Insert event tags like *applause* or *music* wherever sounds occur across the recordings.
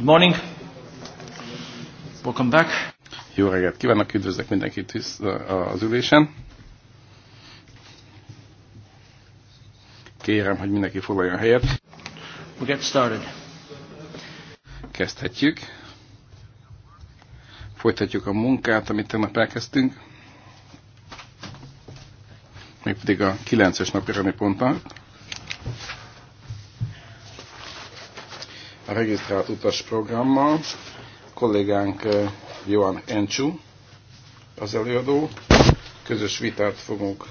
Good morning. Welcome back. Jó reggelt kívánok, üdvözlök mindenkit az ülésen. Kérem, hogy mindenki foglaljon helyet. We get started. Kezdhetjük. Folytatjuk a munkát, amit tegnap elkezdtünk. Még pedig a 9-es napi ponttal. a regisztrált utas programmal. kollégánk eh, Johan Encsú az előadó. Közös vitát fogunk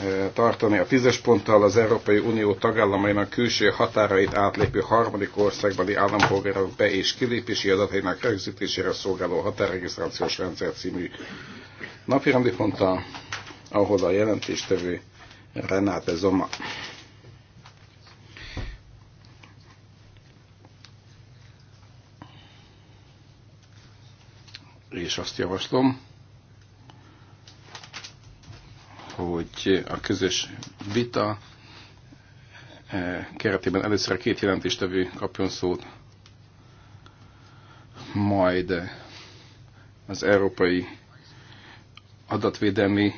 eh, tartani a tízes ponttal az Európai Unió tagállamainak külső határait átlépő harmadik országbeli állampolgárok be- és kilépési adatainak rögzítésére szolgáló határregisztrációs rendszer című napirendi ponttal, ahol a jelentéstevő Renate Zoma. és azt javaslom, hogy a közös vita eh, keretében először a két jelentéstevő kapjon szót, majd az Európai Adatvédelmi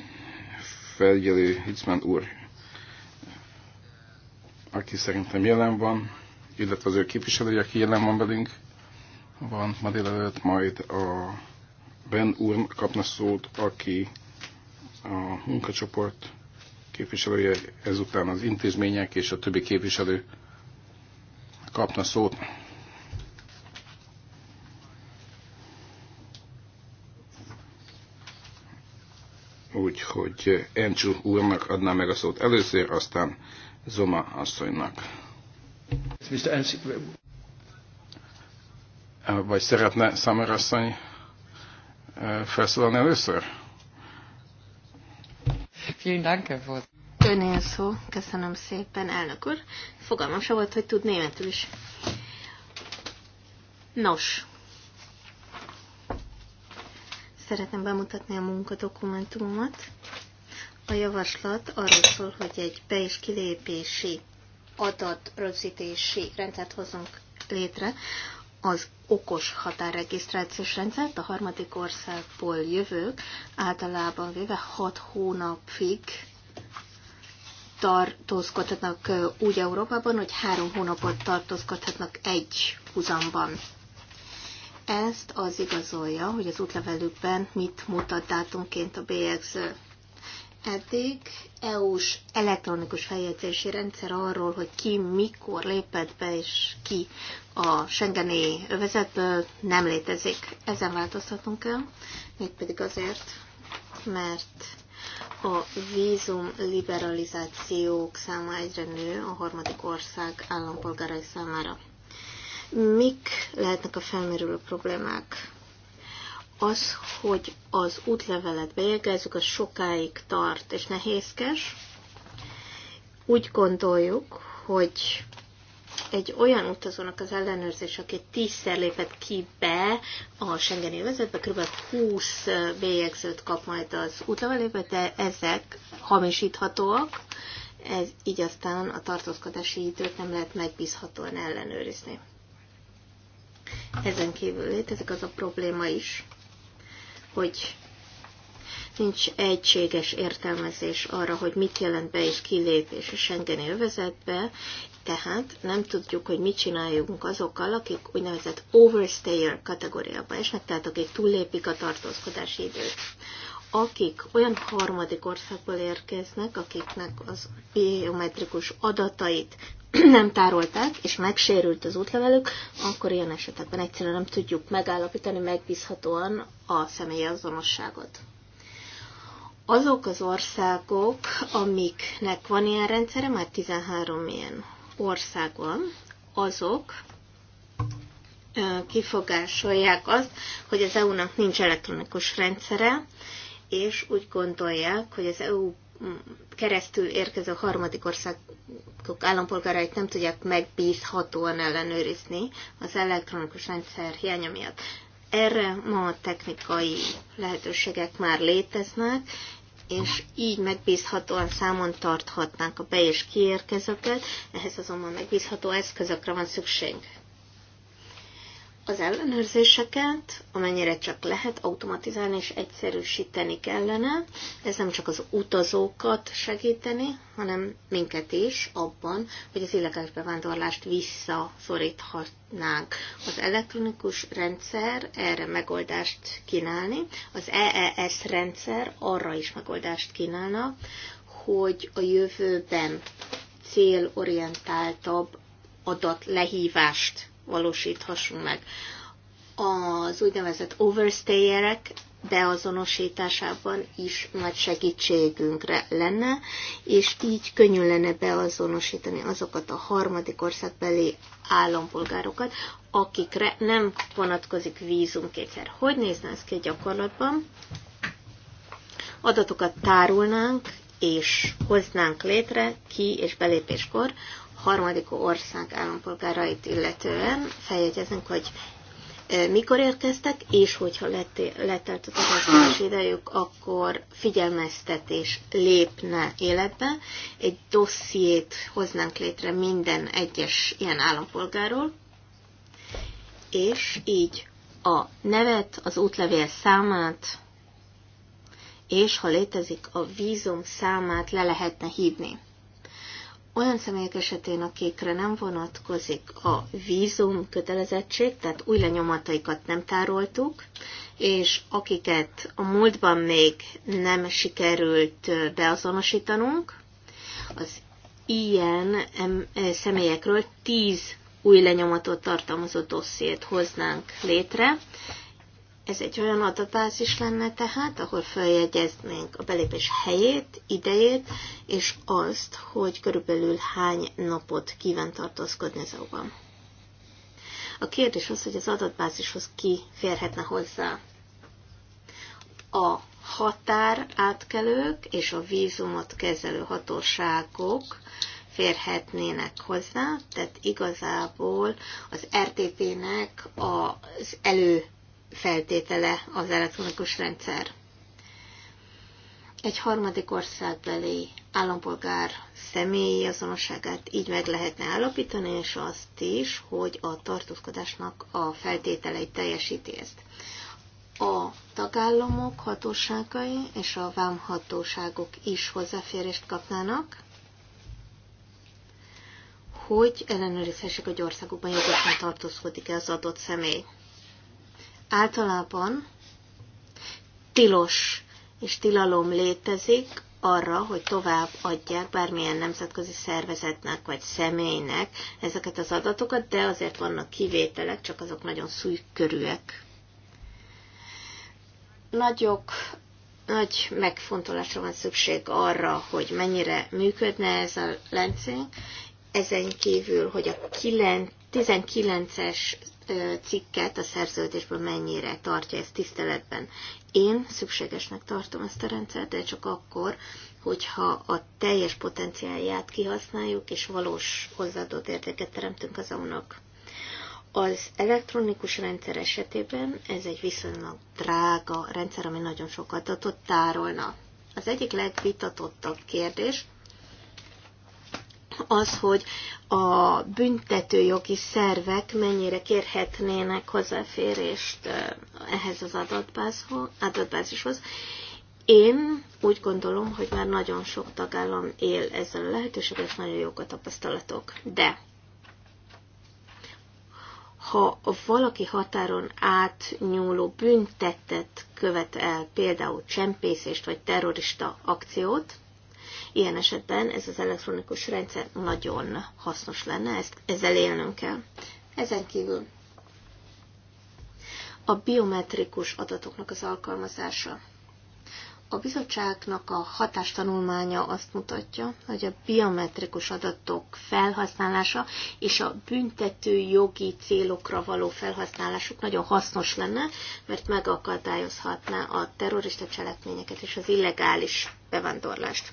Felgyelő Hitzman úr, aki szerintem jelen van, illetve az ő képviselője, aki jelen van velünk, van ma délelőtt, majd a Ben úr kapna szót, aki a munkacsoport képviselője, ezután az intézmények és a többi képviselő kapna szót. Úgyhogy Encsú úrnak adná meg a szót először, aztán Zoma asszonynak. Vagy szeretne Szamer asszony felszólalni először? Önél szó, köszönöm szépen, elnök úr. Fogalmam se volt, hogy tud németül is. Nos, szeretném bemutatni a munkadokumentumomat. A javaslat arról szól, hogy egy be- és kilépési adatrögzítési rendszert hozunk létre, az okos határregisztrációs rendszert, a harmadik országból jövők általában véve 6 hónapig tartózkodhatnak úgy Európában, hogy három hónapot tartózkodhatnak egy huzamban. Ezt az igazolja, hogy az útlevelükben mit mutat dátumként a bélyegző eddig EU-s elektronikus feljegyzési rendszer arról, hogy ki mikor lépett be és ki a Schengeni övezetből nem létezik. Ezen változtatunk el, mégpedig azért, mert a vízum liberalizációk száma egyre nő a harmadik ország állampolgárai számára. Mik lehetnek a felmerülő problémák? az, hogy az útlevelet bejegyezzük, az sokáig tart és nehézkes. Úgy gondoljuk, hogy egy olyan utazónak az ellenőrzés, aki tízszer lépett ki be a Schengeni vezetbe, kb. 20 bélyegzőt kap majd az útlevelébe, de ezek hamisíthatóak, ez így aztán a tartózkodási időt nem lehet megbízhatóan ellenőrizni. Ezen kívül létezik az a probléma is, hogy nincs egységes értelmezés arra, hogy mit jelent be és kilépés a Schengeni övezetbe, tehát nem tudjuk, hogy mit csináljunk azokkal, akik úgynevezett overstayer kategóriába esnek, tehát akik túllépik a tartózkodási időt. Akik olyan harmadik országból érkeznek, akiknek az biometrikus adatait *clears throat* nem tárolták, és megsérült az útlevelük, akkor ilyen esetekben egyszerűen nem tudjuk megállapítani megbízhatóan a személyi azonosságot. Azok az országok, amiknek van ilyen rendszere, már 13 ilyen ország van, azok kifogásolják azt, hogy az EU-nak nincs elektronikus rendszere, és úgy gondolják, hogy az EU keresztül érkező harmadik országok állampolgárait nem tudják megbízhatóan ellenőrizni az elektronikus rendszer hiánya miatt. Erre ma a technikai lehetőségek már léteznek, és így megbízhatóan számon tarthatnánk a be- és kiérkezőket, ehhez azonban megbízható eszközökre van szükség az ellenőrzéseket, amennyire csak lehet, automatizálni és egyszerűsíteni kellene. Ez nem csak az utazókat segíteni, hanem minket is abban, hogy az illegális bevándorlást visszaszoríthatnánk. Az elektronikus rendszer erre megoldást kínálni, az EES rendszer arra is megoldást kínálna, hogy a jövőben célorientáltabb adatlehívást valósíthassunk meg. Az úgynevezett overstayerek beazonosításában is nagy segítségünkre lenne, és így könnyű lenne beazonosítani azokat a harmadik országbeli állampolgárokat, akikre nem vonatkozik vízumkényszer. Hogy nézne ez ki gyakorlatban? Adatokat tárolnánk, és hoznánk létre ki- és belépéskor, harmadik ország állampolgárait illetően feljegyezünk, hogy mikor érkeztek, és hogyha letelt az adatás idejük, akkor figyelmeztetés lépne életbe. Egy dossziét hoznánk létre minden egyes ilyen állampolgáról, és így a nevet, az útlevél számát, és ha létezik, a vízum számát le lehetne hívni olyan személyek esetén, akikre nem vonatkozik a vízum kötelezettség, tehát új lenyomataikat nem tároltuk, és akiket a múltban még nem sikerült beazonosítanunk, az ilyen személyekről tíz új lenyomatot tartalmazó dossziét hoznánk létre, ez egy olyan adatbázis lenne tehát, ahol feljegyeznénk a belépés helyét, idejét, és azt, hogy körülbelül hány napot kíván tartózkodni az e A kérdés az, hogy az adatbázishoz ki férhetne hozzá. A határ átkelők és a vízumot kezelő hatóságok férhetnének hozzá, tehát igazából az RTP-nek az elő feltétele az elektronikus rendszer. Egy harmadik országbeli állampolgár személyi azonosságát így meg lehetne állapítani, és azt is, hogy a tartózkodásnak a feltételei teljesíti ezt. A tagállamok hatóságai és a vámhatóságok is hozzáférést kapnának, hogy ellenőrizhessék, hogy országokban jogosan tartózkodik-e az adott személy általában tilos és tilalom létezik arra, hogy tovább adják bármilyen nemzetközi szervezetnek vagy személynek ezeket az adatokat, de azért vannak kivételek, csak azok nagyon szűkörűek. Nagyok, nagy megfontolásra van szükség arra, hogy mennyire működne ez a lencénk, ezen kívül, hogy a 19-es cikket a szerződésből mennyire tartja ezt tiszteletben. Én szükségesnek tartom ezt a rendszert, de csak akkor, hogyha a teljes potenciálját kihasználjuk, és valós hozzáadott értéket teremtünk az aunak. Az elektronikus rendszer esetében ez egy viszonylag drága rendszer, ami nagyon sokat adatot tárolna. Az egyik legvitatottabb kérdés az, hogy a büntetőjogi szervek mennyire kérhetnének hozzáférést ehhez az adatbázishoz. Én úgy gondolom, hogy már nagyon sok tagállam él ezzel a lehetőséggel, és nagyon jók a tapasztalatok. De ha valaki határon átnyúló büntetet követ el, például csempészést vagy terrorista akciót, Ilyen esetben ez az elektronikus rendszer nagyon hasznos lenne, ezt, ezzel élnünk kell. Ezen kívül a biometrikus adatoknak az alkalmazása. A bizottságnak a hatástanulmánya azt mutatja, hogy a biometrikus adatok felhasználása és a büntető jogi célokra való felhasználásuk nagyon hasznos lenne, mert megakadályozhatná a terrorista cselekményeket és az illegális bevándorlást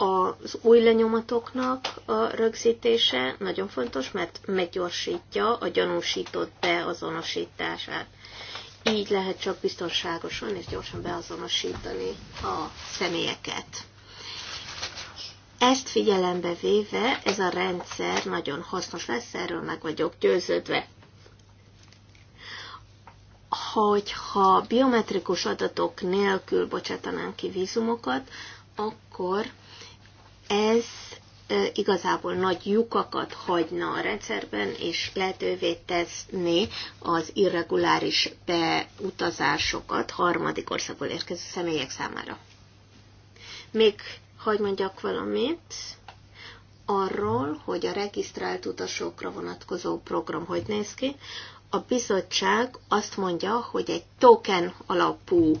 az új lenyomatoknak a rögzítése nagyon fontos, mert meggyorsítja a gyanúsított beazonosítását. Így lehet csak biztonságosan és gyorsan beazonosítani a személyeket. Ezt figyelembe véve ez a rendszer nagyon hasznos lesz, erről meg vagyok győződve. Hogyha biometrikus adatok nélkül bocsátanánk ki vízumokat, akkor ez igazából nagy lyukakat hagyna a rendszerben, és lehetővé teszné az irreguláris beutazásokat harmadik országból érkező személyek számára. Még hagyd mondjak valamit arról, hogy a regisztrált utasokra vonatkozó program hogy néz ki a bizottság azt mondja, hogy egy token alapú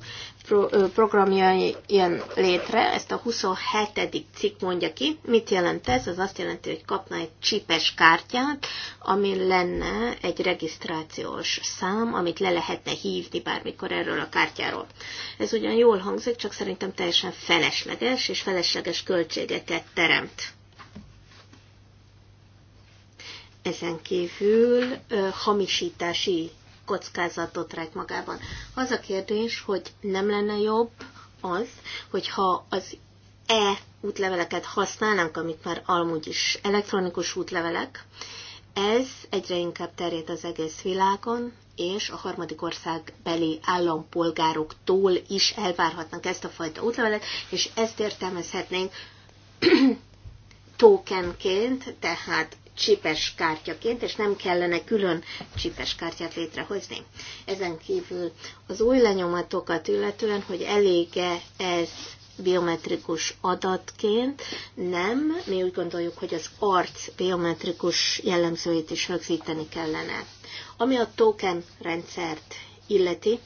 programja jön létre, ezt a 27. cikk mondja ki. Mit jelent ez? Az azt jelenti, hogy kapna egy csipes kártyát, ami lenne egy regisztrációs szám, amit le lehetne hívni bármikor erről a kártyáról. Ez ugyan jól hangzik, csak szerintem teljesen felesleges, és felesleges költségeket teremt. Ezen kívül hamisítási kockázatot rejt magában. Az a kérdés, hogy nem lenne jobb az, hogyha az e útleveleket használnánk, amit már amúgy is elektronikus útlevelek, ez egyre inkább terjed az egész világon, és a harmadik ország beli állampolgároktól is elvárhatnak ezt a fajta útlevelet, és ezt értelmezhetnénk *clears throat* tokenként, tehát csipes kártyaként, és nem kellene külön csipes kártyát létrehozni. Ezen kívül az új lenyomatokat illetően, hogy elége ez biometrikus adatként, nem, mi úgy gondoljuk, hogy az arc biometrikus jellemzőit is rögzíteni kellene. Ami a token rendszert illeti,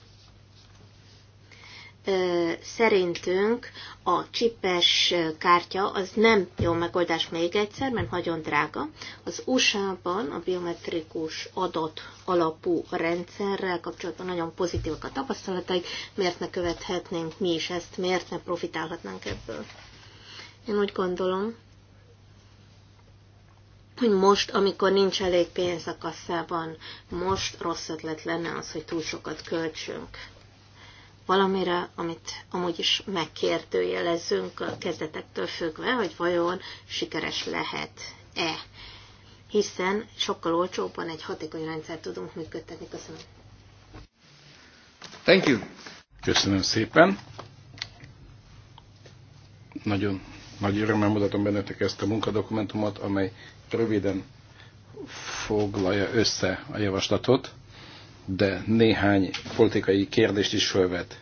szerintünk a csipes kártya az nem jó megoldás még egyszer, mert nagyon drága. Az USA-ban a biometrikus adat alapú rendszerrel kapcsolatban nagyon pozitívak a tapasztalataik, miért ne követhetnénk mi is ezt, miért ne profitálhatnánk ebből. Én úgy gondolom, hogy most, amikor nincs elég pénz a kasszában, most rossz ötlet lenne az, hogy túl sokat költsünk valamire, amit amúgy is megkértőjelezzünk a kezdetektől függve, hogy vajon sikeres lehet-e. Hiszen sokkal olcsóbban egy hatékony rendszert tudunk működtetni. Köszönöm. Thank you. Köszönöm szépen. Nagyon nagy örömmel mutatom bennetek ezt a munkadokumentumot, amely röviden foglalja össze a javaslatot de néhány politikai kérdést is felvet.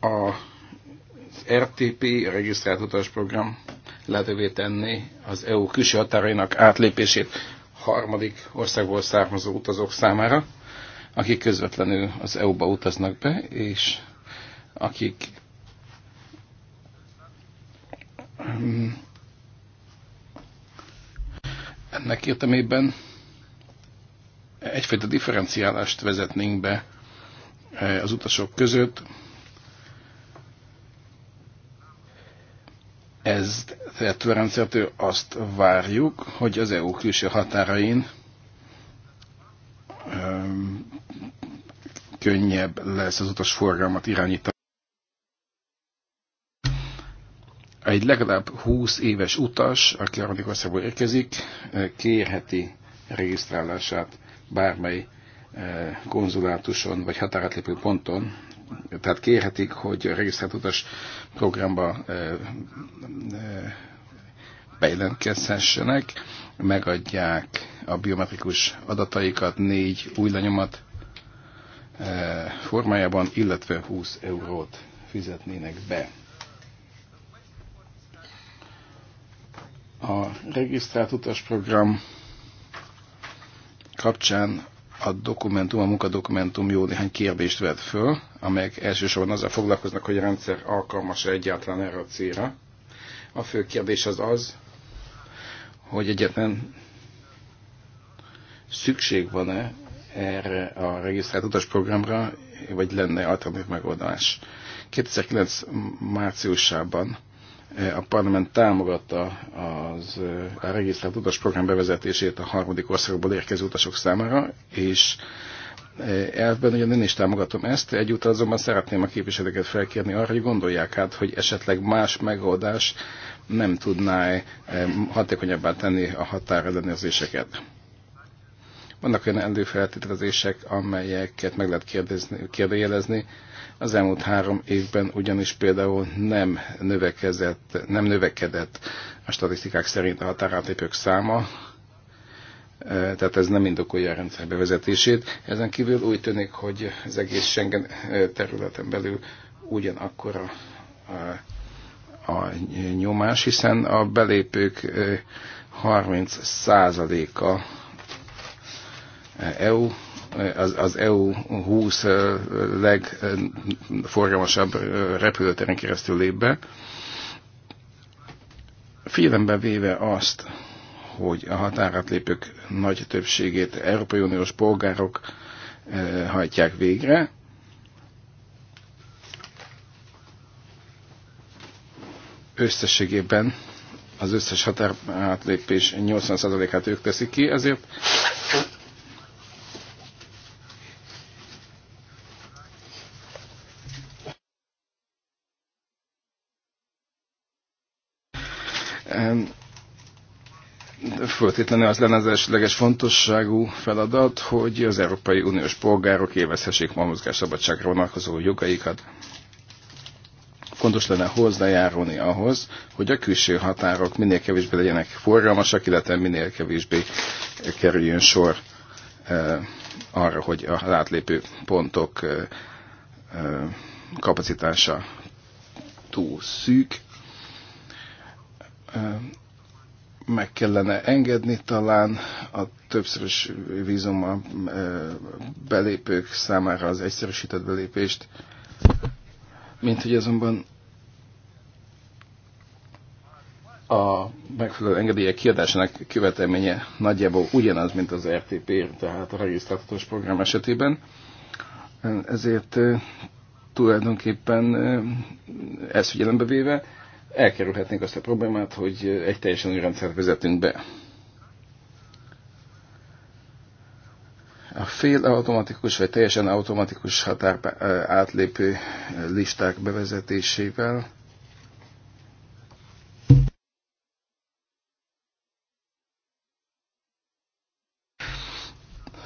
A RTP, a regisztrált utasprogram lehetővé tenni az EU külső határainak átlépését harmadik országból származó utazók számára, akik közvetlenül az EU-ba utaznak be, és akik hmm, ennek értemében egyfajta differenciálást vezetnénk be e, az utasok között. Ez tehát azt várjuk, hogy az EU külső határain e, könnyebb lesz az utas forgalmat irányítani. Egy legalább 20 éves utas, aki harmadik országból érkezik, e, kérheti regisztrálását bármely eh, konzulátuson vagy határátlépő ponton, tehát kérhetik, hogy a regisztrált utas programba eh, eh, bejelentkezhessenek, megadják a biometrikus adataikat négy új lenyomat formájában, illetve 20 eurót fizetnének be. A regisztrált program kapcsán a dokumentum, a munkadokumentum jó néhány kérdést vet föl, amelyek elsősorban azzal foglalkoznak, hogy a rendszer alkalmas-e egyáltalán erre a célra. A fő kérdés az az, hogy egyetlen szükség van-e erre a regisztrált utasprogramra, vagy lenne alternatív megoldás. 2009 márciusában a parlament támogatta az, a regisztrált utasprogram bevezetését a harmadik országokból érkező utasok számára, és e, elvben ugyan én is támogatom ezt, egyúttal azonban szeretném a képviselőket felkérni arra, hogy gondolják át, hogy esetleg más megoldás nem tudná e, hatékonyabbá tenni a határellenőrzéseket. Vannak olyan előfeltételezések, amelyeket meg lehet kérdezni, kérdőjelezni, az elmúlt három évben ugyanis például nem növekedett, nem növekedett a statisztikák szerint a határátépők száma, tehát ez nem indokolja a rendszer bevezetését. Ezen kívül úgy tűnik, hogy az egész Schengen területen belül ugyanakkor a, a, a nyomás, hiszen a belépők 30%-a EU az, az EU 20 legforgalmasabb repülőteren keresztül lép be, figyelembe véve azt, hogy a lépők nagy többségét Európai Uniós polgárok hajtják végre, összességében az összes határátlépés 80%-át ők teszik ki, ezért föltétlenül az lenne az elsőleges fontosságú feladat, hogy az Európai Uniós polgárok élvezhessék ma mozgásszabadságra vonatkozó jogaikat. Fontos lenne hozzájárulni ahhoz, hogy a külső határok minél kevésbé legyenek forgalmasak, illetve minél kevésbé kerüljön sor eh, arra, hogy a látlépő pontok eh, eh, kapacitása túl szűk meg kellene engedni talán a többszörös vízummal e, belépők számára az egyszerűsített belépést, mint hogy azonban a megfelelő engedélyek kiadásának követelménye nagyjából ugyanaz, mint az RTP, tehát a regisztrációs program esetében. Ezért e, tulajdonképpen e, ezt figyelembe véve elkerülhetnénk azt a problémát, hogy egy teljesen új rendszert vezetünk be. A fél automatikus vagy teljesen automatikus határ eh, átlépő eh, listák bevezetésével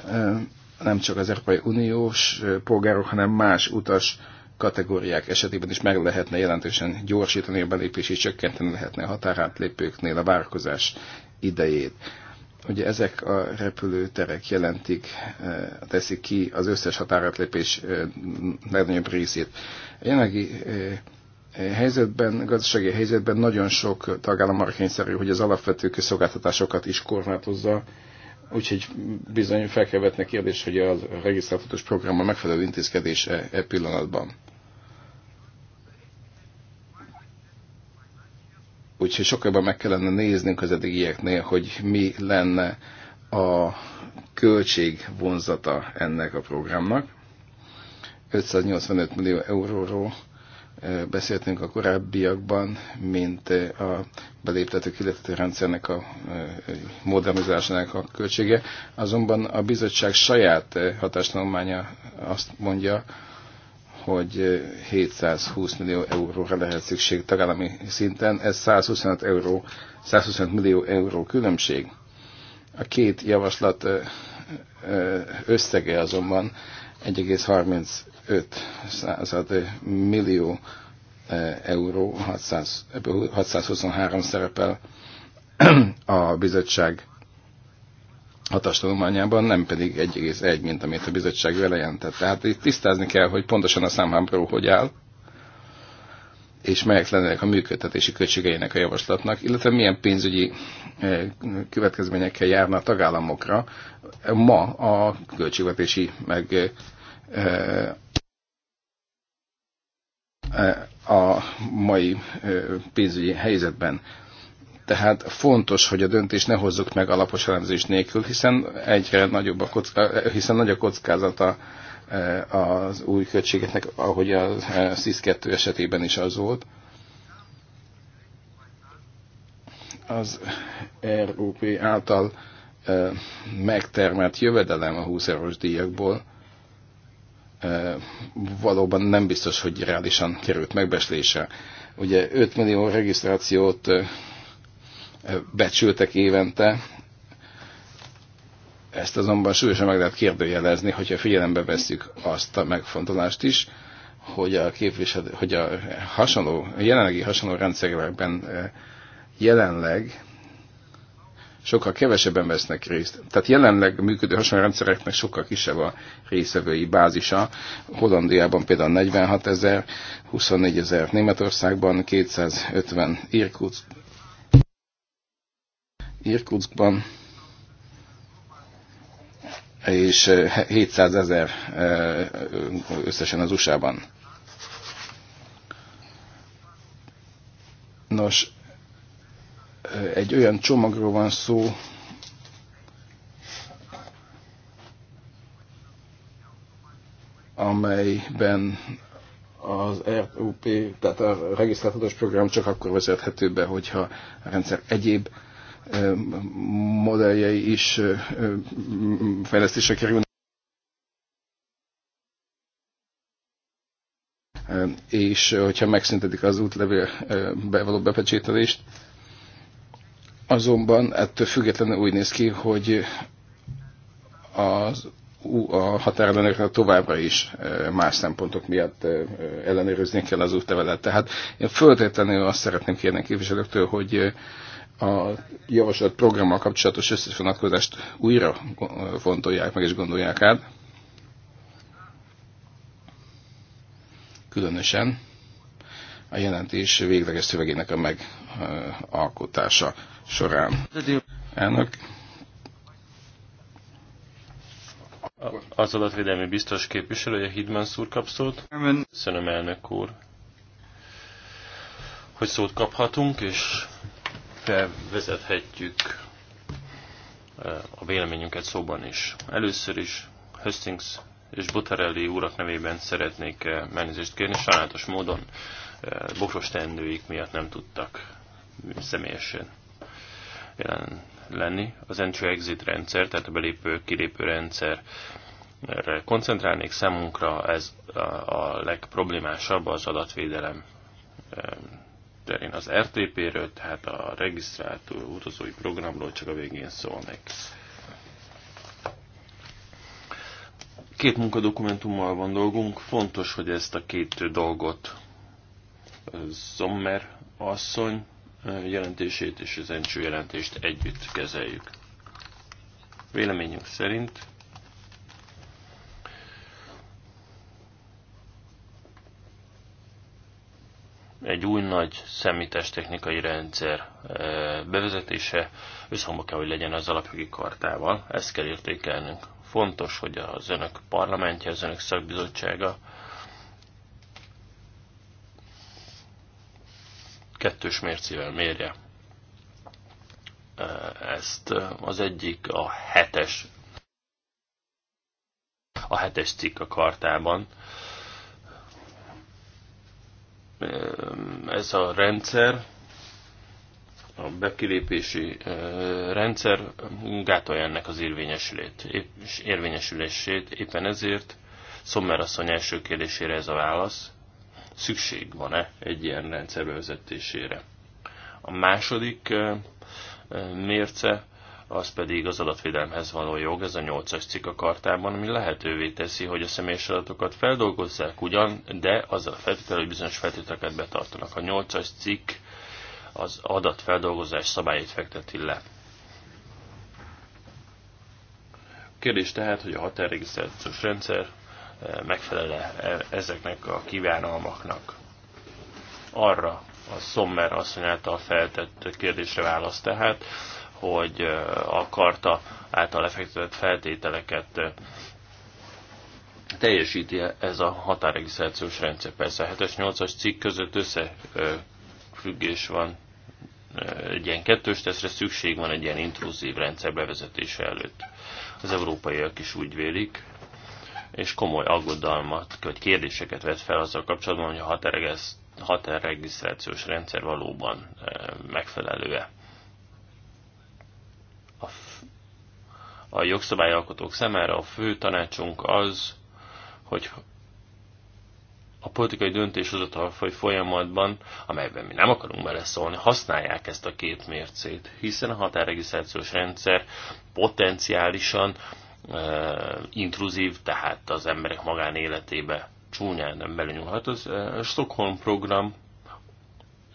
eh, nem csak az Európai Uniós polgárok, hanem más utas kategóriák esetében is meg lehetne jelentősen gyorsítani a belépési, csökkenteni lehetne a határátlépőknél a várakozás idejét. Ugye ezek a repülőterek jelentik, eh, teszik ki az összes határátlépés eh, legnagyobb részét. A jelenlegi eh, helyzetben, gazdasági helyzetben nagyon sok tagállam arra kényszerű, hogy az alapvető közszolgáltatásokat is korlátozza, Úgyhogy bizony fel kell vetni a kérdés, hogy a regisztrálatos programban megfelelő intézkedés e, e pillanatban. Úgyhogy sokkal jobban meg kellene néznünk az eddigieknél, hogy mi lenne a költség vonzata ennek a programnak. 585 millió euróról beszéltünk a korábbiakban, mint a beléptető kiletető rendszernek a modernizálásának a költsége. Azonban a bizottság saját hatástanulmánya azt mondja, hogy 720 millió euróra lehet szükség tagállami szinten, ez 125, euró, 125 millió euró különbség. A két javaslat összege azonban 5 millió eh, euró, 600, 623 szerepel *clears throat* a bizottság hatástanulmányában, nem pedig 1,1, mint amit a bizottság jelentett. Tehát itt tisztázni kell, hogy pontosan a számhámpró hogy áll, és melyek lennének a működtetési költségeinek a javaslatnak, illetve milyen pénzügyi eh, következményekkel járna a tagállamokra ma a költségvetési meg eh, a mai pénzügyi helyzetben. Tehát fontos, hogy a döntést ne hozzuk meg alapos elemzés nélkül, hiszen egyre nagyobb a kocka, hiszen nagy a kockázata az új költségeknek, ahogy a SZIS-2 esetében is az volt. Az RUP által megtermelt jövedelem a 20 eurós díjakból valóban nem biztos, hogy reálisan került megbeslésre. Ugye 5 millió regisztrációt becsültek évente, ezt azonban súlyosan meg lehet kérdőjelezni, hogyha figyelembe vesszük azt a megfontolást is, hogy a, képvisel, hogy a hasonló, a jelenlegi hasonló rendszerekben jelenleg sokkal kevesebben vesznek részt. Tehát jelenleg működő rendszereknek sokkal kisebb a részvevői bázisa. Hollandiában például 46 ezer, 24 ezer Németországban, 250 Irkutsk, Irkutskban, és 700 eh, ezer eh, összesen az USA-ban. Nos, egy olyan csomagról van szó, amelyben az RUP, tehát a regisztrátoros program csak akkor vezethető be, hogyha a rendszer egyéb modelljei is fejlesztésre kerülnek. és hogyha megszüntetik az útlevél bevaló bepecsételést, Azonban ettől függetlenül úgy néz ki, hogy az a határellenőrre továbbra is más szempontok miatt ellenőrizni kell az útlevelet. Tehát én föltétlenül azt szeretném kérni a képviselőktől, hogy a javasolt programmal kapcsolatos összes újra fontolják meg és gondolják át. Különösen a jelentés végleges szövegének a megalkotása során. Elnök. Az adatvédelmi biztos képviselője Hidman szúr kap szót. Köszönöm elnök úr, hogy szót kaphatunk, és felvezethetjük eh, a véleményünket szóban is. Először is Hastings és Botarelli úrak nevében szeretnék eh, elnézést kérni. Sajnálatos módon bosos teendőik miatt nem tudtak személyesen jelen lenni. Az entry-exit rendszer, tehát a belépő-kilépő rendszer erre koncentrálnék számunkra, ez a legproblémásabb az adatvédelem eh, terén. Az RTP-ről, tehát a regisztrált utazói programról csak a végén szólnék. Két munkadokumentummal van dolgunk, fontos, hogy ezt a két dolgot Sommer asszony jelentését és az Encső jelentést együtt kezeljük. Véleményünk szerint egy új nagy szemítes technikai rendszer bevezetése összhangba kell, hogy legyen az alapjogi kartával. Ezt kell értékelnünk. Fontos, hogy az önök parlamentje, az önök szakbizottsága kettős mércével mérje ezt. Az egyik a hetes, a hetes cikk a kartában. Ez a rendszer, a bekilépési rendszer gátolja ennek az érvényesülét, érvényesülését. Éppen ezért Szommer asszony első kérdésére ez a válasz szükség van-e egy ilyen rendszer bevezetésére. A második mérce az pedig az adatvédelemhez való jog, ez a 8-as cikk a kartában, ami lehetővé teszi, hogy a személyes adatokat feldolgozzák ugyan, de az a feltétel, hogy bizonyos feltételeket betartanak. A 8-as cikk az adatfeldolgozás szabályait fekteti le. Kérdés tehát, hogy a határregisztrációs rendszer megfelele e, ezeknek a kívánalmaknak. Arra a Sommer asszony által feltett kérdésre válasz tehát, hogy e, a karta által lefektetett feltételeket e, teljesíti ez a határregisztrációs rendszer. Persze 7-es, 8-as cikk között összefüggés van, egy ilyen kettős teszre szükség van egy ilyen intruzív rendszer bevezetése előtt. Az európaiak is úgy vélik, és komoly aggodalmat, vagy kérdéseket vett fel azzal kapcsolatban, hogy a határregisztrációs rendszer valóban e, megfelelő-e. A, a jogszabályalkotók szemére a fő tanácsunk az, hogy a politikai döntéshozatal folyamatban, amelyben mi nem akarunk beleszólni, használják ezt a két mércét, hiszen a határregisztrációs rendszer potenciálisan intruzív, tehát az emberek magánéletébe csúnyán nem belenyúlhat. Az Stockholm program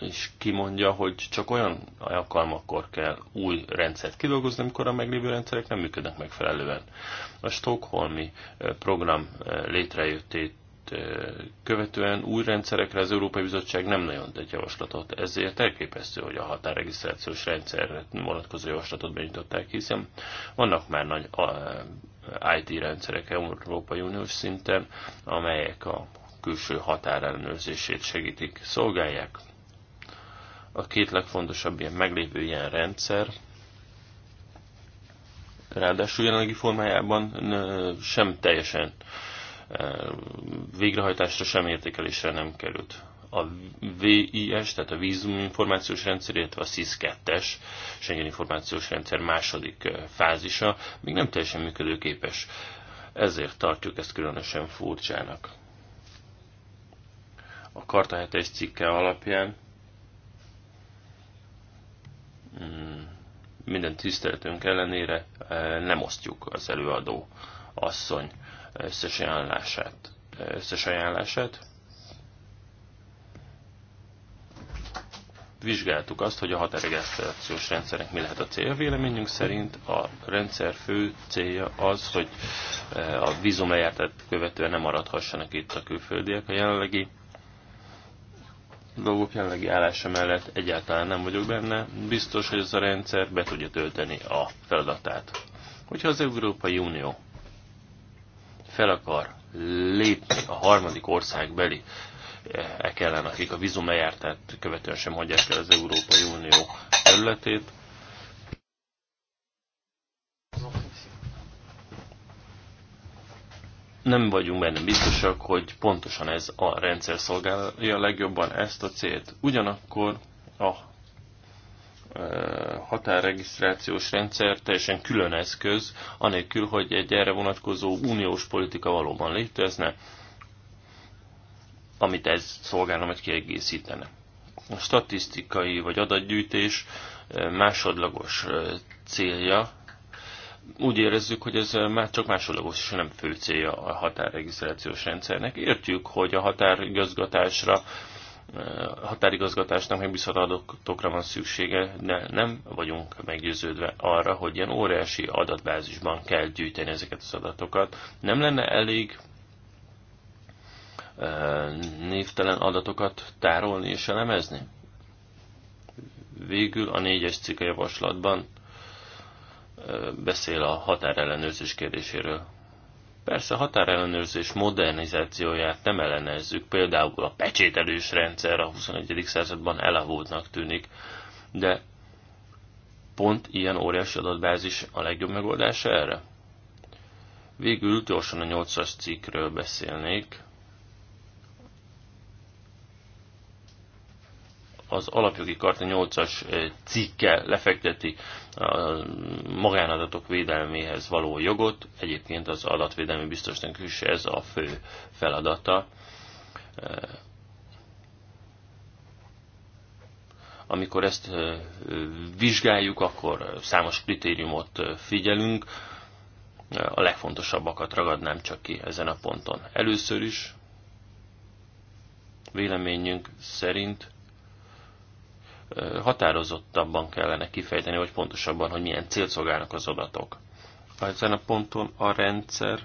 és kimondja, hogy csak olyan alkalmakkor kell új rendszert kidolgozni, amikor a meglévő rendszerek nem működnek megfelelően. A Stockholmi program létrejöttét követően új rendszerekre az Európai Bizottság nem nagyon tett javaslatot. Ezért elképesztő, hogy a határregisztrációs rendszerre vonatkozó javaslatot benyitották, hiszen vannak már nagy IT rendszerek Európai Uniós szinten, amelyek a külső határellenőrzését segítik, szolgálják. A két legfontosabb ilyen meglévő ilyen rendszer ráadásul jelenlegi formájában sem teljesen végrehajtásra sem értékelésre nem került. A VIS, tehát a vízuminformációs rendszer, illetve a SIS-2-es, Schengen információs rendszer második fázisa még nem teljesen működőképes. Ezért tartjuk ezt különösen furcsának. A Karta 7-es cikke alapján mm, minden tiszteletünk ellenére nem osztjuk az előadó asszony összes ajánlását. Összes ajánlását. Vizsgáltuk azt, hogy a határregisztrációs rendszernek mi lehet a cél Véleményünk szerint a rendszer fő célja az, hogy eh, a vízumlejártát követően nem maradhassanak itt a külföldiek. A jelenlegi dolgok jelenlegi állása mellett egyáltalán nem vagyok benne. Biztos, hogy ez a rendszer be tudja tölteni a feladatát. Hogyha az Európai Unió fel akar lépni a harmadik beli ek eh, ellen, akik a vizum lejártát követően sem hagyják el az Európai Unió területét. Nem vagyunk benne biztosak, hogy pontosan ez a rendszer szolgálja legjobban ezt a célt. Ugyanakkor a határregisztrációs rendszer teljesen külön eszköz, anélkül, hogy egy erre vonatkozó uniós politika valóban létezne, amit ez szolgálna, hogy kiegészítene. A statisztikai vagy adatgyűjtés másodlagos célja, úgy érezzük, hogy ez már csak másodlagos és nem fő célja a határregisztrációs rendszernek. Értjük, hogy a határigazgatásra Eh, határigazgatásnak megbízható adatokra van szüksége, de nem vagyunk meggyőződve arra, hogy ilyen óriási adatbázisban kell gyűjteni ezeket az adatokat. Nem lenne elég eh, névtelen adatokat tárolni és elemezni? Végül a négyes cikk a javaslatban eh, beszél a határellenőrzés kérdéséről. Persze határellenőrzés modernizációját nem ellenezzük, például a pecsételős rendszer a XXI. században elavultnak tűnik, de pont ilyen óriási adatbázis a legjobb megoldás erre? Végül gyorsan a 8-as cikkről beszélnék. az alapjogi karta 8-as eh, cikke lefekteti a magánadatok védelméhez való jogot. Egyébként az adatvédelmi biztosnak is ez a fő feladata. Eh, amikor ezt eh, vizsgáljuk, akkor számos kritériumot figyelünk, a legfontosabbakat ragadnám csak ki ezen a ponton. Először is véleményünk szerint határozottabban kellene kifejteni, vagy pontosabban, hogy milyen célt szolgálnak az adatok. Ezen a ponton a rendszer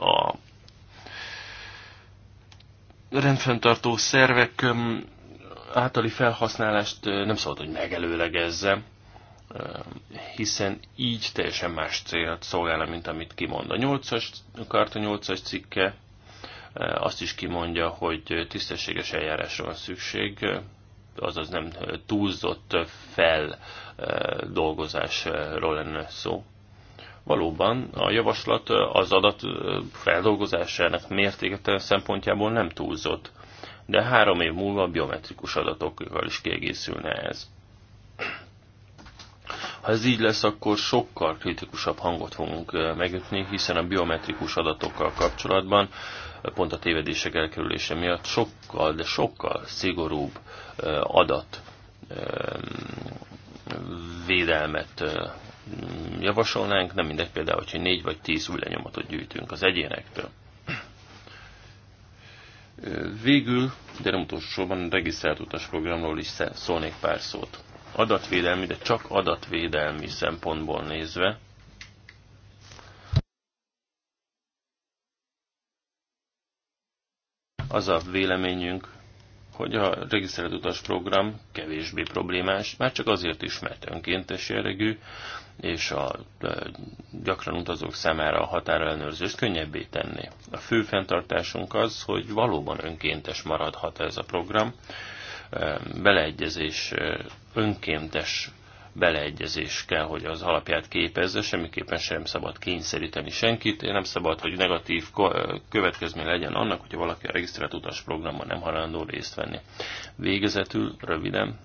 a rendfenntartó szervek általi felhasználást nem szabad, hogy megelőlegezze, hiszen így teljesen más célt szolgál, mint amit kimond. A 8-as, a karta 8-as cikke Eh, azt is kimondja, hogy tisztességes eljárásra van szükség, eh, azaz nem túlzott feldolgozásról eh, lenne szó. Valóban a javaslat az adat feldolgozásának mértéke szempontjából nem túlzott, de három év múlva biometrikus adatokkal is kiegészülne ez. Ha ez így lesz, akkor sokkal kritikusabb hangot fogunk megütni, hiszen a biometrikus adatokkal kapcsolatban pont a tévedések elkerülése miatt sokkal, de sokkal szigorúbb eh, adat eh, védelmet eh, javasolnánk, nem mindegy például, hogy négy vagy tíz új lenyomatot gyűjtünk az egyénektől. Végül, de nem utolsóban regisztrált programról is szólnék pár szót. Adatvédelmi, de csak adatvédelmi szempontból nézve, Az a véleményünk, hogy a regisztrált utas program kevésbé problémás, már csak azért is, mert önkéntes jellegű, és a gyakran utazók számára a határellenőrzést könnyebbé tenni. A fő fenntartásunk az, hogy valóban önkéntes maradhat ez a program, beleegyezés, önkéntes beleegyezés kell, hogy az alapját képezze, semmiképpen sem szabad kényszeríteni senkit, nem szabad, hogy negatív következmény legyen annak, hogyha valaki a regisztrált utas programban nem hajlandó részt venni. Végezetül, röviden,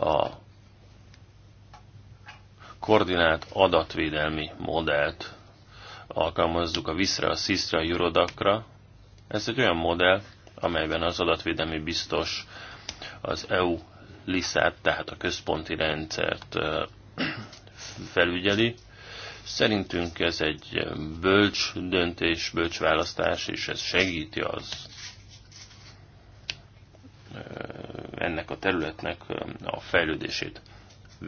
a koordinált adatvédelmi modellt alkalmazzuk a VISZRA, a SZISZRA, a jurodakra. Ez egy olyan modell, amelyben az adatvédelmi biztos az EU Liszát, tehát a központi rendszert *clears throat* felügyeli. Szerintünk ez egy bölcs döntés, bölcs választás, és ez segíti az ennek a területnek a fejlődését.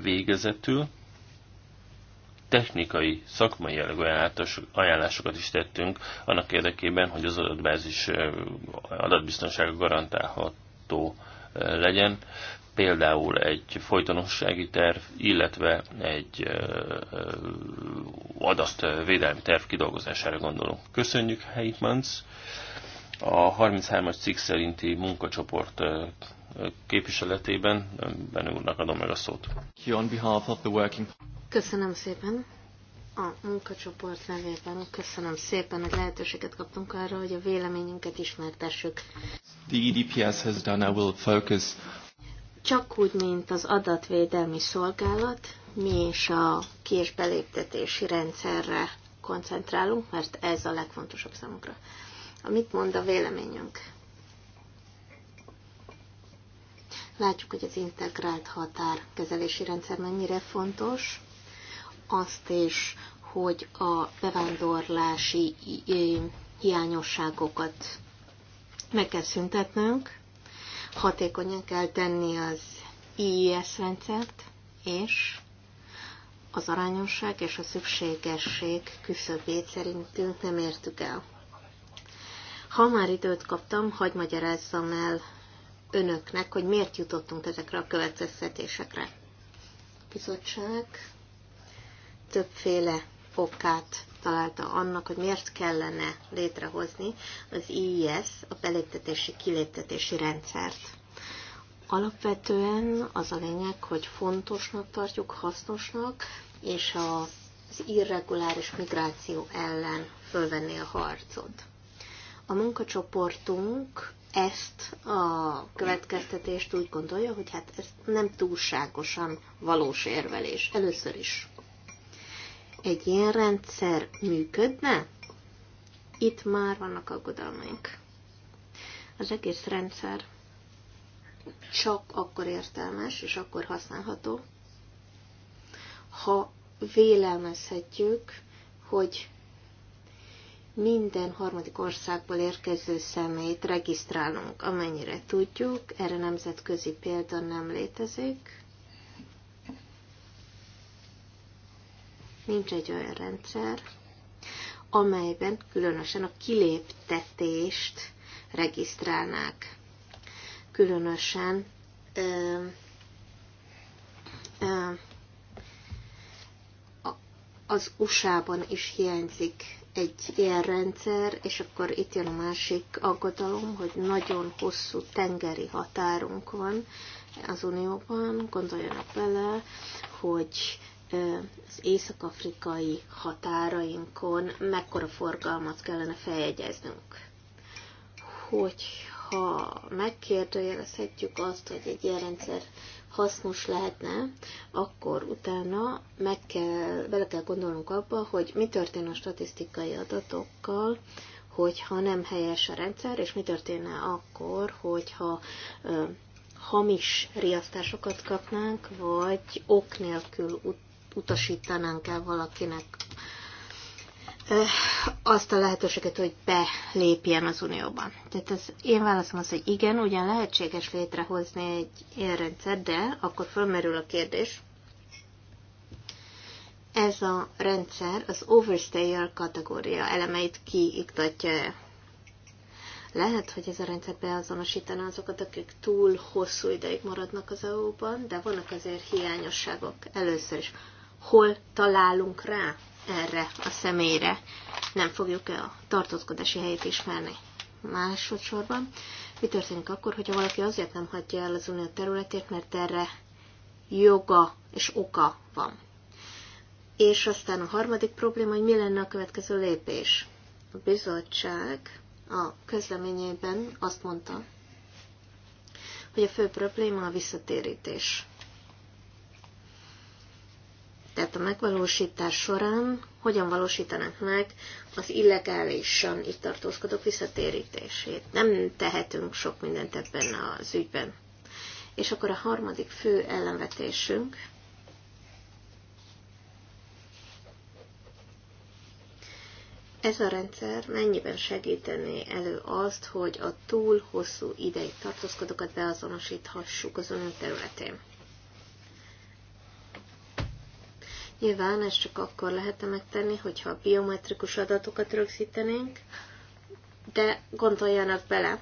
Végezetül technikai, szakmai jellegű ajánlásokat is tettünk annak érdekében, hogy az adatbázis adatbiztonsága garantálható legyen például egy folytonossági terv, illetve egy védelmi terv kidolgozására gondolunk. Köszönjük, Heitmans! A 33-as cikk szerinti munkacsoport képviseletében benne úrnak adom meg a szót. Köszönöm szépen! a munkacsoport nevében köszönöm szépen, hogy lehetőséget kaptunk arra, hogy a véleményünket ismertessük. The EDPS has done, I will focus csak úgy, mint az adatvédelmi szolgálat, mi is a késbeléptetési rendszerre koncentrálunk, mert ez a legfontosabb számunkra. Amit mond a véleményünk? Látjuk, hogy az integrált határkezelési rendszer mennyire fontos, azt is, hogy a bevándorlási hiányosságokat meg kell szüntetnünk, hatékonyan kell tenni az IIS e rendszert, és az arányosság és a szükségesség küszöbét szerintünk nem értük el. Ha már időt kaptam, hagy magyarázzam el önöknek, hogy miért jutottunk ezekre a következtetésekre. A bizottság többféle okát megtalálta annak, hogy miért kellene létrehozni az IIS, a beléptetési-kiléptetési rendszert. Alapvetően az a lényeg, hogy fontosnak tartjuk, hasznosnak, és az irreguláris migráció ellen fölvenni a harcot. A munkacsoportunk ezt a következtetést úgy gondolja, hogy hát ez nem túlságosan valós érvelés. Először is egy ilyen rendszer működne, itt már vannak aggodalmaink. Az egész rendszer csak akkor értelmes és akkor használható, ha vélelmezhetjük, hogy minden harmadik országból érkező személyt regisztrálunk, amennyire tudjuk, erre nemzetközi példa nem létezik, nincs egy olyan rendszer, amelyben különösen a kiléptetést regisztrálnák. Különösen ö, ö, az USA-ban is hiányzik egy ilyen rendszer, és akkor itt jön a másik aggodalom, hogy nagyon hosszú tengeri határunk van az Unióban. Gondoljanak bele, hogy az észak-afrikai határainkon mekkora forgalmat kellene feljegyeznünk. Hogyha megkérdőjelezhetjük azt, hogy egy ilyen rendszer hasznos lehetne, akkor utána meg kell, bele kell gondolnunk abba, hogy mi történ a statisztikai adatokkal, hogyha nem helyes a rendszer, és mi történne akkor, hogyha ö, hamis riasztásokat kapnánk, vagy ok nélkül ut- utasítanánk el valakinek eh, azt a lehetőséget, hogy belépjen az Unióban. Tehát az én válaszom az, hogy igen, ugyan lehetséges létrehozni egy ilyen rendszer, de akkor fölmerül a kérdés, ez a rendszer az overstayer kategória elemeit kiiktatja -e. Lehet, hogy ez a rendszer beazonosítaná azokat, akik túl hosszú ideig maradnak az EU-ban, de vannak azért hiányosságok először is hol találunk rá erre a személyre. Nem fogjuk a tartózkodási helyét ismerni. Másodszorban, mi történik akkor, hogyha valaki azért nem hagyja el az unió területét, mert erre joga és oka van. És aztán a harmadik probléma, hogy mi lenne a következő lépés. A bizottság a közleményében azt mondta, hogy a fő probléma a visszatérítés tehát a megvalósítás során hogyan valósítanak meg az illegálisan itt tartózkodók visszatérítését. Nem tehetünk sok mindent ebben az ügyben. És akkor a harmadik fő ellenvetésünk, Ez a rendszer mennyiben segítené elő azt, hogy a túl hosszú ideig tartózkodókat beazonosíthassuk az önök területén? Nyilván ezt csak akkor lehetne megtenni, hogyha a biometrikus adatokat rögzítenénk, de gondoljanak bele,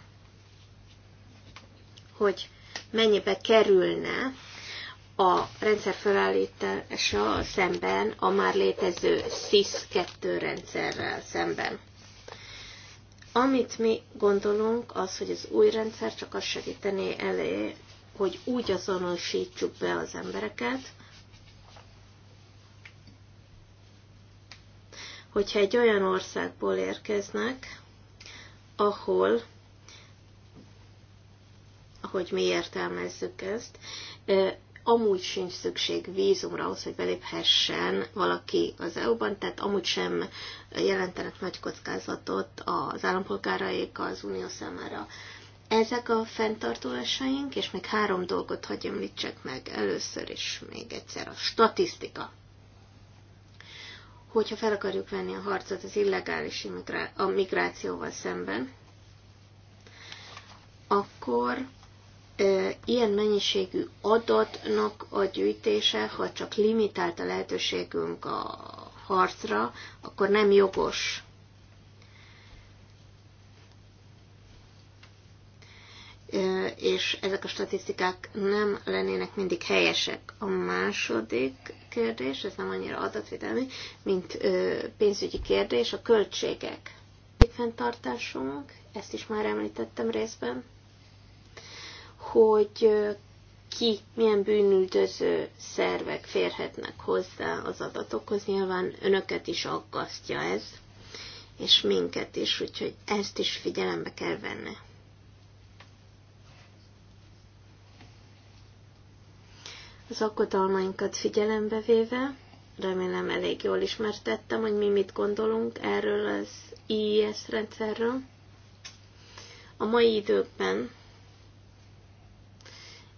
hogy mennyibe kerülne a rendszer felállítása szemben a már létező SIS-2 rendszerrel szemben. Amit mi gondolunk, az, hogy az új rendszer csak azt segítené elé, hogy úgy azonosítsuk be az embereket, hogyha egy olyan országból érkeznek, ahol, ahogy mi értelmezzük ezt, amúgy sincs szükség vízumra ahhoz, hogy beléphessen valaki az EU-ban, tehát amúgy sem jelentenek nagy kockázatot az állampolgáraik az unió számára. Ezek a fenntartólásaink, és még három dolgot hagy említsek meg először is még egyszer. A statisztika hogyha fel akarjuk venni a harcot az illegális a migrációval szemben, akkor e, ilyen mennyiségű adatnak a gyűjtése, ha csak limitált a lehetőségünk a harcra, akkor nem jogos. és ezek a statisztikák nem lennének mindig helyesek. A második kérdés, ez nem annyira adatvédelmi, mint pénzügyi kérdés, a költségek. Fenntartásunk, ezt is már említettem részben, hogy ki, milyen bűnüldöző szervek férhetnek hozzá az adatokhoz. Nyilván önöket is aggasztja ez, és minket is, úgyhogy ezt is figyelembe kell venni. az akadalmainkat figyelembe véve, remélem elég jól ismertettem, hogy mi mit gondolunk erről az IIS e rendszerről. A mai időkben,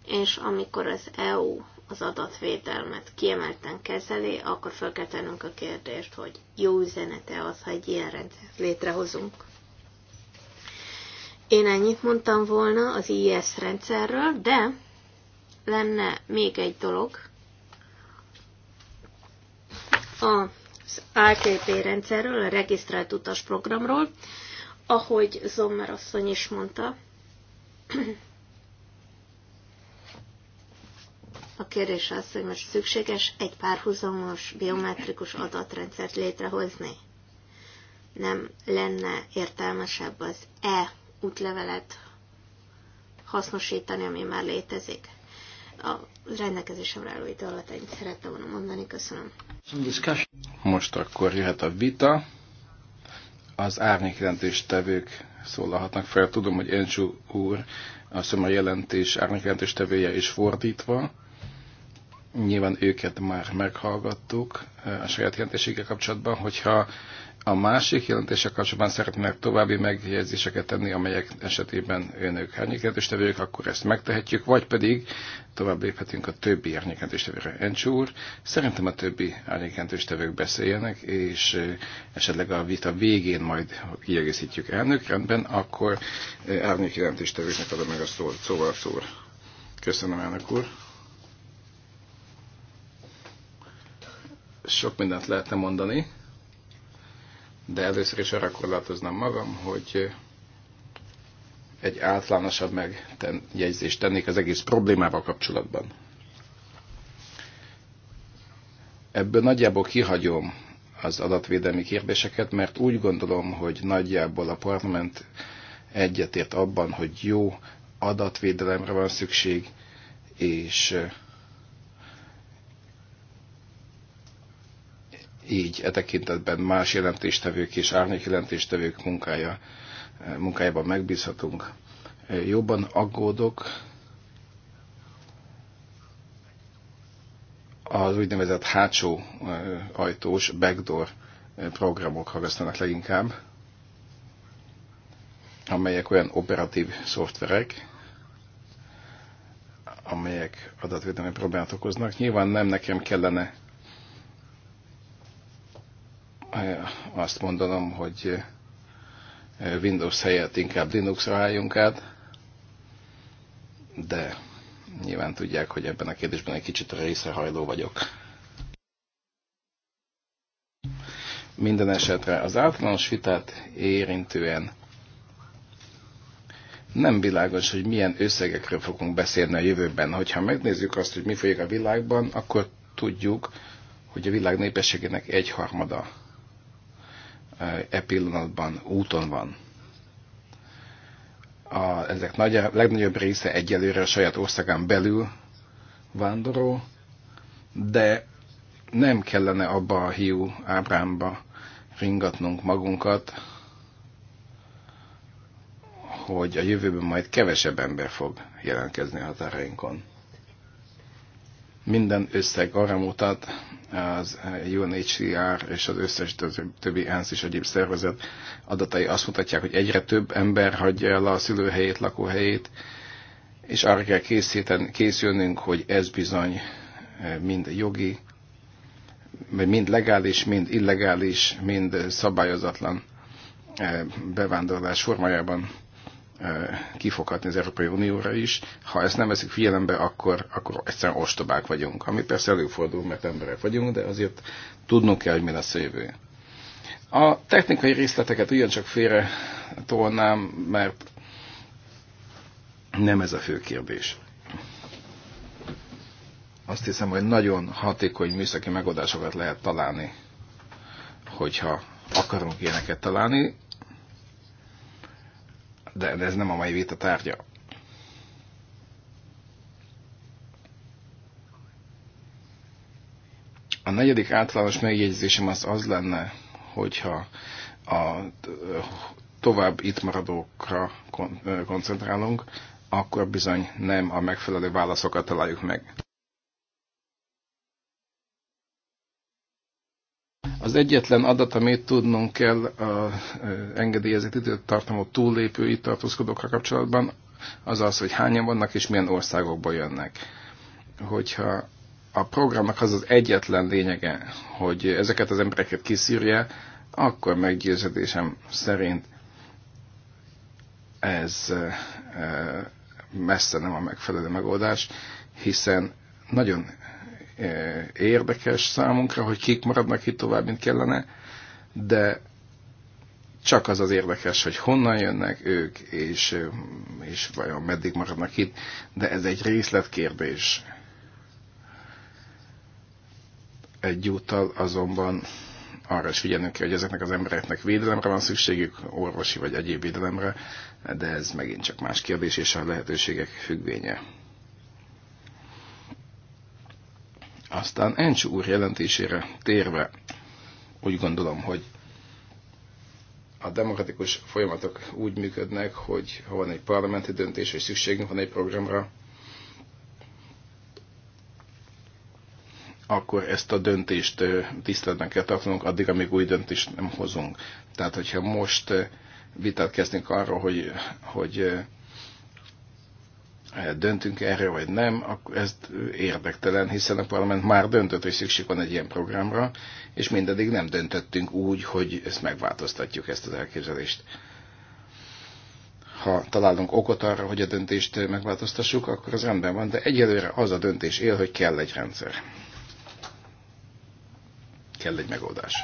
és amikor az EU az adatvédelmet kiemelten kezeli, akkor fel kell tennünk a kérdést, hogy jó üzenete az, ha egy ilyen rendszert létrehozunk. Én ennyit mondtam volna az IS e rendszerről, de lenne még egy dolog. Az AKP rendszerről, a regisztrált utas programról, ahogy Zommer asszony is mondta, a kérdés az, hogy most szükséges egy párhuzamos biometrikus adatrendszert létrehozni. Nem lenne értelmesebb az e útlevelet hasznosítani, ami már létezik a rendelkezésemre álló idő alatt szerettem volna mondani. Köszönöm. Most akkor jöhet a vita. Az árnyékjelentéstevők szólalhatnak fel. Tudom, hogy Enzsú úr a szöma jelentés árnyékjelentéstevője is fordítva. Nyilván őket már meghallgattuk eh, a saját jelentésükkel kapcsolatban, hogyha a másik jelentése kapcsolatban szeretnének további megjegyzéseket tenni, amelyek esetében önök árnyékjelentéstevők, akkor ezt megtehetjük, vagy pedig tovább léphetünk a többi árnyékjelentéstevőre. Encsú úr, szerintem a többi árnyékjelentéstevők beszéljenek, és esetleg a vita végén majd kiegészítjük elnök, rendben, akkor árnyékjelentéstevőknek adom meg a szó, szóval szó. Szóval. Köszönöm, elnök úr. Sok mindent lehetne mondani de először is arra korlátoznám magam, hogy egy általánosabb megjegyzést tennék az egész problémával kapcsolatban. Ebből nagyjából kihagyom az adatvédelmi kérdéseket, mert úgy gondolom, hogy nagyjából a parlament egyetért abban, hogy jó adatvédelemre van szükség, és így e tekintetben más jelentéstevők és árnyékjelentéstevők munkája, munkájában megbízhatunk. Jobban aggódok az úgynevezett hátsó ajtós backdoor programok hagasztanak leginkább, amelyek olyan operatív szoftverek, amelyek adatvédelmi problémát okoznak. Nyilván nem nekem kellene Eh, azt mondanom, hogy eh, Windows helyett inkább Linuxra álljunk át, de nyilván tudják, hogy ebben a kérdésben egy kicsit részrehajló vagyok. Minden esetre az általános vitát érintően nem világos, hogy milyen összegekről fogunk beszélni a jövőben. Hogyha megnézzük azt, hogy mi folyik a világban, akkor tudjuk, hogy a világ népességének egyharmada e pillanatban úton van. A, ezek nagy, legnagyobb része egyelőre a saját országán belül vándorol, de nem kellene abba a hiú ábrámba ringatnunk magunkat, hogy a jövőben majd kevesebb ember fog jelentkezni a határainkon. Minden összeg arra mutat, az UNHCR és az összes többi ENSZ és egyéb szervezet adatai azt mutatják, hogy egyre több ember hagyja el a szülőhelyét, lakóhelyét, és arra kell készíten, készülnünk, hogy ez bizony e, mind jogi, mind legális, mind illegális, mind szabályozatlan e, bevándorlás formájában kifoghatni az Európai Unióra is. Ha ezt nem veszik figyelembe, akkor, akkor egyszerűen ostobák vagyunk. Ami persze előfordul, mert emberek vagyunk, de azért tudnunk kell, hogy mi lesz a jövő. A technikai részleteket ugyancsak félre tolnám, mert nem ez a fő kérdés. Azt hiszem, hogy nagyon hatékony műszaki megoldásokat lehet találni, hogyha akarunk ilyeneket találni, de, de ez nem a mai vita tárgya. A negyedik általános megjegyzésem az az lenne, hogyha a tovább itt maradókra koncentrálunk, akkor bizony nem a megfelelő válaszokat találjuk meg. Az egyetlen adat, amit tudnunk kell a engedélyezett időtartamot túllépő itt tartózkodókkal kapcsolatban, az az, hogy hányan vannak és milyen országokból jönnek. Hogyha a programnak az az egyetlen lényege, hogy ezeket az embereket kiszűrje, akkor meggyőződésem szerint ez messze nem a megfelelő megoldás, hiszen nagyon érdekes számunkra, hogy kik maradnak itt tovább, mint kellene, de csak az az érdekes, hogy honnan jönnek ők, és, és vajon meddig maradnak itt, de ez egy részletkérdés. Egyúttal azonban arra is figyelnünk kell, hogy ezeknek az embereknek védelemre van szükségük, orvosi vagy egyéb védelemre, de ez megint csak más kérdés és a lehetőségek függvénye. Aztán Encs úr jelentésére térve úgy gondolom, hogy a demokratikus folyamatok úgy működnek, hogy ha van egy parlamenti döntés, és szükségünk van egy programra, akkor ezt a döntést tiszteletben kell tartanunk addig, amíg új döntést nem hozunk. Tehát, hogyha most vitát kezdünk arról, hogy, hogy döntünk erre, vagy nem, akkor ez érdektelen, hiszen a parlament már döntött, hogy szükség van egy ilyen programra, és mindedig nem döntöttünk úgy, hogy ezt megváltoztatjuk, ezt az elképzelést. Ha találunk okot arra, hogy a döntést megváltoztassuk, akkor az rendben van, de egyelőre az a döntés él, hogy kell egy rendszer. Kell egy megoldás.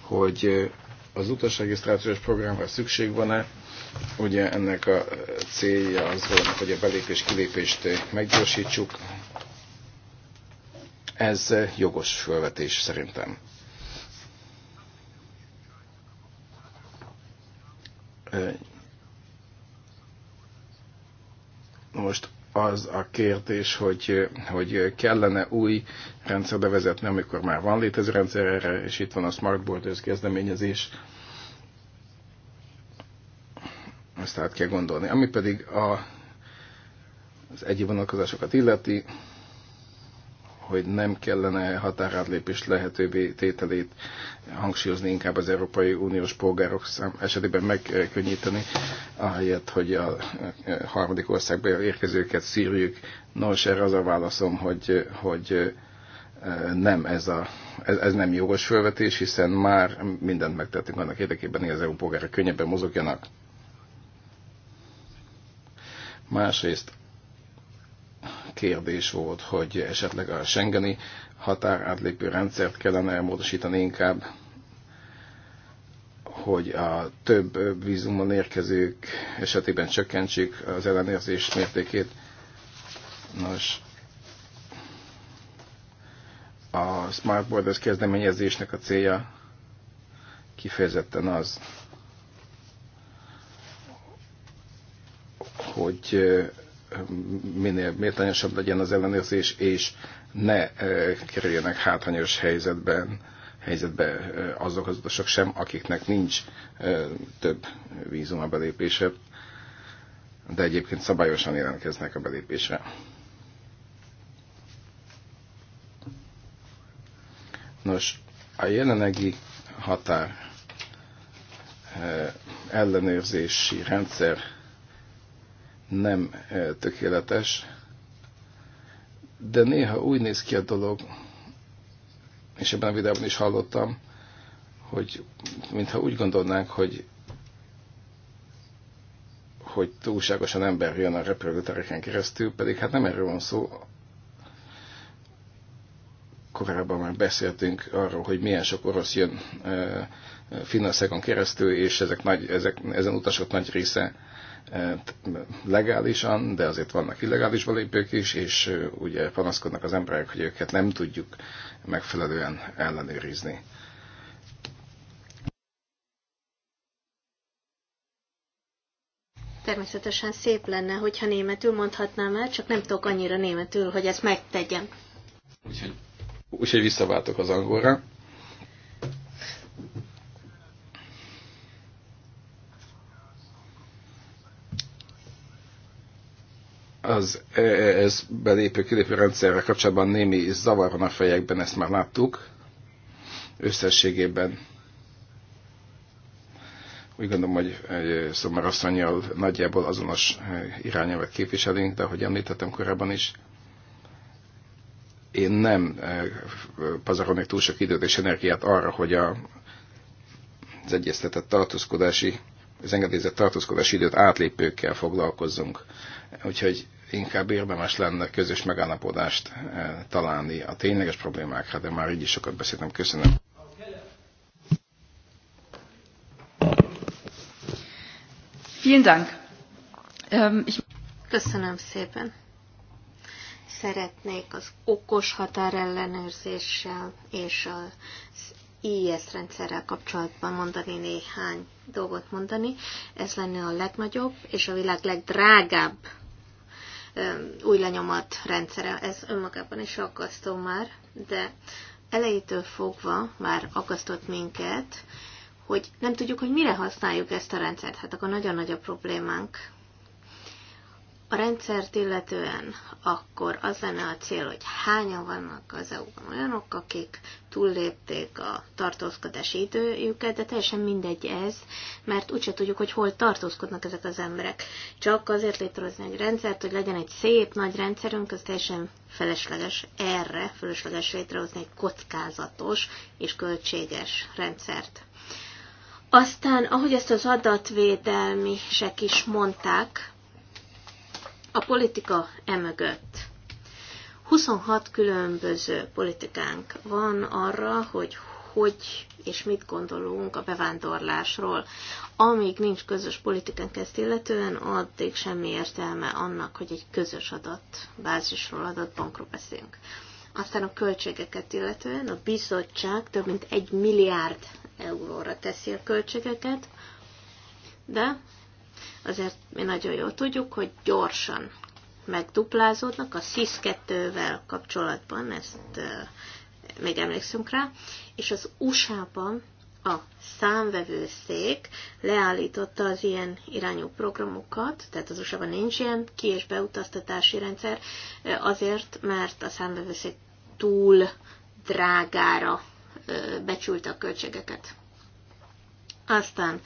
Hogy az utasregisztrációs programra szükség van-e, Ugye ennek a célja az volna, hogy a belépés-kilépést meggyorsítsuk. Ez jogos felvetés szerintem. Most az a kérdés, hogy, hogy kellene új rendszerbe vezetni, amikor már van létező rendszer erre, és itt van a Smart Borders kezdeményezés, ezt át kell gondolni. Ami pedig a, az egyéb vonalkozásokat illeti, hogy nem kellene határátlépés lehetővé tételét hangsúlyozni, inkább az Európai Uniós polgárok szám esetében megkönnyíteni, ahelyett, hogy a e, harmadik országba érkezőket szírjük. Nos, erre az a válaszom, hogy, hogy e, nem ez, a, ez, ez nem jogos felvetés, hiszen már mindent megtettünk annak érdekében, hogy az EU polgárok könnyebben mozogjanak. Másrészt kérdés volt, hogy esetleg a Schengeni határátlépő rendszert kellene elmódosítani inkább, hogy a több vízumon érkezők esetében csökkentsük az ellenérzés mértékét. Nos, a Smart Borders kezdeményezésnek a célja kifejezetten az, hogy minél méltányosabb legyen az ellenőrzés, és ne kerüljenek hátrányos helyzetben, helyzetbe azok az utasok sem, akiknek nincs több vízum a belépése, de egyébként szabályosan jelentkeznek a belépésre. Nos, a jelenlegi határ ellenőrzési rendszer nem eh, tökéletes, de néha úgy néz ki a dolog, és ebben a videóban is hallottam, hogy mintha úgy gondolnánk, hogy hogy túlságosan ember jön a repülőtereken keresztül, pedig hát nem erről van szó. Korábban már beszéltünk arról, hogy milyen sok orosz jön eh, Finnországon keresztül, és ezek nagy, ezek, ezen utasok nagy része legálisan, de azért vannak illegális belépők is, és ugye panaszkodnak az emberek, hogy őket nem tudjuk megfelelően ellenőrizni. Természetesen szép lenne, hogyha németül mondhatnám el, csak nem tudok annyira németül, hogy ezt megtegyem. Úgyhogy, úgyhogy visszaváltok az angolra. az ez e belépő-kilépő rendszerrel kapcsolatban némi zavar van a fejekben, ezt már láttuk összességében. Úgy gondolom, hogy Szomar asszonyjal nagyjából azonos eh, irányelvet képviselünk, de ahogy említettem korábban is, én nem eh, pazarolnék túl sok időt és energiát arra, hogy a, az egyeztetett tartózkodási az engedélyezett tartózkodási időt átlépőkkel foglalkozzunk. Úgyhogy inkább érdemes lenne közös megállapodást eh, találni a tényleges problémákra, de már így is sokat beszéltem. Köszönöm. Vielen Dank. Ähm, Köszönöm szépen. Szeretnék az okos határellenőrzéssel és az IS rendszerrel kapcsolatban mondani néhány dolgot mondani. Ez lenne a legnagyobb és a világ legdrágább új lenyomat rendszere. Ez önmagában is aggasztó már, de elejétől fogva már aggasztott minket, hogy nem tudjuk, hogy mire használjuk ezt a rendszert. Hát akkor nagyon nagy a problémánk a rendszert illetően, akkor az lenne a cél, hogy hányan vannak az EU-ban olyanok, akik túllépték a tartózkodási időjüket, de teljesen mindegy ez, mert úgyse tudjuk, hogy hol tartózkodnak ezek az emberek. Csak azért létrehozni egy rendszert, hogy legyen egy szép nagy rendszerünk, az teljesen felesleges erre, felesleges létrehozni egy kockázatos és költséges rendszert. Aztán, ahogy ezt az adatvédelmisek is mondták, a politika emögött. 26 különböző politikánk van arra, hogy hogy és mit gondolunk a bevándorlásról. Amíg nincs közös politikánk ezt illetően, addig semmi értelme annak, hogy egy közös adat, bázisról adatbankról beszélünk. Aztán a költségeket illetően a bizottság több mint egy milliárd euróra teszi a költségeket, de Azért mi nagyon jól tudjuk, hogy gyorsan megduplázódnak a SIS-2-vel kapcsolatban, ezt még emlékszünk rá, és az USA-ban a számvevőszék leállította az ilyen irányú programokat, tehát az USA-ban nincs ilyen ki- és beutaztatási rendszer, azért, mert a számvevőszék túl drágára becsült a költségeket. Aztán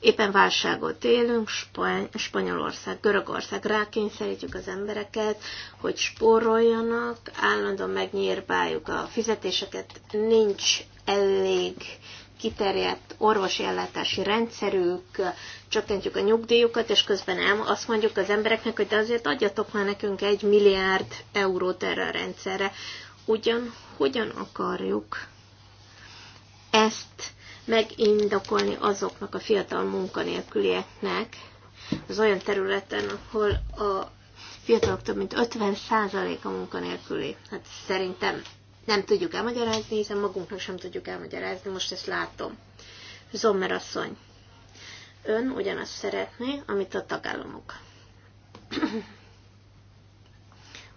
éppen válságot élünk, Spany- Spanyolország, Görögország, rákényszerítjük az embereket, hogy spóroljanak, állandóan megnyírbáljuk a fizetéseket, nincs elég kiterjedt orvosi ellátási rendszerük, csökkentjük a nyugdíjukat, és közben nem azt mondjuk az embereknek, hogy de azért adjatok már nekünk egy milliárd eurót erre a rendszerre. Ugyan hogyan akarjuk ezt megindokolni azoknak a fiatal munkanélkülieknek az olyan területen, ahol a fiatalok több mint 50%-a munkanélküli. Hát szerintem nem tudjuk elmagyarázni, hiszen magunknak sem tudjuk elmagyarázni, most ezt látom. Zommer asszony, ön ugyanazt szeretné, amit a tagállamok.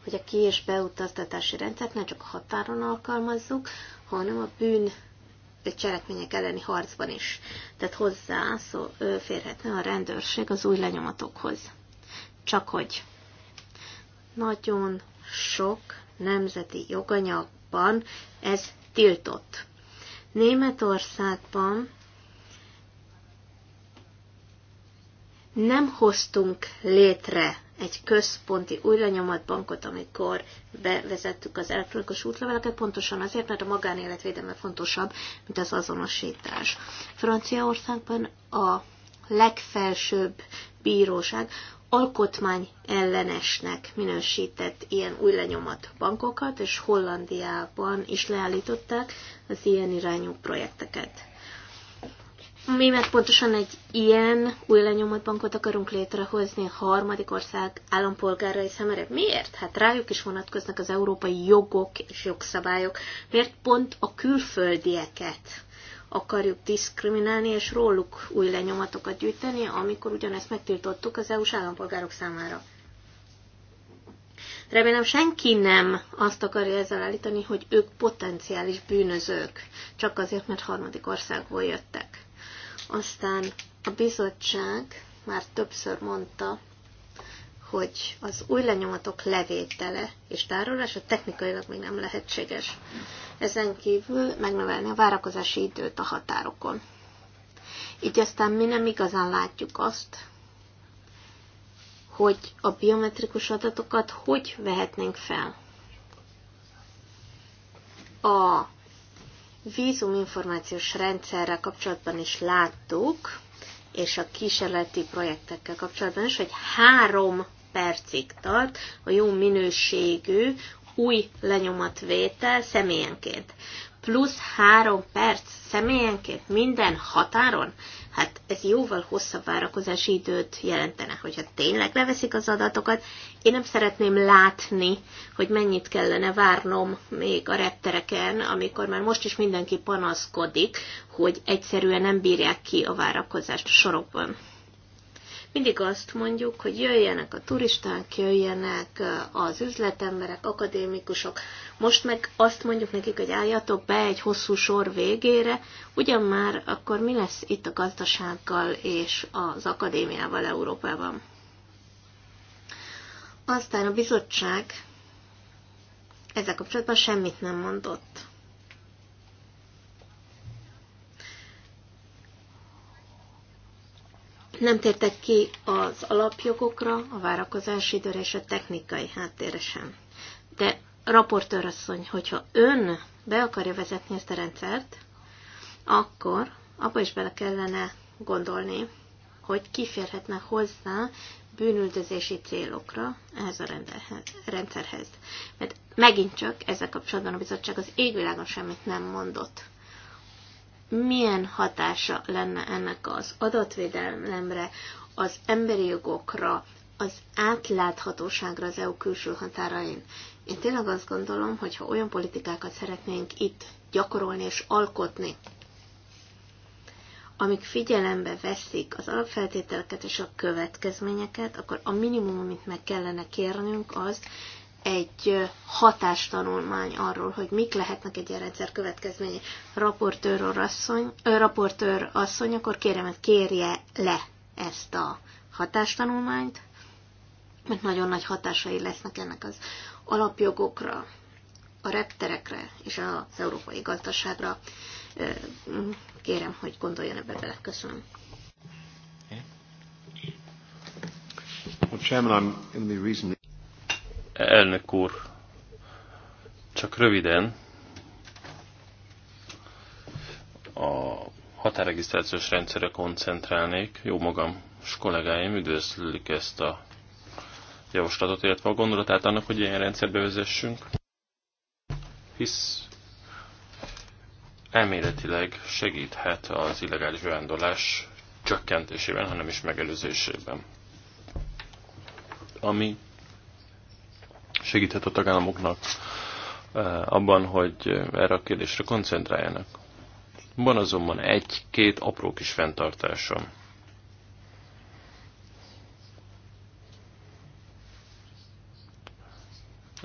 hogy a ki- és beutaztatási rendszert ne csak a határon alkalmazzuk, hanem a bűn egy cselekmények elleni harcban is. Tehát hozzá szó, férhetne a rendőrség az új lenyomatokhoz. Csak hogy nagyon sok nemzeti joganyagban ez tiltott. Németországban nem hoztunk létre egy központi bankot amikor bevezettük az elektronikus útleveleket, pontosan azért, mert a magánéletvédelme fontosabb, mint az azonosítás. Franciaországban a legfelsőbb bíróság alkotmány ellenesnek minősített ilyen új lenyomat bankokat, és Hollandiában is leállították az ilyen irányú projekteket mi meg pontosan egy ilyen új bankot akarunk létrehozni a harmadik ország állampolgárai számára. Miért? Hát rájuk is vonatkoznak az európai jogok és jogszabályok. Miért pont a külföldieket akarjuk diszkriminálni, és róluk új lenyomatokat gyűjteni, amikor ugyanezt megtiltottuk az EU-s állampolgárok számára? Remélem senki nem azt akarja ezzel állítani, hogy ők potenciális bűnözők, csak azért, mert harmadik országból jöttek. Aztán a bizottság már többször mondta, hogy az új lenyomatok levétele és tárolása technikailag még nem lehetséges. Ezen kívül megnövelni a várakozási időt a határokon. Így aztán mi nem igazán látjuk azt, hogy a biometrikus adatokat hogy vehetnénk fel. A vízuminformációs rendszerrel kapcsolatban is láttuk, és a kísérleti projektekkel kapcsolatban is, hogy három percig tart a jó minőségű új lenyomatvétel személyenként. Plusz három perc személyenként minden határon. Hát ez jóval hosszabb várakozási időt jelentene, hogyha tényleg leveszik az adatokat. Én nem szeretném látni, hogy mennyit kellene várnom még a reptereken, amikor már most is mindenki panaszkodik, hogy egyszerűen nem bírják ki a várakozást a sorokban. Mindig azt mondjuk, hogy jöjjenek a turisták, jöjjenek az üzletemberek, akadémikusok. Most meg azt mondjuk nekik, hogy álljatok be egy hosszú sor végére, ugyan már akkor mi lesz itt a gazdasággal és az akadémiával Európában. Aztán a bizottság ezzel kapcsolatban semmit nem mondott. Nem tértek ki az alapjogokra, a várakozási időre és a technikai háttérre sem. De asszony, hogyha ön be akarja vezetni ezt a rendszert, akkor abba is bele kellene gondolni, hogy kiférhetne hozzá bűnüldözési célokra ehhez a rendszerhez. Mert megint csak ezzel kapcsolatban a bizottság az égvilágon semmit nem mondott milyen hatása lenne ennek az adatvédelemre, az emberi jogokra, az átláthatóságra az EU külső határain. Én tényleg azt gondolom, hogy ha olyan politikákat szeretnénk itt gyakorolni és alkotni, amik figyelembe veszik az alapfeltételeket és a következményeket, akkor a minimum, amit meg kellene kérnünk az, egy hatástanulmány arról, hogy mik lehetnek egy ilyen rendszer következménye. Raportőr, orasszony, ö, raportőr asszony, akkor kérem, hogy kérje le ezt a hatástanulmányt, mert nagyon nagy hatásai lesznek ennek az alapjogokra, a repterekre és az európai gazdaságra. Kérem, hogy gondoljon ebbe bele. Köszönöm. Well, Chairman, I'm in the reason Elnök úr, csak röviden a határregisztrációs rendszerre koncentrálnék. Jó magam és kollégáim üdvözlik ezt a javaslatot, illetve a gondolatát annak, hogy ilyen rendszerbe vezessünk, hisz elméletileg segíthet az illegális bevándorlás csökkentésében, hanem is megelőzésében. Ami segíthet a tagállamoknak eh, abban, hogy eh, erre a kérdésre koncentráljanak. Van azonban egy-két apró kis fenntartásom.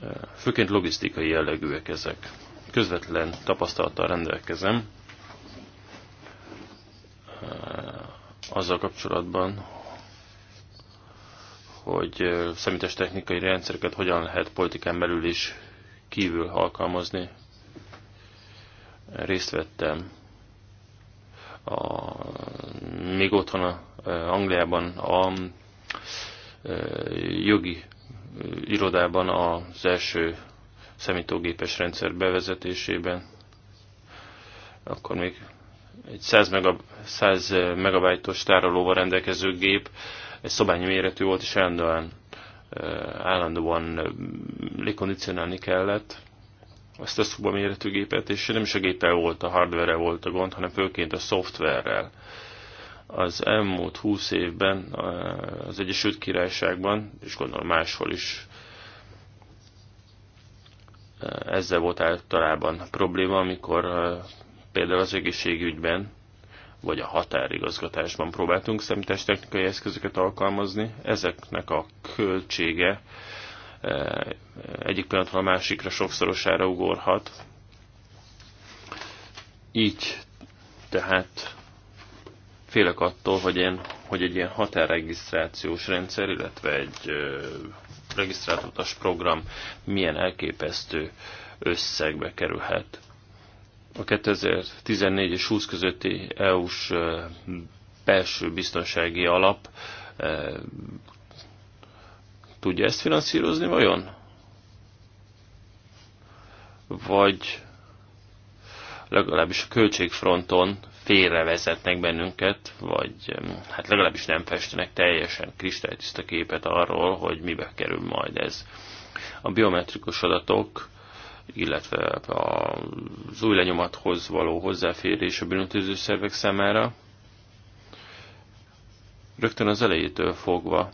Eh, főként logisztikai jellegűek ezek. Közvetlen tapasztalattal rendelkezem azzal kapcsolatban, hogy szemétes technikai rendszereket hogyan lehet politikán belül is kívül alkalmazni. Részt vettem a, még otthon a, Angliában a, a jogi irodában az első szemítógépes rendszer bevezetésében, akkor még egy 100, megab, 100 megabajtos tárolóval rendelkező gép egy szobányi méretű volt, és állandóan, állandóan lékondicionálni kellett ezt a szoba méretű gépet, és nem is a géppel volt, a hardware volt a gond, hanem főként a szoftverrel. Az elmúlt 20 évben az Egyesült Királyságban, és gondolom máshol is ezzel volt általában probléma, amikor például az egészségügyben vagy a határigazgatásban próbáltunk technikai eszközöket alkalmazni. Ezeknek a költsége eh, egyik pillanatban a másikra sokszorosára ugorhat. Így tehát félek attól, hogy, én, hogy egy ilyen határregisztrációs rendszer, illetve egy eh, regisztrált program milyen elképesztő összegbe kerülhet a 2014 és 20 közötti EU-s belső biztonsági alap tudja ezt finanszírozni vajon? Vagy legalábbis a költségfronton félrevezetnek bennünket, vagy hát legalábbis nem festenek teljesen kristálytiszta képet arról, hogy mibe kerül majd ez. A biometrikus adatok illetve az új lenyomathoz való hozzáférés a bűnötöző szervek számára. Rögtön az elejétől fogva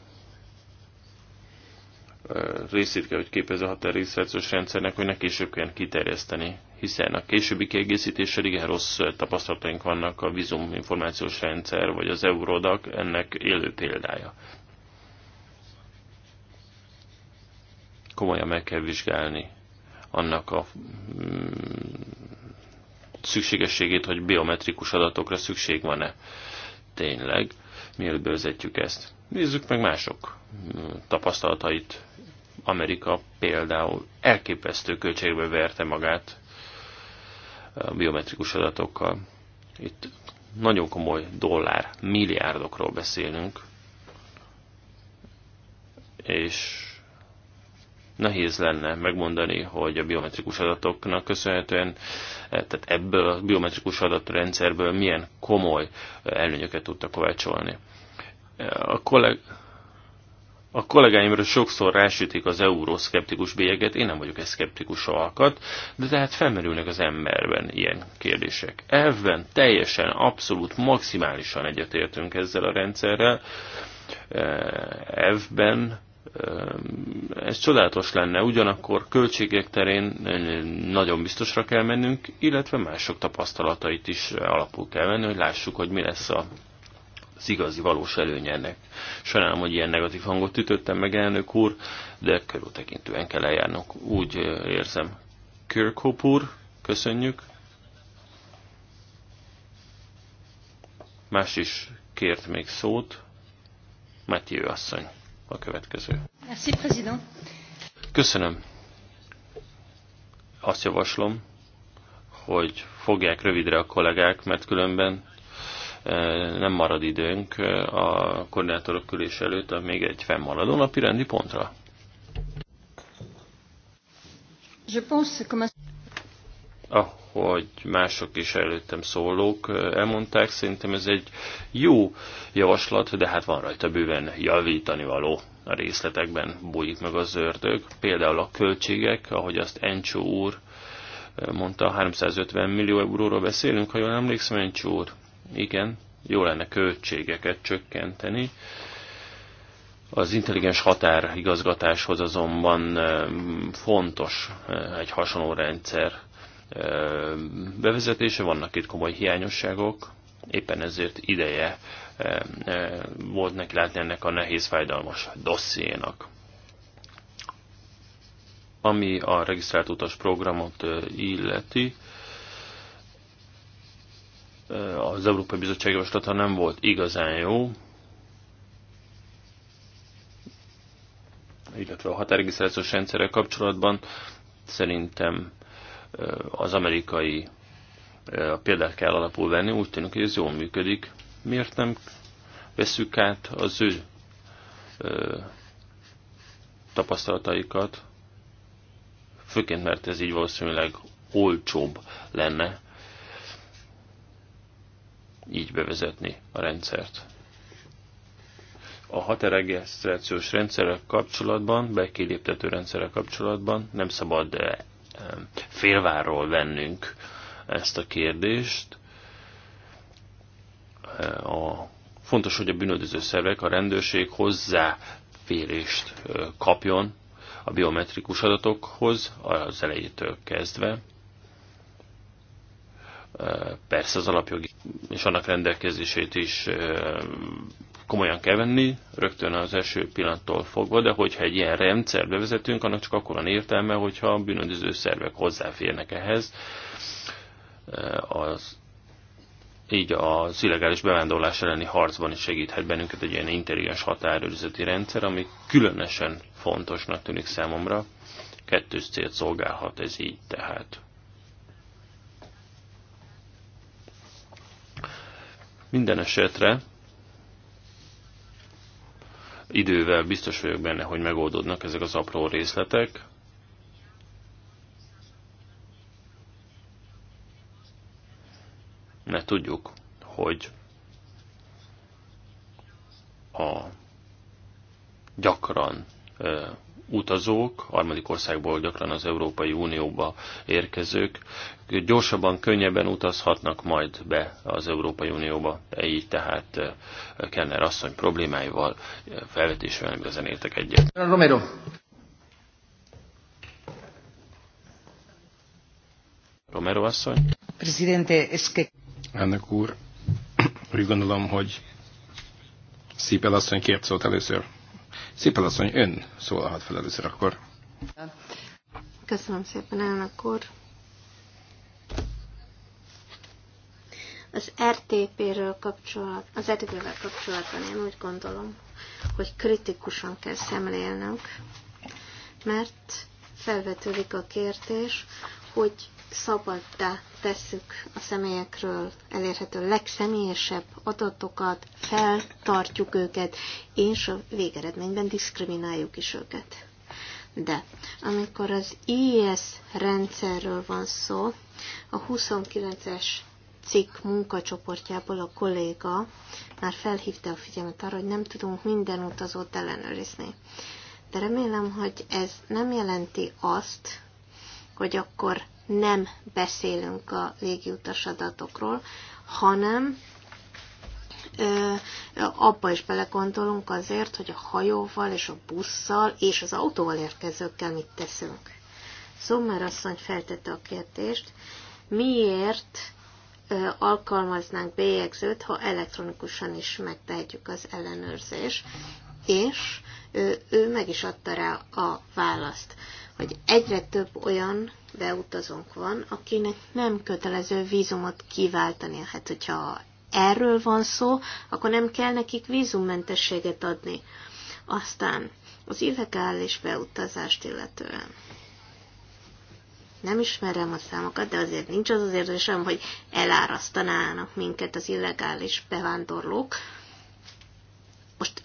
részét kell, hogy képez a határrészvercős rendszernek, hogy ne később kell kiterjeszteni, hiszen a későbbi kiegészítéssel igen rossz tapasztalataink vannak a vízum információs rendszer, vagy az Eurodac ennek élő példája. Komolyan meg kell vizsgálni annak a mm, szükségességét, hogy biometrikus adatokra szükség van-e. Tényleg, mielőtt bevezetjük ezt. Nézzük meg mások mm, tapasztalatait. Amerika például elképesztő költségbe verte magát a biometrikus adatokkal. Itt nagyon komoly dollár, milliárdokról beszélünk, és nehéz lenne megmondani, hogy a biometrikus adatoknak köszönhetően, eh, tehát ebből a biometrikus adatrendszerből milyen komoly eh, előnyöket tudtak kovácsolni. Eh, a, kolleg, a kollégáimra sokszor rásütik az euroszkeptikus bélyeget, én nem vagyok egy szkeptikus alkat, de tehát felmerülnek az emberben ilyen kérdések. Elvben teljesen, abszolút, maximálisan egyetértünk ezzel a rendszerrel, elvben ez csodálatos lenne, ugyanakkor költségek terén nagyon biztosra kell mennünk, illetve mások tapasztalatait is alapul kell venni, hogy lássuk, hogy mi lesz a az igazi valós előnye ennek. Sajnálom, hogy ilyen negatív hangot ütöttem meg, elnök úr, de körültekintően kell eljárnunk. Úgy érzem. Kirkhop úr, köszönjük. Más is kért még szót. Matthew asszony a következő. Köszönöm. Azt javaslom, hogy fogják rövidre a kollégák, mert különben eh, nem marad időnk eh, a koordinátorok külés előtt a még egy fennmaradó napi rendi pontra. Je pense, comme ahogy mások is előttem szólók elmondták, szerintem ez egy jó javaslat, de hát van rajta bőven javítani való a részletekben bújik meg az ördög. Például a költségek, ahogy azt Encsó úr mondta, 350 millió euróról beszélünk, ha jól emlékszem, Encsó úr. Igen, jó lenne költségeket csökkenteni. Az intelligens határigazgatáshoz azonban fontos egy hasonló rendszer bevezetése, vannak itt komoly hiányosságok, éppen ezért ideje volt neki látni ennek a nehéz fájdalmas dossziénak. Ami a regisztrált utas programot illeti, az Európai Bizottság javaslata nem volt igazán jó, illetve a határregisztrációs rendszerrel kapcsolatban szerintem az amerikai példát kell alapul venni, úgy tűnik, hogy ez jól működik. Miért nem veszük át az ő tapasztalataikat, főként mert ez így valószínűleg olcsóbb lenne így bevezetni a rendszert. A hateregisztrációs rendszerrel kapcsolatban, bekiléptető rendszerrel kapcsolatban nem szabad félvárról vennünk ezt a kérdést. A, fontos, hogy a bűnöldöző szervek, a rendőrség hozzáférést kapjon a biometrikus adatokhoz az elejétől kezdve. Persze az alapjogi és annak rendelkezését is komolyan kell venni, rögtön az első pillanattól fogva, de hogyha egy ilyen rendszer bevezetünk, annak csak akkor van értelme, hogyha a bűnöző szervek hozzáférnek ehhez, eh, az így az illegális bevándorlás elleni harcban is segíthet bennünket egy ilyen intelligens határőrizeti rendszer, ami különösen fontosnak tűnik számomra. Kettős célt szolgálhat ez így tehát. Minden esetre Idővel biztos vagyok benne, hogy megoldódnak ezek az apró részletek. Mert tudjuk, hogy a gyakran utazók, harmadik országból gyakran az Európai Unióba érkezők gyorsabban, könnyebben utazhatnak majd be az Európai Unióba, így tehát eh, Kenner asszony problémáival eh, felvetésvel nem igazán értek egyet. Romero. Romero asszony. Presidente, eske... Ennek úr, *clears throat* úgy gondolom, hogy Szípel asszony kért szót először. Szépen mondja, ön szólalhat fel először akkor. Köszönöm szépen, elnök úr. Az RTP-ről kapcsolat, az RTP-vel kapcsolatban én úgy gondolom, hogy kritikusan kell szemlélnünk, mert felvetődik a kérdés, hogy szabaddá tesszük a személyekről elérhető legszemélyesebb adatokat, feltartjuk őket, és a végeredményben diszkrimináljuk is őket. De amikor az IES rendszerről van szó, a 29-es cikk munkacsoportjából a kolléga már felhívta a figyelmet arra, hogy nem tudunk minden utazót ellenőrizni. De remélem, hogy ez nem jelenti azt, hogy akkor nem beszélünk a légiutas adatokról, hanem ö, abba is belegondolunk azért, hogy a hajóval és a busszal és az autóval érkezőkkel mit teszünk. Sommer asszony feltette a kérdést, miért ö, alkalmaznánk bélyegzőt, ha elektronikusan is megtehetjük az ellenőrzés, és ő, ő meg is adta rá a választ hogy egyre több olyan beutazónk van, akinek nem kötelező vízumot kiváltani. Hát, hogyha erről van szó, akkor nem kell nekik vízummentességet adni. Aztán az illegális beutazást illetően. Nem ismerem a számokat, de azért nincs az az érzésem, hogy elárasztanának minket az illegális bevándorlók. Most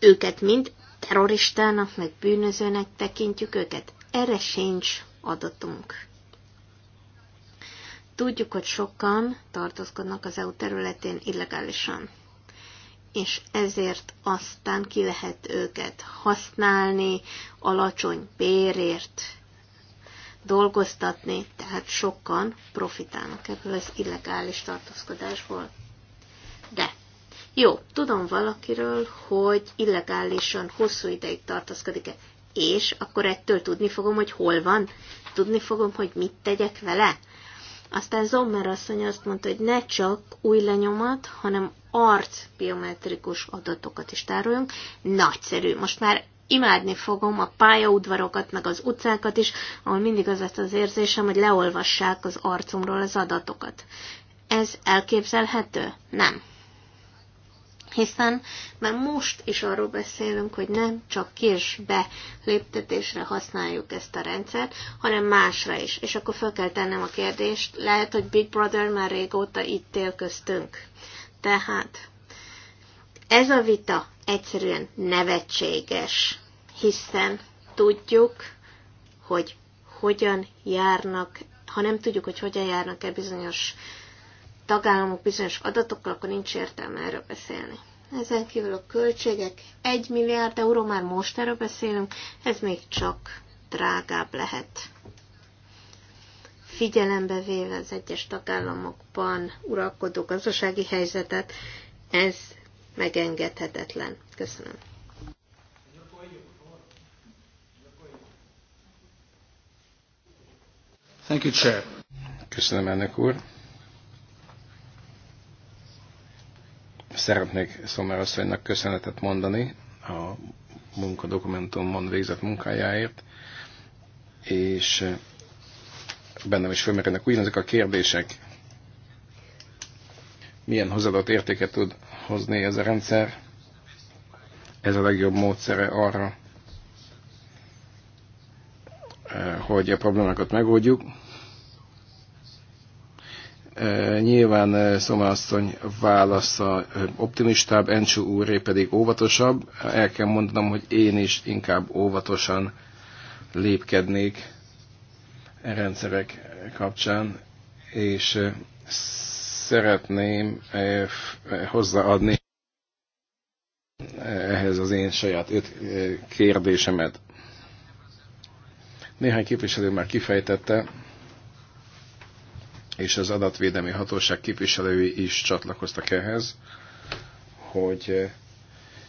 őket mind terroristának, meg bűnözőnek tekintjük őket. Erre sincs adatunk. Tudjuk, hogy sokan tartózkodnak az EU területén illegálisan, és ezért aztán ki lehet őket használni, alacsony bérért dolgoztatni, tehát sokan profitálnak ebből az illegális tartózkodásból. De jó, tudom valakiről, hogy illegálisan hosszú ideig tartózkodik-e és akkor ettől tudni fogom, hogy hol van, tudni fogom, hogy mit tegyek vele. Aztán Zommer asszony azt mondta, hogy ne csak új lenyomat, hanem arc biometrikus adatokat is tároljunk. Nagyszerű. Most már imádni fogom a pályaudvarokat, meg az utcákat is, ahol mindig az lett az érzésem, hogy leolvassák az arcomról az adatokat. Ez elképzelhető? Nem hiszen már most is arról beszélünk, hogy nem csak késbe léptetésre használjuk ezt a rendszert, hanem másra is. És akkor fel kell tennem a kérdést, lehet, hogy Big Brother már régóta itt él köztünk. Tehát ez a vita egyszerűen nevetséges, hiszen tudjuk, hogy hogyan járnak, ha nem tudjuk, hogy hogyan járnak-e bizonyos tagállamok bizonyos adatokkal, akkor nincs értelme erről beszélni. Ezen kívül a költségek 1 milliárd euró, már most erről beszélünk, ez még csak drágább lehet. Figyelembe véve az egyes tagállamokban uralkodó gazdasági helyzetet, ez megengedhetetlen. Köszönöm. Thank you, Chair. Köszönöm, elnök úr. Szeretnék Szomer asszonynak köszönetet mondani a munkadokumentumon végzett munkájáért, és eh, bennem is fölmerülnek ugyanazok a kérdések, milyen hozadott értéket tud hozni ez a rendszer, ez a legjobb módszere arra, eh, hogy a problémákat megoldjuk, Nyilván asszony válasza optimistább, Encsú úré pedig óvatosabb. El kell mondanom, hogy én is inkább óvatosan lépkednék e rendszerek kapcsán, és szeretném hozzáadni ehhez az én saját öt kérdésemet. Néhány képviselő már kifejtette, és az adatvédelmi hatóság képviselői is csatlakoztak ehhez, hogy eh,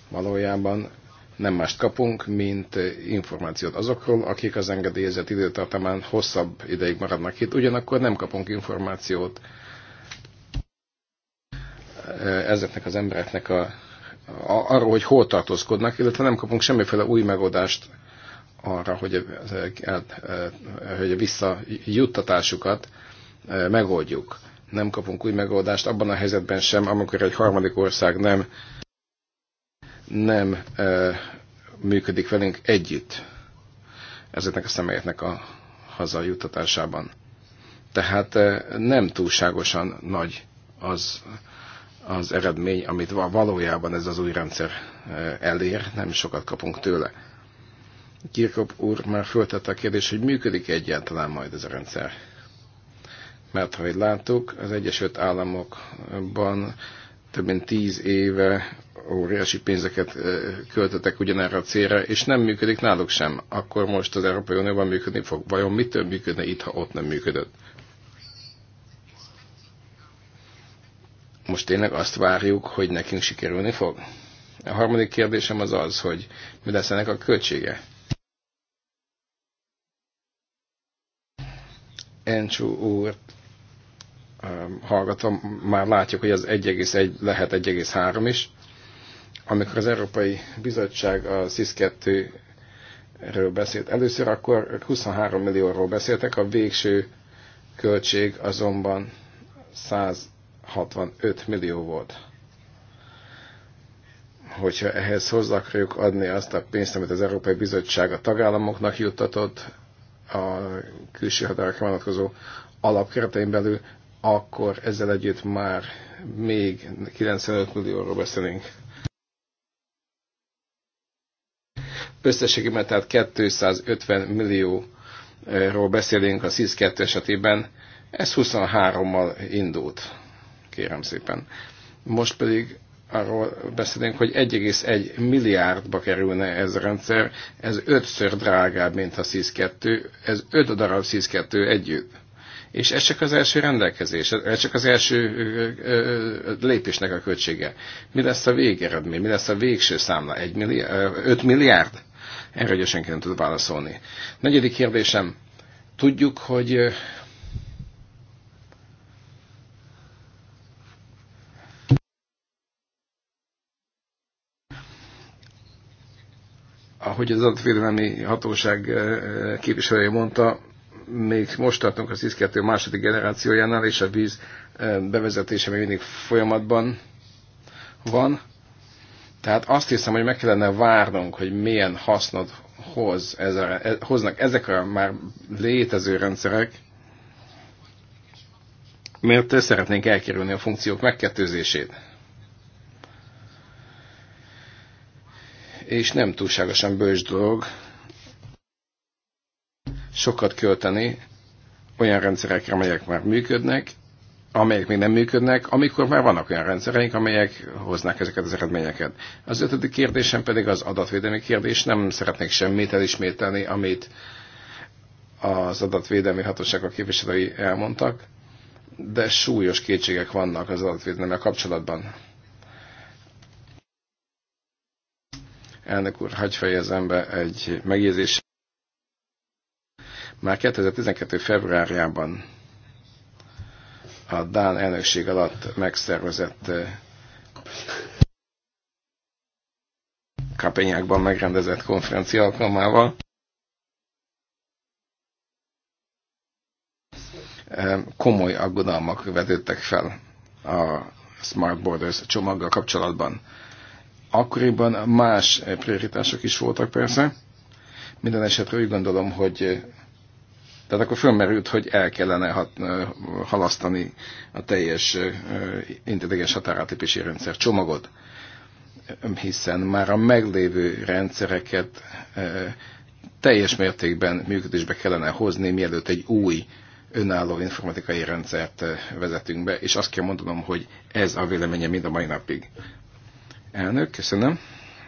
valójában nem mást kapunk, mint eh, információt azokról, akik az engedélyezett időtartamán hosszabb ideig maradnak itt, ugyanakkor nem kapunk információt eh, ezeknek az embereknek a, a, arról, hogy hol tartózkodnak, illetve nem kapunk semmiféle új megoldást arra, hogy, a, a, a visszajuttatásukat megoldjuk. Nem kapunk új megoldást abban a helyzetben sem, amikor egy harmadik ország nem, nem működik velünk együtt ezeknek a személyeknek a hazajutatásában. Tehát nem túlságosan nagy az, az eredmény, amit valójában ez az új rendszer elér, nem sokat kapunk tőle. Kirkop úr már föltette a kérdést, hogy működik -e egyáltalán majd ez a rendszer. Mert ahogy láttuk, az Egyesült Államokban több mint tíz éve óriási pénzeket költöttek ugyanerre a célra, és nem működik náluk sem. Akkor most az Európai Unióban működni fog. Vajon mitől működne itt, ha ott nem működött? Most tényleg azt várjuk, hogy nekünk sikerülni fog? A harmadik kérdésem az az, hogy mi lesz ennek a költsége? Encsú úr hallgatom, már látjuk, hogy az 1,1 lehet 1,3 is. Amikor az Európai Bizottság a szis 2 erről beszélt először, akkor 23 millióról beszéltek, a végső költség azonban 165 millió volt. Hogyha ehhez hozzá akarjuk adni azt a pénzt, amit az Európai Bizottság a tagállamoknak juttatott a külső határokra vonatkozó alapkeretein belül, akkor ezzel együtt már még 95 millióról beszélünk. Összességében tehát 250 millióról beszélünk a sis 2 esetében. Ez 23-mal indult, kérem szépen. Most pedig arról beszélünk, hogy 1,1 milliárdba kerülne ez a rendszer, ez ötször drágább, mint a sis 2 ez öt darab sis 2 együtt. És ez csak az első rendelkezés, ez csak az első lépésnek a költsége. Mi lesz a végeredmény, mi lesz a végső számla? Egy milliárd, 5 milliárd? Erre ugye senki nem tud válaszolni. Negyedik kérdésem. Tudjuk, hogy ahogy az adatvédelmi hatóság képviselője mondta, még most tartunk az ISZ-2 második generációjánál, és a víz bevezetése még mindig folyamatban van. Tehát azt hiszem, hogy meg kellene várnunk, hogy milyen hasznot hoz, ez a e, hoznak ezek a már létező rendszerek, mert szeretnénk elkerülni a funkciók megkettőzését. És nem túlságosan bős dolog sokat költeni olyan rendszerekre, amelyek már működnek, amelyek még nem működnek, amikor már vannak olyan rendszereink, amelyek hoznak ezeket az eredményeket. Az ötödik kérdésem pedig az adatvédelmi kérdés. Nem szeretnék semmit elismételni, amit az adatvédelmi hatóság a képviselői elmondtak, de súlyos kétségek vannak az adatvédelmi kapcsolatban. Elnök úr, hagyj fejezem be egy megjegyzés. Már 2012. februárjában a Dán elnökség alatt megszervezett Kapenyákban megrendezett konferencia alkalmával. Komoly aggodalmak vetődtek fel a Smart Borders csomaggal kapcsolatban. Akkoriban más prioritások is voltak persze. Minden esetre úgy gondolom, hogy tehát akkor fölmerült, hogy el kellene hat, halasztani a teljes intelligens határátépési rendszer csomagot, hiszen már a meglévő rendszereket teljes mértékben működésbe kellene hozni, mielőtt egy új önálló informatikai rendszert vezetünk be, és azt kell mondanom, hogy ez a véleménye mind a mai napig. Elnök, köszönöm.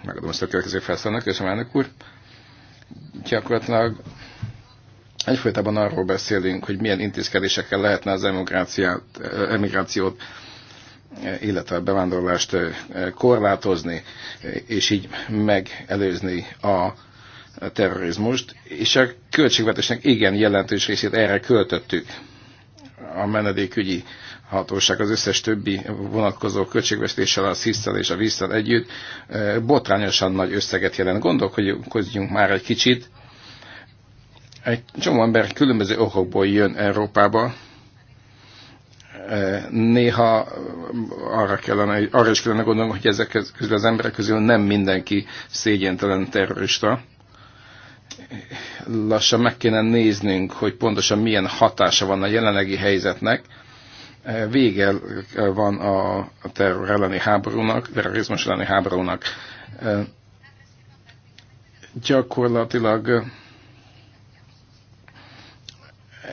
Megadom ezt a következő felszállnak. Köszönöm, elnök úr. Gyakorlatilag Egyfolytában arról beszélünk, hogy milyen intézkedésekkel lehetne az eh, emigrációt, eh, illetve a bevándorlást eh, korlátozni, és így megelőzni a terrorizmust, és a költségvetésnek igen jelentős részét erre költöttük. A menedékügyi hatóság az összes többi vonatkozó költségvetéssel, a szisz és a visszal együtt botrányosan nagy összeget jelent. Gondolkodjunk már egy kicsit, egy csomó ember különböző okokból jön Európába, néha arra, kellene, arra is kellene gondolni, hogy ezek közül az emberek közül nem mindenki szégyentelen terrorista. Lassan meg kéne néznünk, hogy pontosan milyen hatása van a jelenlegi helyzetnek. Vége van a terror elleni háborúnak, terrorizmus elleni háborúnak. Gyakorlatilag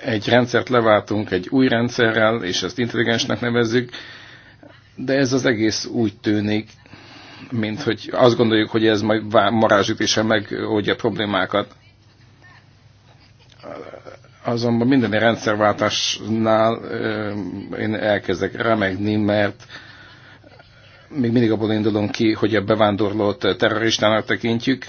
egy rendszert leváltunk egy új rendszerrel, és ezt intelligensnek nevezzük, de ez az egész úgy tűnik, mint hogy azt gondoljuk, hogy ez majd marázsütése megoldja a problémákat. Azonban minden rendszerváltásnál én elkezdek remegni, mert még mindig abból indulunk ki, hogy a bevándorlót terroristának tekintjük,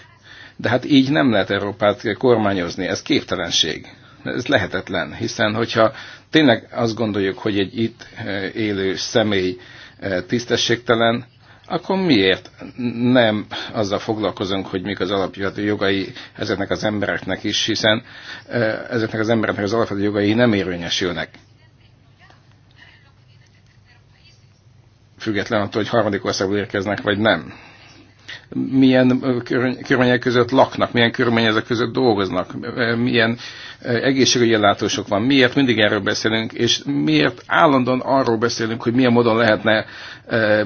de hát így nem lehet Európát kormányozni, ez képtelenség. Ez lehetetlen, hiszen hogyha tényleg azt gondoljuk, hogy egy itt e, élő személy e, tisztességtelen, akkor miért nem azzal foglalkozunk, hogy mik az alapvető jogai ezeknek az embereknek is, hiszen e, ezeknek az embereknek az alapvető jogai nem érvényesülnek. Független attól, hogy harmadik országból érkeznek, vagy nem milyen körülmények között laknak, milyen körülmények között dolgoznak, milyen egészségügyi ellátások van, miért mindig erről beszélünk, és miért állandóan arról beszélünk, hogy milyen módon lehetne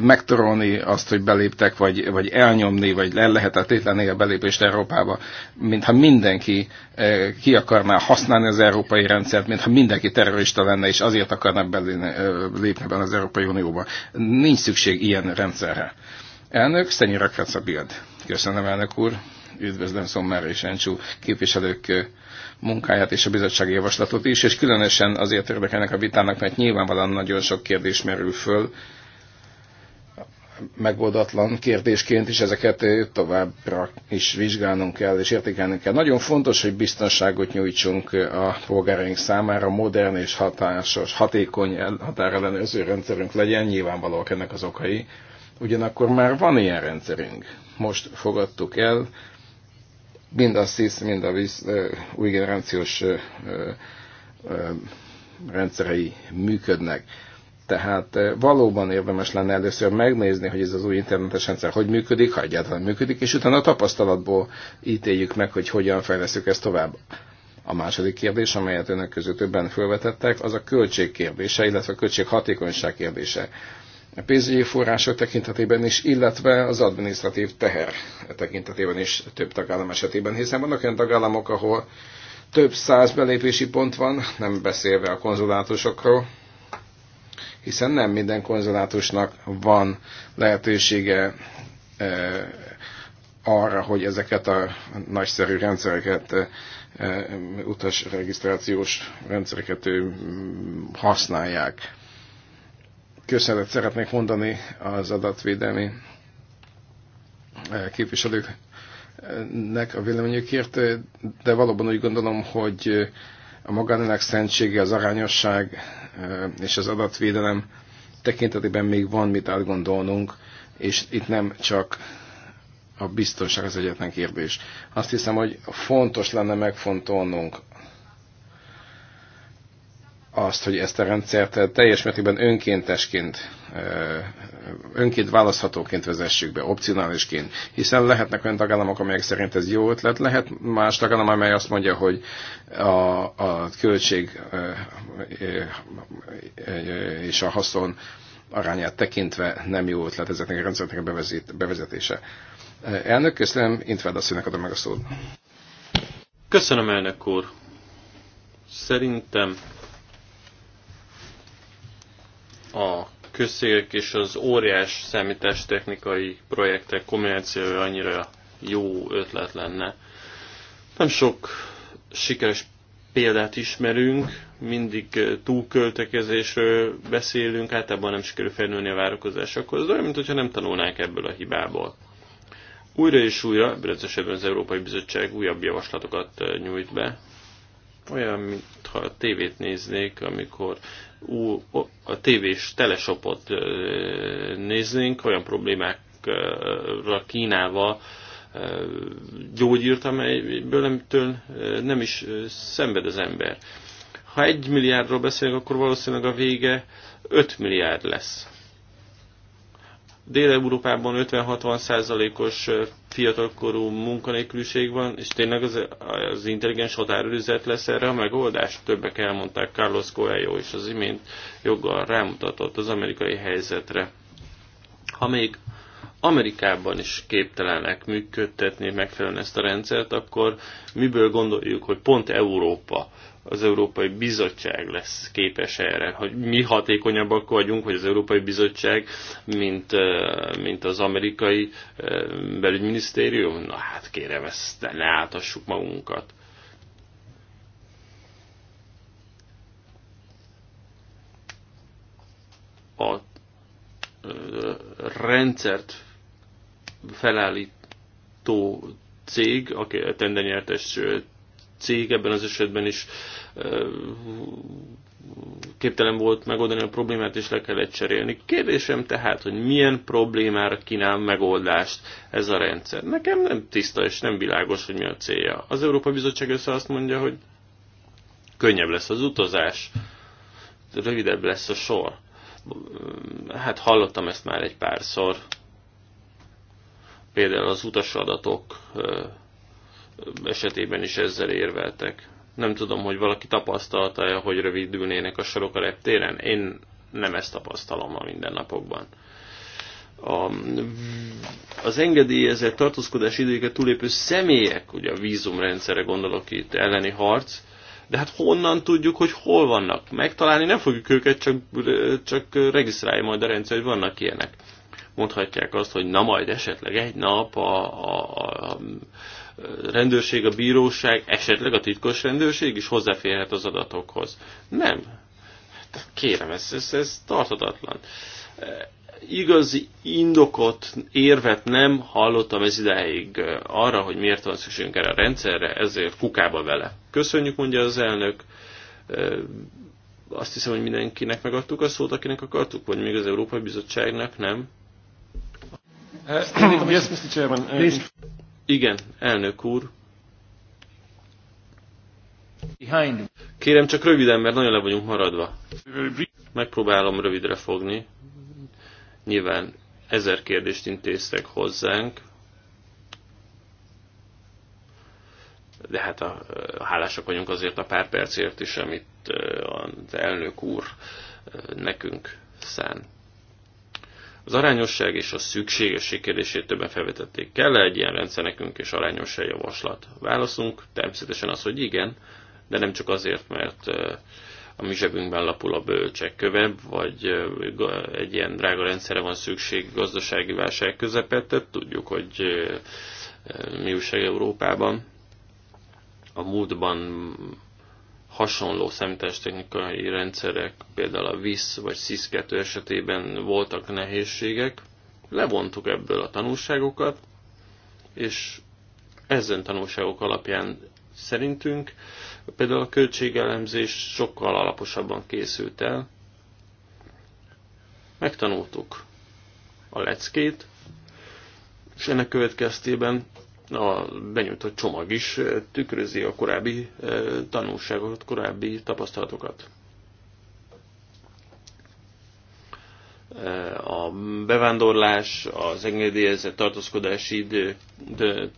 megtorolni azt, hogy beléptek, vagy, vagy elnyomni, vagy le lehetetlenné a belépést Európába, mintha mindenki ki akarná használni az európai rendszert, mintha mindenki terrorista lenne, és azért akarná belépni az Európai Unióba. Nincs szükség ilyen rendszerre. Elnök, Szenyira a Bild. Köszönöm, elnök úr. Üdvözlöm Szommer és Encsú képviselők munkáját és a bizottsági javaslatot is, és különösen azért érdekelnek a vitának, mert nyilvánvalóan nagyon sok kérdés merül föl, megoldatlan kérdésként is ezeket továbbra is vizsgálnunk kell és értékelnünk kell. Nagyon fontos, hogy biztonságot nyújtsunk a polgáraink számára, modern és hatásos, hatékony határellenőrző rendszerünk legyen, nyilvánvalóak ennek az okai. Ugyanakkor már van ilyen rendszerünk. Most fogadtuk el, mind a SZISZ, mind a víz, új generációs rendszerei működnek. Tehát valóban érdemes lenne először megnézni, hogy ez az új internetes rendszer hogy működik, ha egyáltalán működik, és utána a tapasztalatból ítéljük meg, hogy hogyan fejleszünk ezt tovább. A második kérdés, amelyet önök között többen felvetettek, az a költség kérdése, illetve a költség hatékonyság kérdése a pénzügyi források tekintetében is, illetve az adminisztratív teher tekintetében is több tagállam esetében, hiszen vannak olyan tagállamok, ahol több száz belépési pont van, nem beszélve a konzulátusokról, hiszen nem minden konzulátusnak van lehetősége e, arra, hogy ezeket a nagyszerű rendszereket, e, e regisztrációs rendszereket ő használják köszönetet szeretnék mondani az adatvédelmi eh, képviselőknek a véleményükért, de valóban úgy gondolom, hogy eh, a magánének szentsége, az arányosság eh, és az adatvédelem tekintetében még van mit átgondolnunk, és itt nem csak a biztonság az egyetlen kérdés. Azt hiszem, hogy fontos lenne megfontolnunk azt, hogy ezt a rendszert teljes mértékben önkéntesként, önként választhatóként vezessük be, opcionálisként. Hiszen lehetnek olyan tagállamok, amelyek szerint ez jó ötlet, lehet más tagállam, amely azt mondja, hogy a, a költség és a haszon arányát tekintve nem jó ötlet ezeknek a rendszereknek a bevezetése. Elnök, köszönöm, Intvád asszonynak adom meg a szót. Köszönöm, elnök úr. Szerintem a közszégek és az óriás számítástechnikai projektek kombinációja annyira jó ötlet lenne. Nem sok sikeres példát ismerünk, mindig túlköltekezésről beszélünk, általában nem sikerül felnőni a várakozásokhoz, de olyan, mintha nem tanulnánk ebből a hibából. Újra és újra, ebben az esetben az Európai Bizottság újabb javaslatokat nyújt be. Olyan, mintha a tévét néznék, amikor ú, a tévés telesopot néznénk, olyan problémákra kínálva gyógyírt, amelyből től nem is szenved az ember. Ha egy milliárdról beszélünk, akkor valószínűleg a vége 5 milliárd lesz. Dél-Európában 50-60 százalékos fiatalkorú munkanélküliség van, és tényleg az, az intelligens határőrizet lesz erre a megoldás? Többek elmondták Carlos Coelho is az imént joggal rámutatott az amerikai helyzetre. Ha még Amerikában is képtelenek működtetni megfelelően ezt a rendszert, akkor miből gondoljuk, hogy pont Európa az Európai Bizottság lesz képes erre, hogy mi hatékonyabbak vagyunk, hogy az Európai Bizottság, mint, mint az amerikai belügyminisztérium? Na hát kérem, ezt ne átassuk magunkat. A rendszert felállító cég, aki a tendernyertes cég ebben az esetben is képtelen volt megoldani a problémát, és le kellett cserélni. Kérdésem tehát, hogy milyen problémára kínál megoldást ez a rendszer. Nekem nem tiszta és nem világos, hogy mi a célja. Az Európai Bizottság össze azt mondja, hogy könnyebb lesz az utazás, rövidebb lesz a sor. Hát hallottam ezt már egy párszor. Például az utasadatok esetében is ezzel érveltek. Nem tudom, hogy valaki tapasztalta-e, hogy rövidülnének a sorok a reptéren. Én nem ezt tapasztalom a mindennapokban. A, az engedélyezett tartózkodás időket túlépő személyek, ugye a vízumrendszerre gondolok itt, elleni harc, de hát honnan tudjuk, hogy hol vannak? Megtalálni nem fogjuk őket, csak, csak regisztrálja majd a rendszer, hogy vannak ilyenek. Mondhatják azt, hogy na majd esetleg egy nap a, a, a rendőrség, a bíróság, esetleg a titkos rendőrség is hozzáférhet az adatokhoz. Nem. Kérem, ez, ez, ez tartatatlan. Igazi indokot, érvet nem hallottam ez ideig arra, hogy miért van szükségünk erre a rendszerre, ezért kukába vele. Köszönjük, mondja az elnök azt hiszem, hogy mindenkinek megadtuk a szót, akinek akartuk, vagy még az Európai Bizottságnak, nem? *clears throat* Igen, elnök úr. Kérem csak röviden, mert nagyon le vagyunk maradva. Megpróbálom rövidre fogni. Nyilván ezer kérdést intéztek hozzánk, de hát a, a hálásak vagyunk azért a pár percért is, amit eh, az elnök úr eh, nekünk szánt. Az arányosság és a szükségesség kérdését többen felvetették. Kell-e egy ilyen rendszer nekünk és arányos-e javaslat? Válaszunk természetesen az, hogy igen, de nem csak azért, mert a mi zsebünkben lapul a bölcsek kövebb, vagy egy ilyen drága rendszerre van szükség gazdasági válság közepette. Tudjuk, hogy mi újság Európában. A múltban hasonló számítástechnikai rendszerek, például a VIS vagy SIS-2 esetében voltak nehézségek, levontuk ebből a tanulságokat, és ezen tanulságok alapján szerintünk például a költségelemzés sokkal alaposabban készült el. Megtanultuk a leckét, és ennek következtében a benyújtott csomag is tükrözi a korábbi tanulságokat, korábbi tapasztalatokat. A bevándorlás, az engedélyezett tartózkodási idő, de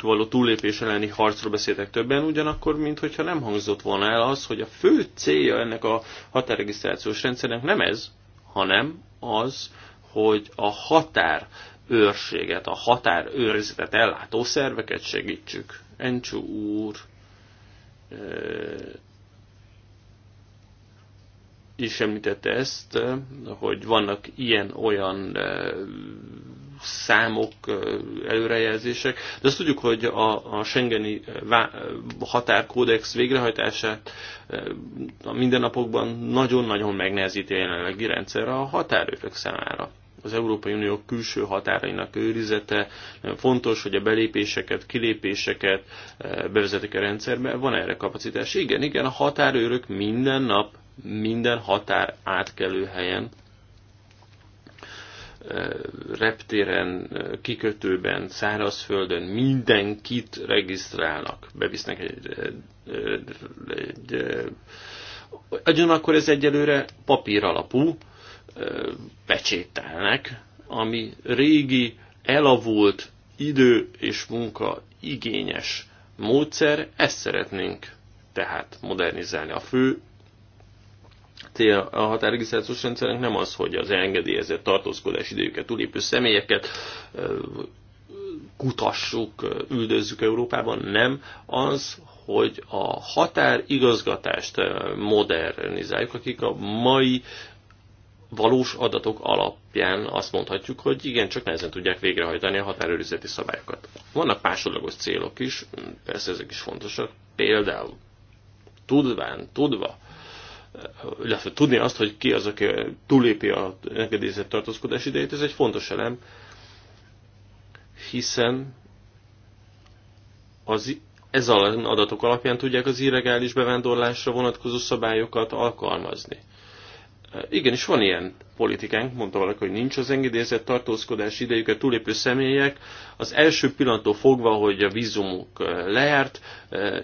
való túllépés elleni harcról beszéltek többen, ugyanakkor, mintha nem hangzott volna el az, hogy a fő célja ennek a határregisztrációs rendszernek nem ez, hanem az, hogy a határ őrséget, a határőrizetet ellátó szerveket segítsük. Encsú úr is említette ezt, hogy vannak ilyen-olyan számok, előrejelzések, de azt tudjuk, hogy a, a Schengeni határkódex végrehajtását a mindennapokban nagyon-nagyon megnehezíti a jelenlegi rendszer a határőrök számára az Európai Unió külső határainak őrizete, fontos, hogy a belépéseket, kilépéseket eh, bevezetik a rendszerbe. Van erre kapacitás? Igen, igen, a határőrök minden nap, minden határ átkelő helyen, eh, reptéren, eh, kikötőben, szárazföldön mindenkit regisztrálnak. Bevisznek egy, egy, egy, egy, egy akkor ez egyelőre papír alapú, pecsételnek, ami régi, elavult idő és munka igényes módszer, ezt szeretnénk tehát modernizálni. A fő cél a határregisztrációs rendszerünk nem az, hogy az engedélyezett tartózkodás idejüket túlépő személyeket kutassuk, üldözzük Európában, nem az, hogy a határigazgatást modernizáljuk, akik a mai valós adatok alapján azt mondhatjuk, hogy igen, csak nehezen tudják végrehajtani a határőrizeti szabályokat. Vannak másodlagos célok is, persze ezek is fontosak, például tudván, tudva, eh, illetve tudni azt, hogy ki az, aki túlépi a engedélyezett tartózkodás idejét, ez egy fontos elem, hiszen az ez adatok alapján tudják az irregális bevándorlásra vonatkozó szabályokat alkalmazni Igenis van ilyen politikánk, mondta valaki, hogy nincs az engedélyezett tartózkodás idejüket túlépő személyek. Az első pillanattól fogva, hogy a vízumuk eh, lejárt, eh,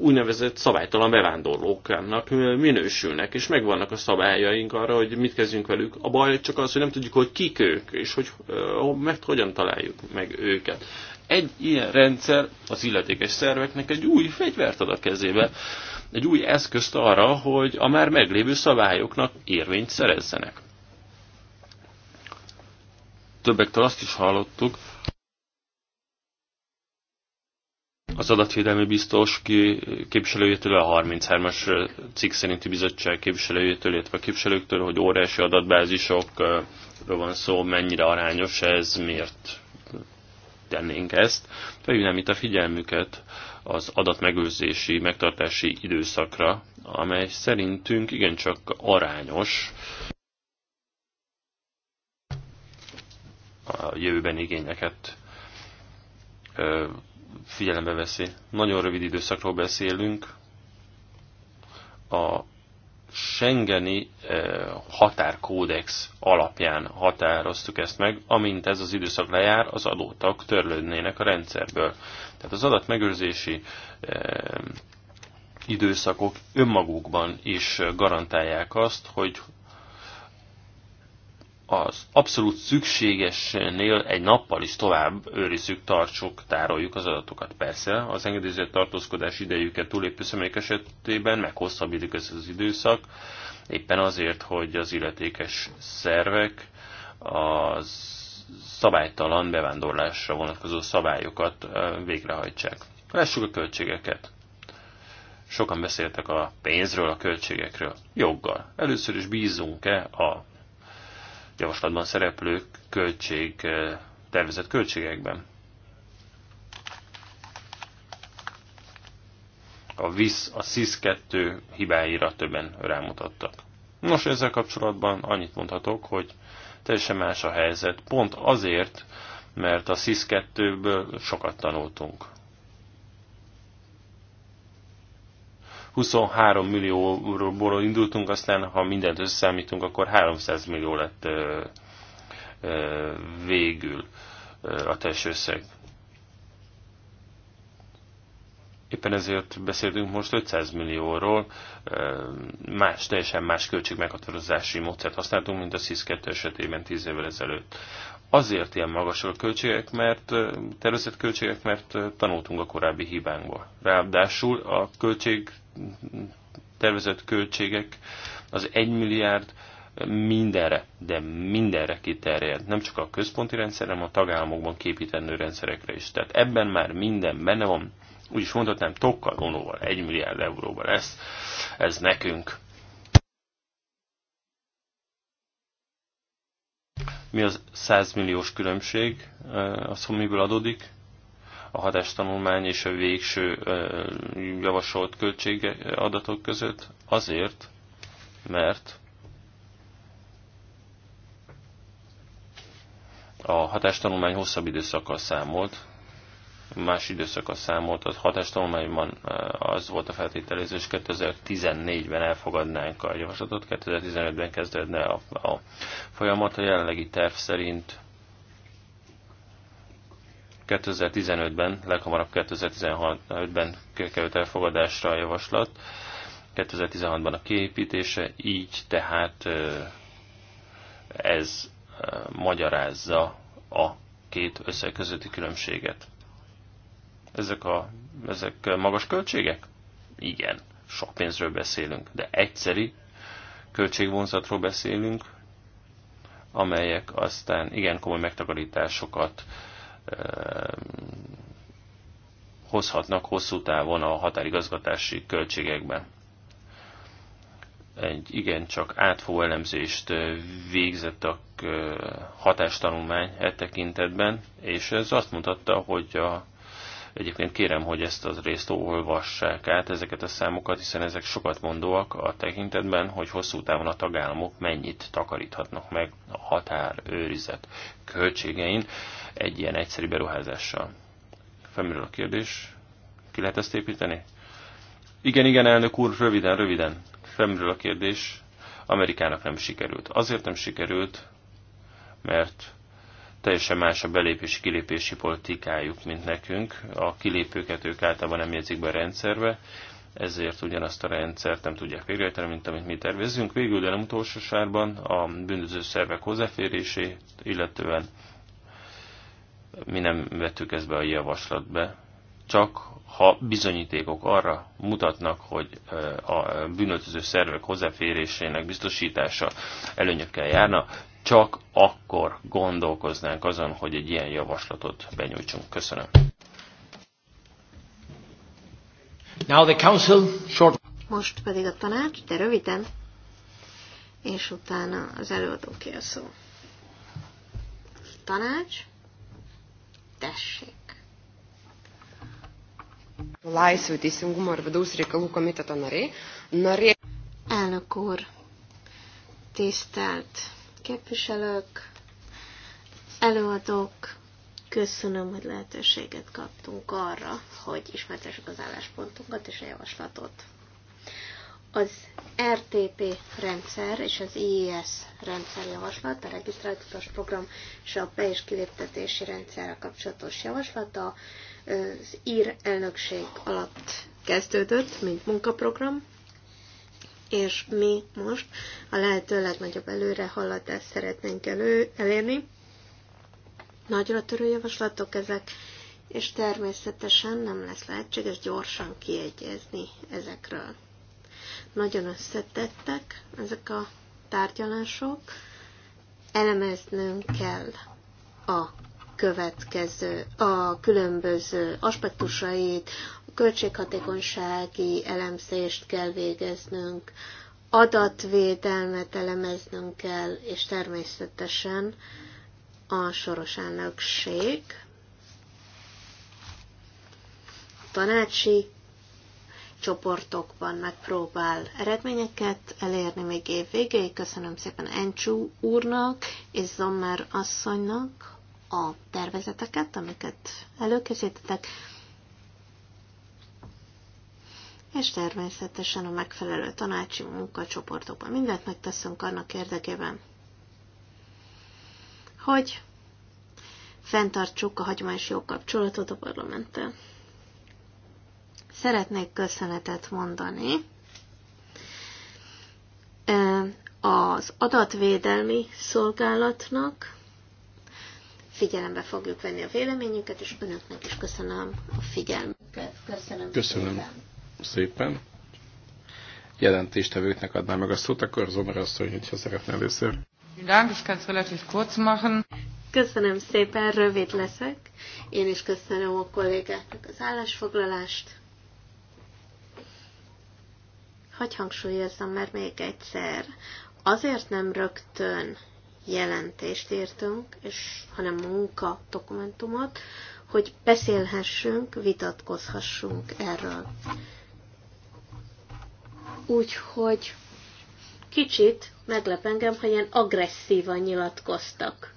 úgynevezett szabálytalan bevándorlóknak eh, minősülnek, és megvannak a szabályaink arra, hogy mit kezdjünk velük. A baj csak az, hogy nem tudjuk, hogy kik ők, és hogy meg hogyan találjuk meg őket. Egy ilyen rendszer az illetékes szerveknek egy új fegyvert ad a kezébe egy új eszközt arra, hogy a már meglévő szabályoknak érvényt szerezzenek. Többektől azt is hallottuk, az adatvédelmi biztos képviselőjétől, a 33-as cikk szerinti bizottság képviselőjétől, illetve a képviselőktől, hogy óriási adatbázisokról van szó, mennyire arányos ez, miért tennénk ezt. Felhívnám itt a figyelmüket az adatmegőrzési, megtartási időszakra, amely szerintünk igencsak arányos a jövőben igényeket figyelembe veszi. Nagyon rövid időszakról beszélünk, a Schengeni eh, határkódex alapján határoztuk ezt meg, amint ez az időszak lejár, az adótak törlődnének a rendszerből. Tehát az adatmegőrzési eh, időszakok önmagukban is garantálják azt, hogy az abszolút szükségesnél egy nappal is tovább őrizzük, tartsuk, tároljuk az adatokat. Persze az engedélyezett tartózkodás idejüket túlépő személyek esetében meghosszabbítjuk ezt az időszak, éppen azért, hogy az illetékes szervek az szabálytalan bevándorlásra vonatkozó szabályokat végrehajtsák. Lássuk a költségeket. Sokan beszéltek a pénzről, a költségekről. Joggal. Először is bízunk-e a javaslatban szereplő költség, eh, tervezett költségekben. A VIS, a SIS-2 hibáira többen rámutattak. Nos, ezzel kapcsolatban annyit mondhatok, hogy teljesen más a helyzet. Pont azért, mert a SIS-2-ből sokat tanultunk. 23 millióról indultunk, aztán ha mindent összeállítunk, akkor 300 millió lett ö, ö, végül ö, a teljes összeg. Éppen ezért beszéltünk most 500 millióról, más, teljesen más költségmeghatározási módszert használtunk, mint a SZISZ 2 esetében 10 évvel ezelőtt. Azért ilyen magasak a költségek, mert tervezett költségek, mert tanultunk a korábbi hibánkból. Ráadásul a költség tervezett költségek, az 1 milliárd mindenre, de mindenre kiterjed. Nem csak a központi rendszer, hanem a tagállamokban képítendő rendszerekre is. Tehát ebben már minden benne van. Úgy is mondhatnám, tokkal vonóval, 1 milliárd euróval lesz. Ez nekünk. Mi az 100 milliós különbség, az miből adódik? a tanulmány és a végső javasolt költsége adatok között? Azért, mert a hatástanulmány hosszabb időszakkal számolt, más időszakkal számolt. A hatástanulmányban az volt a feltételezés, 2014-ben elfogadnánk a javaslatot, 2015-ben kezdődne a, a folyamat. A jelenlegi terv szerint 2015-ben, leghamarabb 2015-ben került elfogadásra a javaslat, 2016-ban a kiépítése, így tehát ez magyarázza a két összeg közötti különbséget. Ezek, a, ezek magas költségek? Igen, sok pénzről beszélünk, de egyszeri költségvonzatról beszélünk, amelyek aztán igen komoly megtakarításokat hozhatnak hosszú távon a határigazgatási költségekbe. Egy igencsak átfogó elemzést végzett a hatástanulmány e tekintetben, és ez azt mutatta, hogy a Egyébként kérem, hogy ezt az részt olvassák át, ezeket a számokat, hiszen ezek sokat mondóak a tekintetben, hogy hosszú távon a tagállamok mennyit takaríthatnak meg a határőrizet költségein egy ilyen egyszerű beruházással. Felmerül a kérdés, ki lehet ezt építeni? Igen, igen, elnök úr, röviden, röviden. Felmerül a kérdés, Amerikának nem sikerült. Azért nem sikerült, mert teljesen más a belépési-kilépési politikájuk, mint nekünk. A kilépőket ők általában nem jegyzik be a rendszerbe, ezért ugyanazt a rendszert nem tudják végrehajtani, mint amit mi tervezünk. Végül, de nem utolsó sárban a bűnöző szervek hozzáférését, illetően mi nem vettük ezt be a javaslatbe, csak ha bizonyítékok arra mutatnak, hogy a bűnöltöző szervek hozzáférésének biztosítása előnyökkel járna, csak akkor gondolkoznánk azon, hogy egy ilyen javaslatot benyújtsunk. Köszönöm. Now the council, short... Most pedig a tanács, de röviden, és utána az előadóké a szó. Tanács, tessék. Laisvių teisingumo ir vidaus reikalų komiteto nariai. Norė... Elnök úr, tisztelt képviselők, előadók, köszönöm, hogy lehetőséget kaptunk arra, hogy ismertessük az álláspontunkat és a javaslatot. Az RTP rendszer és az IES rendszer javaslat, a regisztrációs program és a be- és kiléptetési rendszerre kapcsolatos javaslata az ír elnökség alatt kezdődött, mint munkaprogram, és mi most a lehető legnagyobb előrehaladást szeretnénk elő, elérni. Nagyra törő javaslatok ezek, és természetesen nem lesz lehetséges gyorsan kiegyezni ezekről. Nagyon összetettek ezek a tárgyalások, elemeznünk kell a következő, a különböző aspektusait, költséghatékonysági elemzést kell végeznünk, adatvédelmet elemeznünk kell, és természetesen a soros elnökség tanácsi csoportokban megpróbál eredményeket elérni még év végéig. Köszönöm szépen Encsú úrnak és Zommer asszonynak a tervezeteket, amiket előkészítettek és természetesen a megfelelő tanácsi munkacsoportokban mindent megteszünk annak érdekében, hogy fenntartsuk a hagyományos jó kapcsolatot a parlamenttel. Szeretnék köszönetet mondani az adatvédelmi szolgálatnak. Figyelembe fogjuk venni a véleményüket, és önöknek is köszönöm a figyelmüket. Köszönöm. köszönöm szépen. Jelentéstevőknek adnám meg a szót, akkor Zomer asszony, hogyha szeretne először. Köszönöm szépen, rövid leszek. Én is köszönöm a kollégáknak az állásfoglalást. Hogy hangsúlyozzam már még egyszer, azért nem rögtön jelentést írtunk, és, hanem munka dokumentumot, hogy beszélhessünk, vitatkozhassunk erről. Úgyhogy kicsit meglep engem, hogy ilyen agresszívan nyilatkoztak.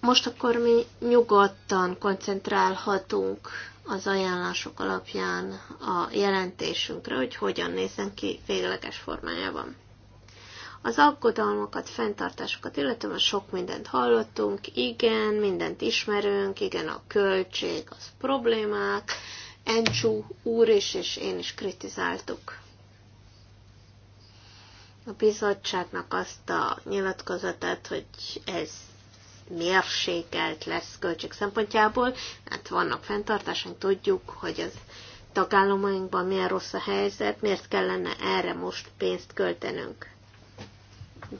Most akkor mi nyugodtan koncentrálhatunk az ajánlások alapján a jelentésünkre, hogy hogyan nézzen ki végleges formájában. Az aggodalmakat, fenntartásokat, illetve sok mindent hallottunk, igen, mindent ismerünk, igen, a költség, az problémák, Encsú úr is és én is kritizáltuk. A bizottságnak azt a nyilatkozatát, hogy ez mérsékelt lesz költség szempontjából. Hát vannak fenntartásaink, tudjuk, hogy az tagállamainkban milyen rossz a helyzet, miért kellene erre most pénzt költenünk.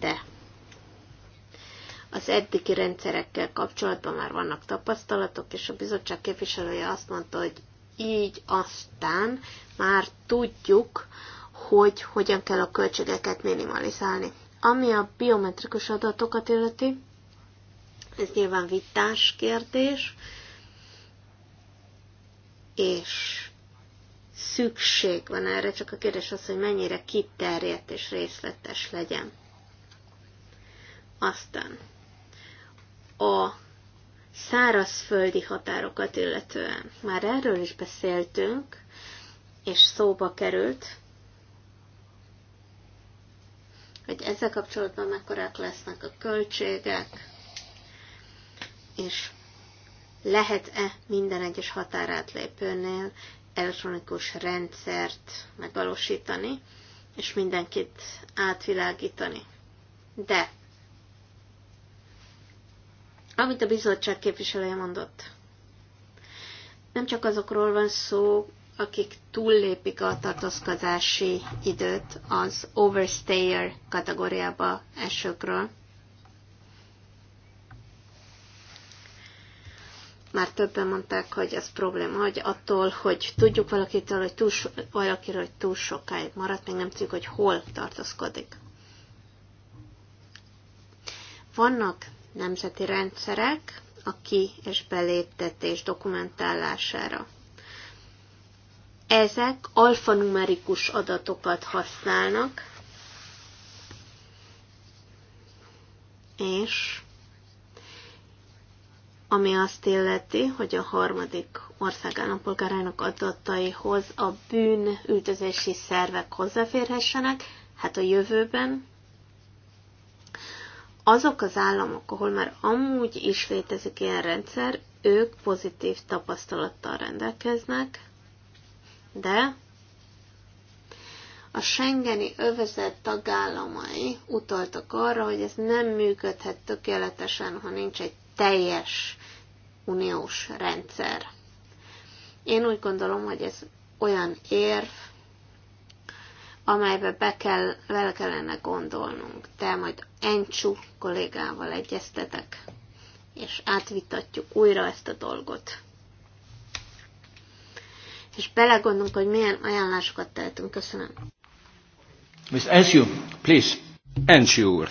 De az eddigi rendszerekkel kapcsolatban már vannak tapasztalatok, és a bizottság képviselője azt mondta, hogy így aztán már tudjuk, hogy hogyan kell a költségeket minimalizálni. Ami a biometrikus adatokat illeti, ez nyilván vitás kérdés, és szükség van erre, csak a kérdés az, hogy mennyire kiterjedt és részletes legyen. Aztán a szárazföldi határokat illetően. Már erről is beszéltünk, és szóba került, hogy ezzel kapcsolatban mekkorák lesznek a költségek, és lehet-e minden egyes határátlépőnél elektronikus rendszert megvalósítani, és mindenkit átvilágítani. De amit a bizottság képviselője mondott. Nem csak azokról van szó, akik túllépik a tartózkodási időt az overstayer kategóriába esőkről. Már többen mondták, hogy ez probléma, hogy attól, hogy tudjuk valakitől, hogy túl, valakiről, hogy túl sokáig maradt, még nem tudjuk, hogy hol tartózkodik. Vannak nemzeti rendszerek a ki- és beléptetés dokumentálására. Ezek alfanumerikus adatokat használnak, és ami azt illeti, hogy a harmadik ország állampolgárának adataihoz a bűnüldözési szervek hozzáférhessenek, hát a jövőben azok az államok, ahol már amúgy is létezik ilyen rendszer, ők pozitív tapasztalattal rendelkeznek, de a Schengeni övezet tagállamai utaltak arra, hogy ez nem működhet tökéletesen, ha nincs egy teljes uniós rendszer. Én úgy gondolom, hogy ez olyan érv, amelybe be kell, vele kellene gondolnunk. Te majd Encsú kollégával egyeztetek, és átvitatjuk újra ezt a dolgot. És belegondolunk, hogy milyen ajánlásokat tehetünk. Köszönöm. Mr. Encsú, please. Encsú úr.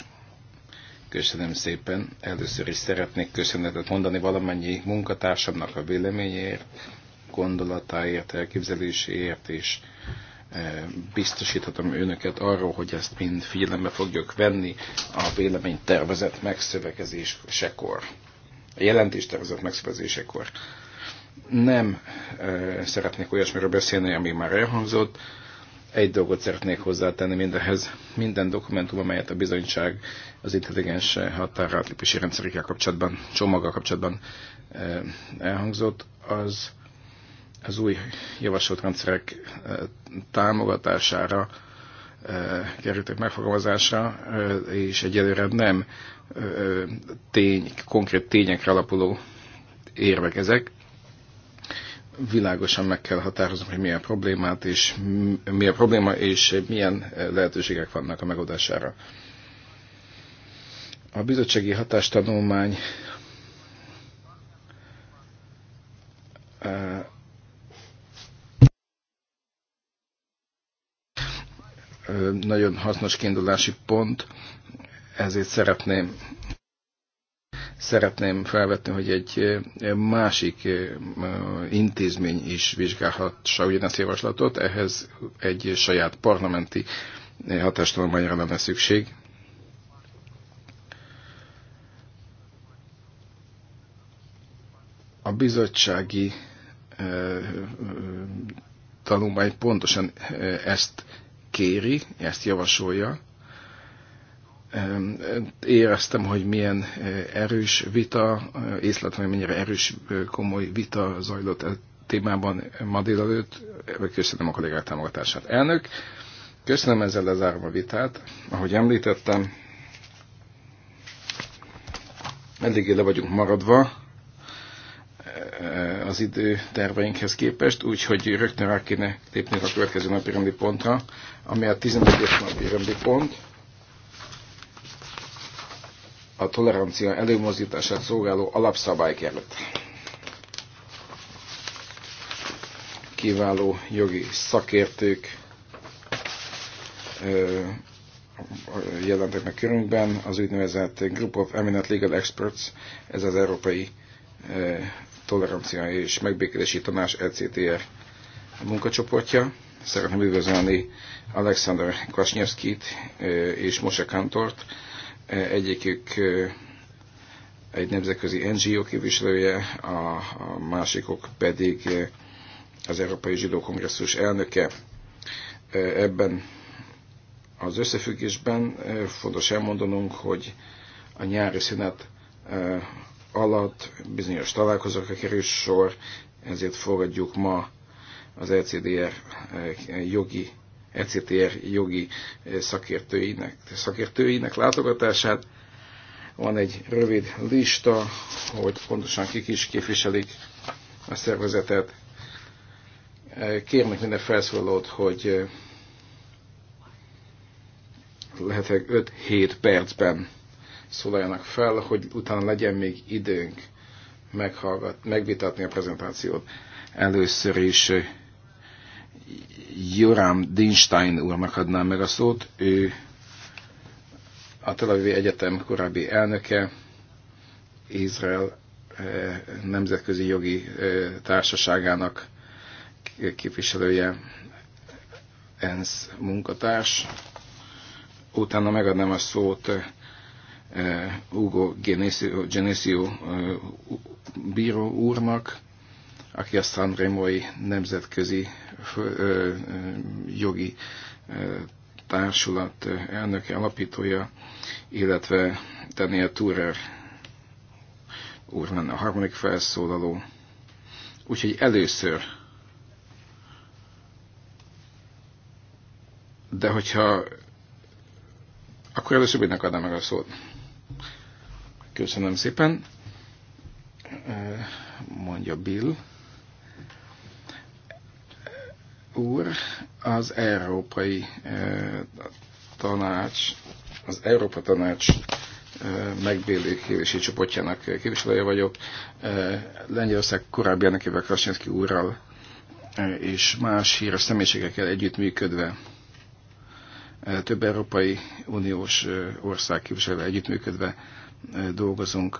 Köszönöm szépen. Először is szeretnék köszönetet mondani valamennyi munkatársamnak a véleményért, gondolatáért, elképzeléséért és Eh, biztosíthatom önöket arról, hogy ezt mind figyelembe fogjuk venni a tervezett megszövegezésekor, a tervezett megszövegezésekor. Nem eh, szeretnék olyasmiről beszélni, ami már elhangzott. Egy dolgot szeretnék hozzátenni mindenhez. Minden dokumentum, amelyet a bizonyság az intelligens határátlépési rendszerekkel kapcsolatban, csomaggal kapcsolatban eh, elhangzott, az az új javasolt rendszerek támogatására kerültek megfogalmazásra, és egyelőre nem tény, konkrét tényekre alapuló érvek ezek. Világosan meg kell határozni, hogy milyen problémát és mi a probléma, és milyen lehetőségek vannak a megoldására. A bizottsági hatástanulmány nagyon hasznos kiindulási pont, ezért szeretném szeretném felvetni, hogy egy másik intézmény is vizsgálhatsa ugyanezt a javaslatot, ehhez egy saját parlamenti hatástanulmányra lenne szükség. A bizottsági tanulmány pontosan ezt kéri, ezt javasolja. Éreztem, hogy milyen eh, erős vita, eh, észletem, hogy mennyire erős, eh, komoly vita zajlott a e témában ma délelőtt. Köszönöm a kollégák támogatását. Elnök, köszönöm ezzel lezárom a vitát. Ahogy említettem, eléggé le vagyunk maradva az idő terveinkhez képest, úgyhogy rögtön rá kéne lépni a következő napi rendi pontra, ami a 11 napi rendi pont. A tolerancia előmozdítását szolgáló alapszabálykeret. Kiváló jogi szakértők jelentek meg körünkben, az úgynevezett Group of Eminent Legal Experts, ez az európai Tolerancia és Megbékélési Tanás LCTR e munkacsoportja. Szeretném üdvözölni Alexander Kwasniewskit és Mose Kantort. Egyikük egy nemzetközi NGO képviselője, a másikok pedig az Európai Zsidó Kongresszus elnöke. Ebben az összefüggésben fontos elmondanunk, hogy a nyári szünet alatt bizonyos találkozókra kerül sor, ezért fogadjuk ma az ECDR eh, jogi, ECTR jogi eh, szakértőinek, szakértőinek látogatását. Van egy rövid lista, hogy pontosan kik is képviselik a szervezetet. Eh, kérnek minden felszólalót, hogy lehetek 5-7 percben szólaljanak fel, hogy utána legyen még időnk meghallgat, megvitatni a prezentációt. Először is Joram Dinstein úrnak adnám meg a szót. Ő a Tel Aviv Egyetem korábbi elnöke, Izrael Nemzetközi Jogi Társaságának képviselője, ENSZ munkatárs. Utána megadnám a szót Eh, Hugo Genesio eh, bíró úrnak, aki a Sanremoi Nemzetközi eh, Jogi Társulat elnöke, alapítója, illetve Daniel Turer úr lenne a harmadik felszólaló. Úgyhogy először de hogyha akkor először mindenki adná meg a szót. Köszönöm szépen, mondja Bill. Úr, az Európai Tanács, az Európa Tanács megbélékévési csoportjának képviselője vagyok. Lengyelország korábbi ennek elnökével Krasinski úrral és más híres személyiségekkel együttműködve több Európai Uniós ország képviselővel együttműködve dolgozunk.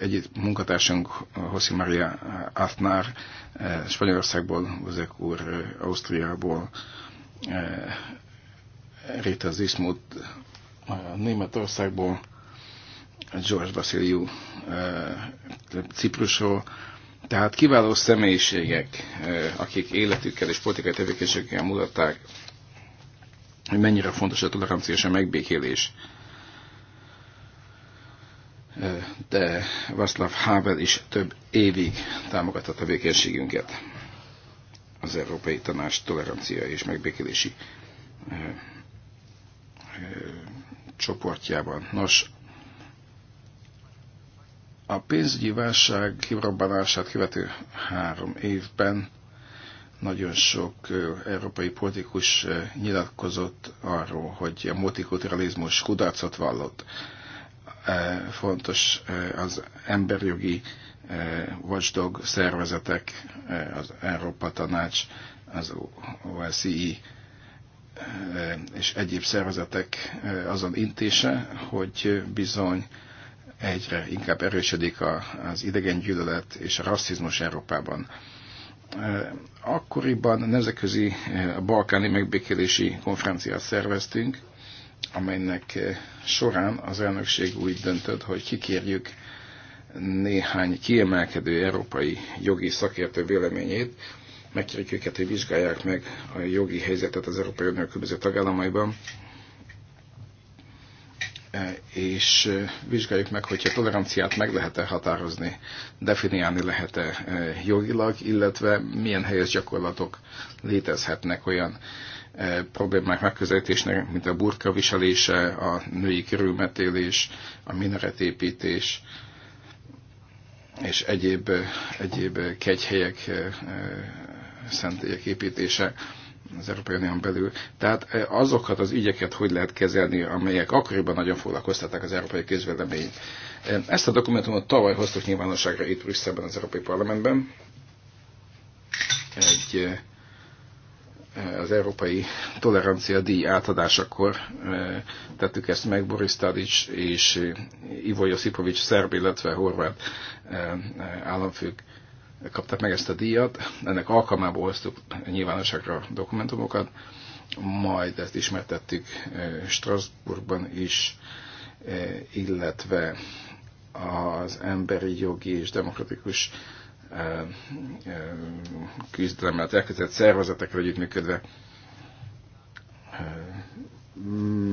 Egy munkatársunk, José Maria Aznar, Spanyolországból, Vozek úr, Ausztriából, Rita Zismut, Németországból, George Basiliu Ciprusról, tehát kiváló személyiségek, akik életükkel és politikai tevékenységükkel mutatták, hogy mennyire fontos a tolerancia és a megbékélés de Václav Havel is több évig támogatta a vékenységünket az Európai Tanács tolerancia és megbékélési csoportjában. Nos, a pénzügyi válság kirobbanását követő három évben nagyon sok európai politikus nyilatkozott arról, hogy a multikulturalizmus kudarcot vallott. Eh, fontos eh, az emberjogi watchdog eh, szervezetek, az Európa Tanács, az OSCE és egyéb szervezetek azon intése, hogy bizony egyre inkább erősödik az idegen gyűlölet és a rasszizmus Európában. Akkoriban nemzetközi balkáni megbékélési konferenciát szerveztünk, amelynek eh, során az elnökség úgy döntött, hogy kikérjük néhány kiemelkedő európai jogi szakértő véleményét, megkérjük őket, hogy vizsgálják meg a jogi helyzetet az Európai Unió különböző tagállamaiban, eh, és eh, vizsgáljuk meg, hogyha toleranciát meg lehet-e határozni, definiálni lehet-e jogilag, illetve milyen helyes gyakorlatok létezhetnek olyan E, problémák megközelítésnek, mint a burka viselése, a női körülmetélés, a minaretépítés és egyéb, e, egyéb kegyhelyek, e, szentélyek építése az Európai Unión belül. Tehát azokat az ügyeket hogy lehet kezelni, amelyek akkoriban nagyon foglalkoztatták az európai közvéleményt. Ezt a dokumentumot tavaly hoztuk nyilvánosságra itt Brüsszelben, az Európai Parlamentben. Egy az Európai Tolerancia Díj átadásakor eh, tettük ezt meg Boris Tadic és Ivo Josipovic szerb, illetve horvát eh, államfők kapták meg ezt a díjat. Ennek alkalmából hoztuk nyilvánosságra dokumentumokat, majd ezt ismertettük eh, Strasbourgban is, illetve az Emberi Jogi és Demokratikus küzdelemmel elkötelezett szervezetekkel együttműködve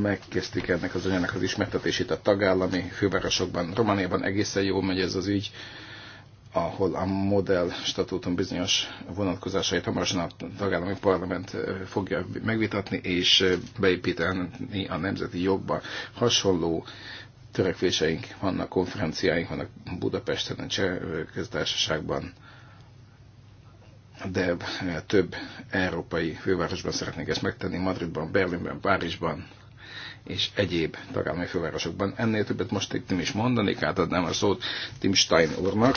megkezdték ennek az anyának az ismertetését a tagállami fővárosokban. Romániában egészen jól megy ez az ügy, ahol a modell statúton bizonyos vonatkozásait hamarosan a tagállami parlament fogja megvitatni és beépíteni a nemzeti jogba hasonló törekvéseink, vannak konferenciáink, vannak Budapesten, a Cseh köztársaságban, de több európai fővárosban szeretnék ezt megtenni, Madridban, Berlinben, Párizsban és egyéb tagállami fővárosokban. Ennél többet most itt nem is mondanék, átadnám a szót Tim Stein úrnak,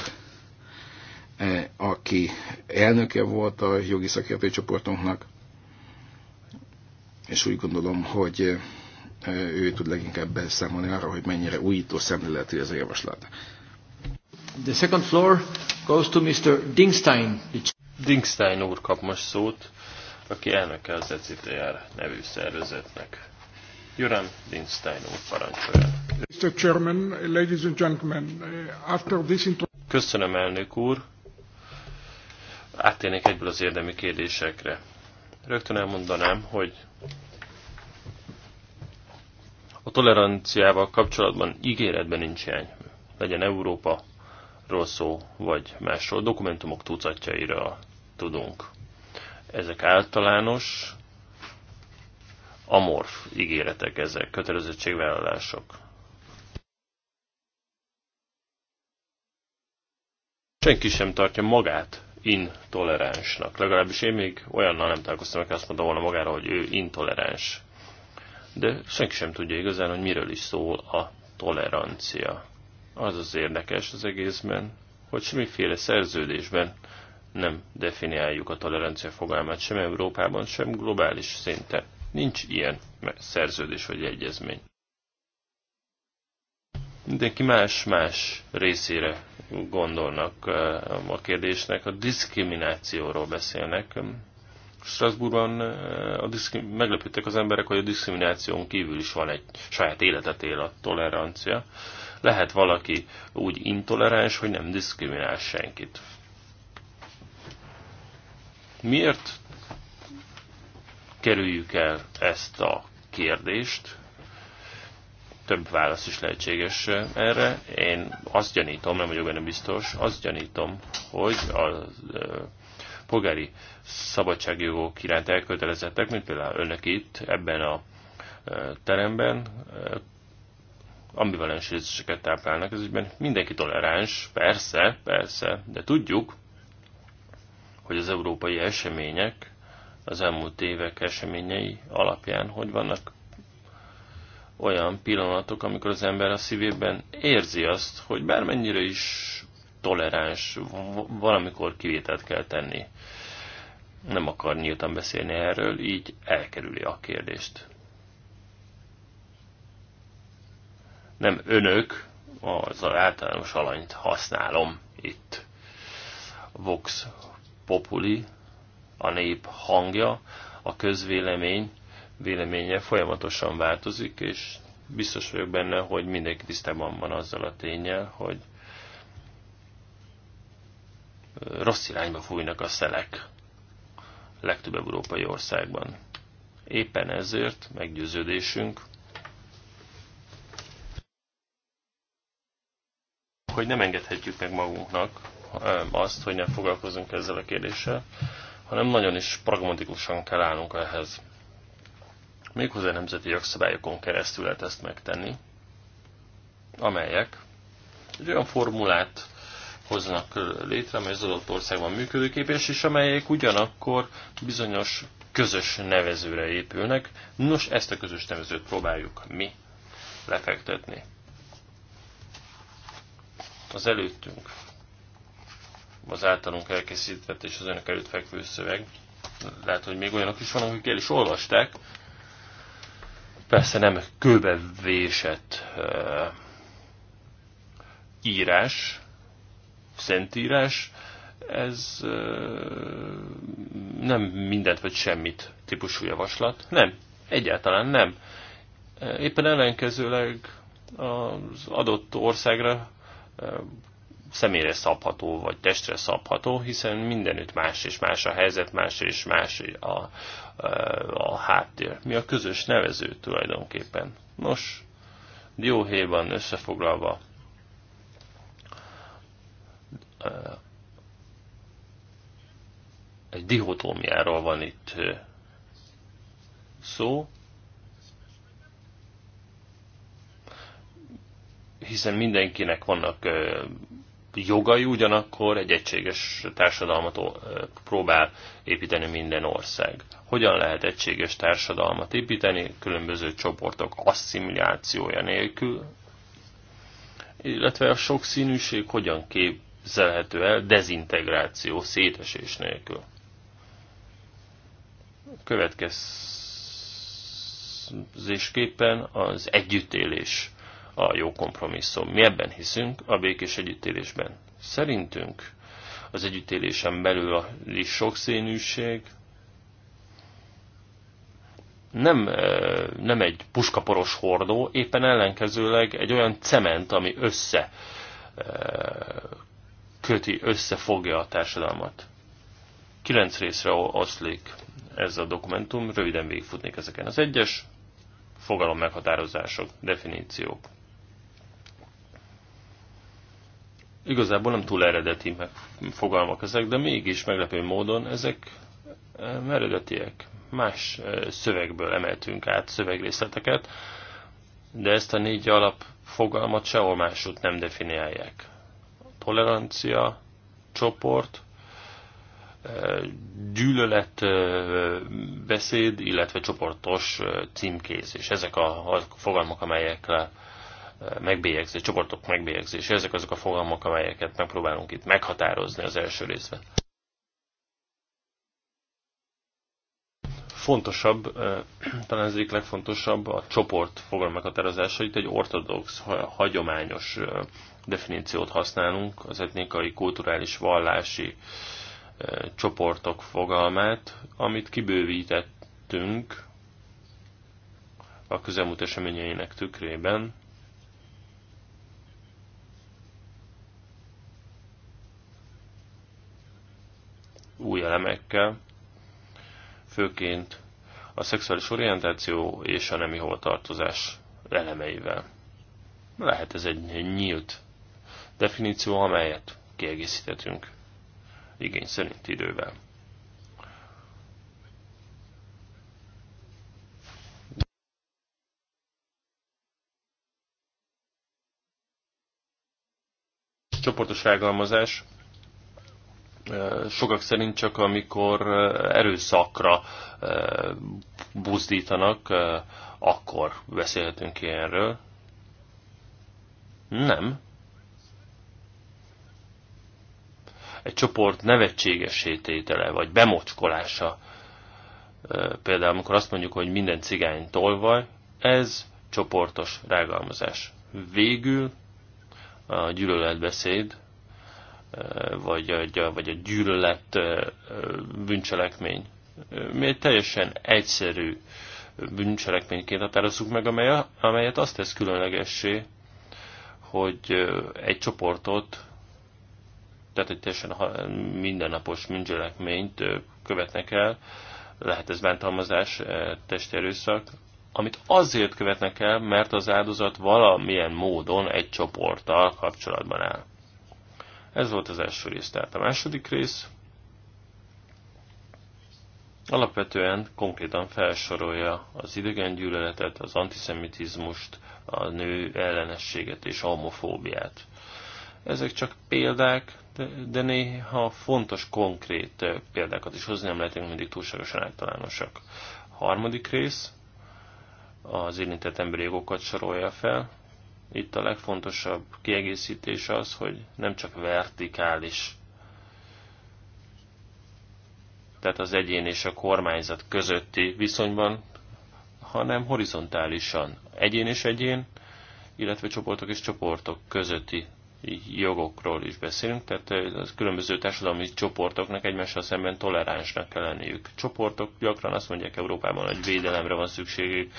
aki elnöke volt a jogi szakértőcsoportunknak, és úgy gondolom, hogy ő tud leginkább beszámolni arra, hogy mennyire újító szemléletű ez a javaslat. The second floor goes to Mr. Dingstein. Dingstein úr kap most szót, aki elnöke az ECTR nevű szervezetnek. Jürgen Dingstein úr parancsolja. Mr. Chairman, ladies and gentlemen, eh, after this Köszönöm, elnök úr. Áttérnék egyből az érdemi kérdésekre. Rögtön elmondanám, hogy a toleranciával kapcsolatban ígéretben nincs hiány. Legyen Európa ról szó, vagy másról. Dokumentumok tucatjaira tudunk. Ezek általános, amorf ígéretek ezek, kötelezettségvállalások. Senki sem tartja magát intoleránsnak. Legalábbis én még olyannal nem találkoztam, aki azt mondta volna magára, hogy ő intoleráns de senki sem tudja igazán, hogy miről is szól a tolerancia. Az az érdekes az egészben, hogy semmiféle szerződésben nem definiáljuk a tolerancia fogalmát sem Európában, sem globális szinten. Nincs ilyen szerződés vagy egyezmény. Mindenki más-más részére gondolnak eh, a kérdésnek, a diszkriminációról beszélnek, Strasbourgban eh, a diszkrim... meglepődtek az emberek, hogy a diszkrimináción kívül is van egy saját életet él a tolerancia. Lehet valaki úgy intoleráns, hogy nem diszkriminál senkit. Miért kerüljük el ezt a kérdést? Több válasz is lehetséges eh, erre. Én azt gyanítom, nem vagyok benne biztos, azt gyanítom, hogy a polgári szabadságjogok iránt elkötelezettek, mint például önök itt ebben a teremben, ambivalens érzéseket táplálnak, ez ügyben mindenki toleráns, persze, persze, de tudjuk, hogy az európai események, az elmúlt évek eseményei alapján, hogy vannak olyan pillanatok, amikor az ember a szívében érzi azt, hogy bármennyire is toleráns, valamikor kivételt kell tenni. Nem akar nyíltan beszélni erről, így elkerüli a kérdést. Nem önök, az általános alanyt használom itt. Vox Populi, a nép hangja, a közvélemény véleménye folyamatosan változik, és biztos vagyok benne, hogy mindenki tisztában van azzal a tényel, hogy rossz irányba fújnak a szelek legtöbb európai országban. Éppen ezért meggyőződésünk, hogy nem engedhetjük meg magunknak eh, azt, hogy nem foglalkozunk ezzel a kérdéssel, hanem nagyon is pragmatikusan kell állnunk ehhez. Méghozzá nemzeti jogszabályokon keresztül lehet ezt megtenni, amelyek egy olyan formulát hoznak létre, amely az adott országban működőképes, és amelyek ugyanakkor bizonyos közös nevezőre épülnek. Nos, ezt a közös nevezőt próbáljuk mi lefektetni. Az előttünk, az általunk elkészített és az önök előtt fekvő szöveg, lehet, hogy még olyanok is vannak, akik el is olvasták, persze nem kőbe vésett uh, írás, szentírás, ez nem mindent vagy semmit típusú javaslat. Nem, egyáltalán nem. Éppen ellenkezőleg az adott országra személyre szabható, vagy testre szabható, hiszen mindenütt más és más a helyzet, más és más a, a, a háttér. Mi a közös nevező tulajdonképpen? Nos, dióhéjban összefoglalva egy dihotómiáról van itt szó, hiszen mindenkinek vannak jogai, ugyanakkor egy egységes társadalmat próbál építeni minden ország. Hogyan lehet egységes társadalmat építeni különböző csoportok asszimilációja nélkül, illetve a sokszínűség hogyan kép képzelhető el dezintegráció, szétesés nélkül. Következésképpen az együttélés a jó kompromisszum. Mi ebben hiszünk, a békés együttélésben. Szerintünk az együttélésen belül a sokszínűség nem, nem egy puskaporos hordó, éppen ellenkezőleg egy olyan cement, ami össze köti, összefogja a társadalmat. Kilenc részre oszlik ez a dokumentum, röviden végigfutnék ezeken. Az egyes fogalom meghatározások, definíciók. Igazából nem túl eredeti fogalmak ezek, de mégis meglepő módon ezek eredetiek. Más szövegből emeltünk át szövegrészleteket, de ezt a négy alapfogalmat sehol máshogy nem definiálják tolerancia csoport, gyűlölet beszéd, illetve csoportos címkész, és ezek a fogalmak, amelyekre megbélyegzés, csoportok megbélyegzés, ezek azok a fogalmak, amelyeket megpróbálunk itt meghatározni az első részben. fontosabb, talán ez egyik legfontosabb a csoport fogalom meghatározása. Itt egy ortodox, hagyományos definíciót használunk, az etnikai, kulturális, vallási eh, csoportok fogalmát, amit kibővítettünk a közelmúlt eseményeinek tükrében, új elemekkel, főként a szexuális orientáció és a nemi hovatartozás elemeivel. Lehet ez egy nyílt definíció, amelyet kiegészítettünk igény szerint idővel. Csoportos rágalmazás sokak szerint csak amikor erőszakra buzdítanak, akkor beszélhetünk ilyenről. Nem, egy csoport nevetségessé tétele, vagy bemocskolása, például amikor azt mondjuk, hogy minden cigány tolvaj, ez csoportos rágalmazás. Végül a gyűlöletbeszéd, vagy, a, vagy a gyűlölet bűncselekmény. Mi egy teljesen egyszerű bűncselekményként határozzuk meg, amelyet azt tesz különlegessé, hogy egy csoportot tehát hogy teljesen mindennapos bűncselekményt követnek el, lehet ez bántalmazás, testi erőszak, amit azért követnek el, mert az áldozat valamilyen módon egy csoporttal kapcsolatban áll. Ez volt az első rész, tehát a második rész alapvetően konkrétan felsorolja az idegen az antiszemitizmust, a nő ellenességet és a homofóbiát. Ezek csak példák, de, de néha fontos, konkrét eh, példákat is hozni, nem lehetünk mindig túlságosan általánosak. A harmadik rész az érintett emberi jogokat sorolja fel. Itt a legfontosabb kiegészítés az, hogy nem csak vertikális tehát az egyén és a kormányzat közötti viszonyban, hanem horizontálisan egyén és egyén, illetve csoportok és csoportok közötti jogokról is beszélünk, tehát az különböző társadalmi csoportoknak egymással szemben toleránsnak kell lenniük. Csoportok gyakran azt mondják Európában, hogy védelemre van szükségük,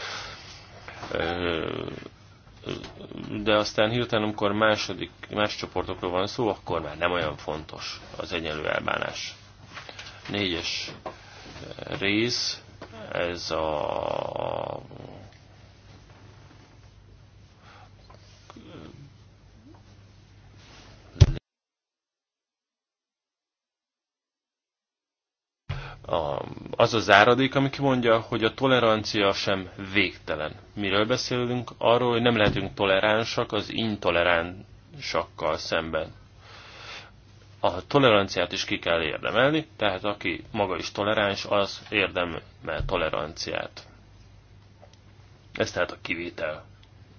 de aztán hirtelen, amikor második, más csoportokról van szó, akkor már nem olyan fontos az egyenlő elbánás. Négyes rész, ez a az az áradék, ami kimondja, hogy a tolerancia sem végtelen. Miről beszélünk? Arról, hogy nem lehetünk toleránsak az intoleránsakkal szemben. A toleranciát is ki kell érdemelni, tehát aki maga is toleráns, az érdemel toleranciát. Ez tehát a kivétel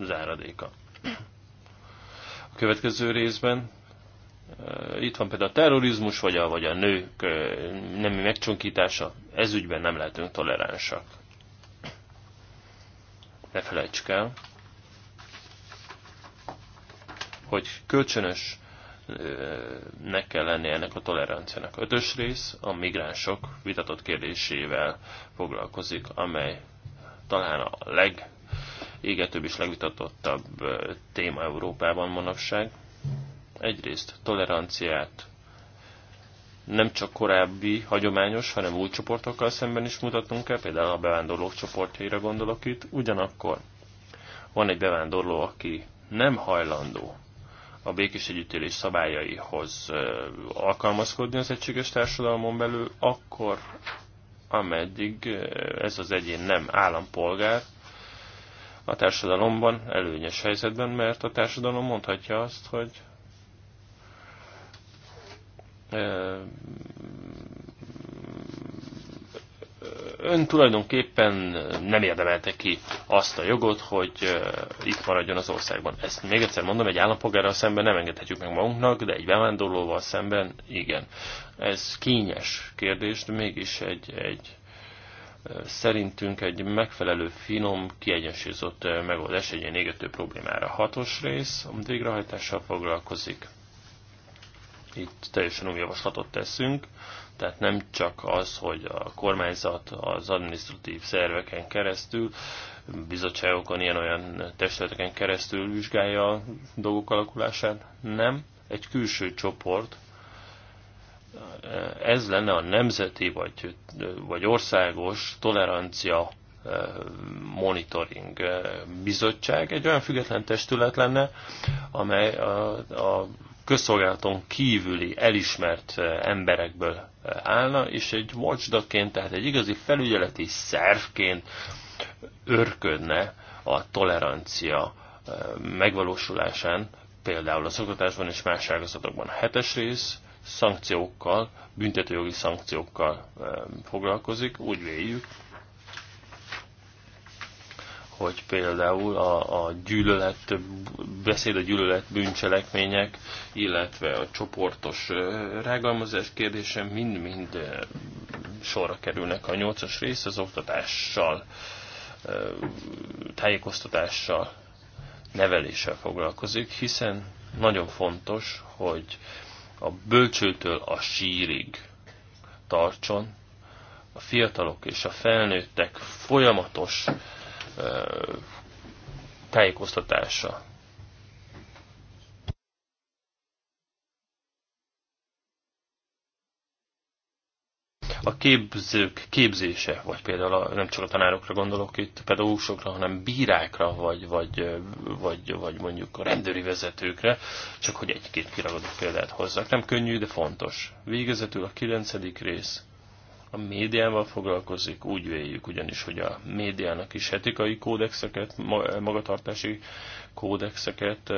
záradéka. A következő részben itt van például a terrorizmus, vagy a, vagy a nők nemi megcsonkítása. Ez ügyben nem lehetünk toleránsak. Ne felejtsük el, hogy kölcsönös nek kell lenni ennek a toleranciának. Ötös rész a migránsok vitatott kérdésével foglalkozik, amely talán a legégetőbb és legvitatottabb téma Európában manapság egyrészt toleranciát nem csak korábbi, hagyományos, hanem új csoportokkal szemben is mutatunk el, például a bevándorlók csoportjaira gondolok itt, ugyanakkor van egy bevándorló, aki nem hajlandó a békés együttélés szabályaihoz alkalmazkodni az egységes társadalmon belül, akkor ameddig ez az egyén nem állampolgár a társadalomban, előnyes helyzetben, mert a társadalom mondhatja azt, hogy ön tulajdonképpen nem érdemelte ki azt a jogot, hogy itt maradjon az országban. Ezt még egyszer mondom, egy állampolgárral szemben nem engedhetjük meg magunknak, de egy bevándorlóval szemben igen. Ez kényes kérdés, de mégis egy, egy szerintünk egy megfelelő, finom, kiegyensúlyozott megoldás egy ilyen égető problémára. Hatos rész, a végrehajtással foglalkozik. Itt teljesen új javaslatot teszünk, tehát nem csak az, hogy a kormányzat az administratív szerveken keresztül, bizottságokon, ilyen-olyan testületeken keresztül vizsgálja a dolgok alakulását, nem. Egy külső csoport, ez lenne a nemzeti vagy, vagy országos tolerancia eh, monitoring eh, bizottság, egy olyan független testület lenne, amely a, a közszolgálaton kívüli elismert eh, emberekből eh, állna, és egy watchdogként, tehát egy igazi felügyeleti szervként örködne a tolerancia eh, megvalósulásán, például az oktatásban és más ágazatokban. A hetes rész szankciókkal, büntetőjogi szankciókkal foglalkozik, úgy véljük, hogy például a, a gyűlölet, beszéd a gyűlölet bűncselekmények, illetve a csoportos rágalmazás kérdése mind-mind sorra kerülnek. A nyolcas rész az oktatással, tájékoztatással, neveléssel foglalkozik, hiszen nagyon fontos, hogy a bölcsőtől a sírig tartson, a fiatalok és a felnőttek folyamatos tájékoztatása. A képzők képzése, vagy például a, nem csak a tanárokra gondolok itt, pedagógusokra, hanem bírákra, vagy, vagy, vagy, vagy mondjuk a rendőri vezetőkre, csak hogy egy-két kiragadó példát hozzak. Nem könnyű, de fontos. Végezetül a kilencedik rész a médiával foglalkozik, úgy véljük ugyanis, hogy a médiának is etikai kódexeket, magatartási kódexeket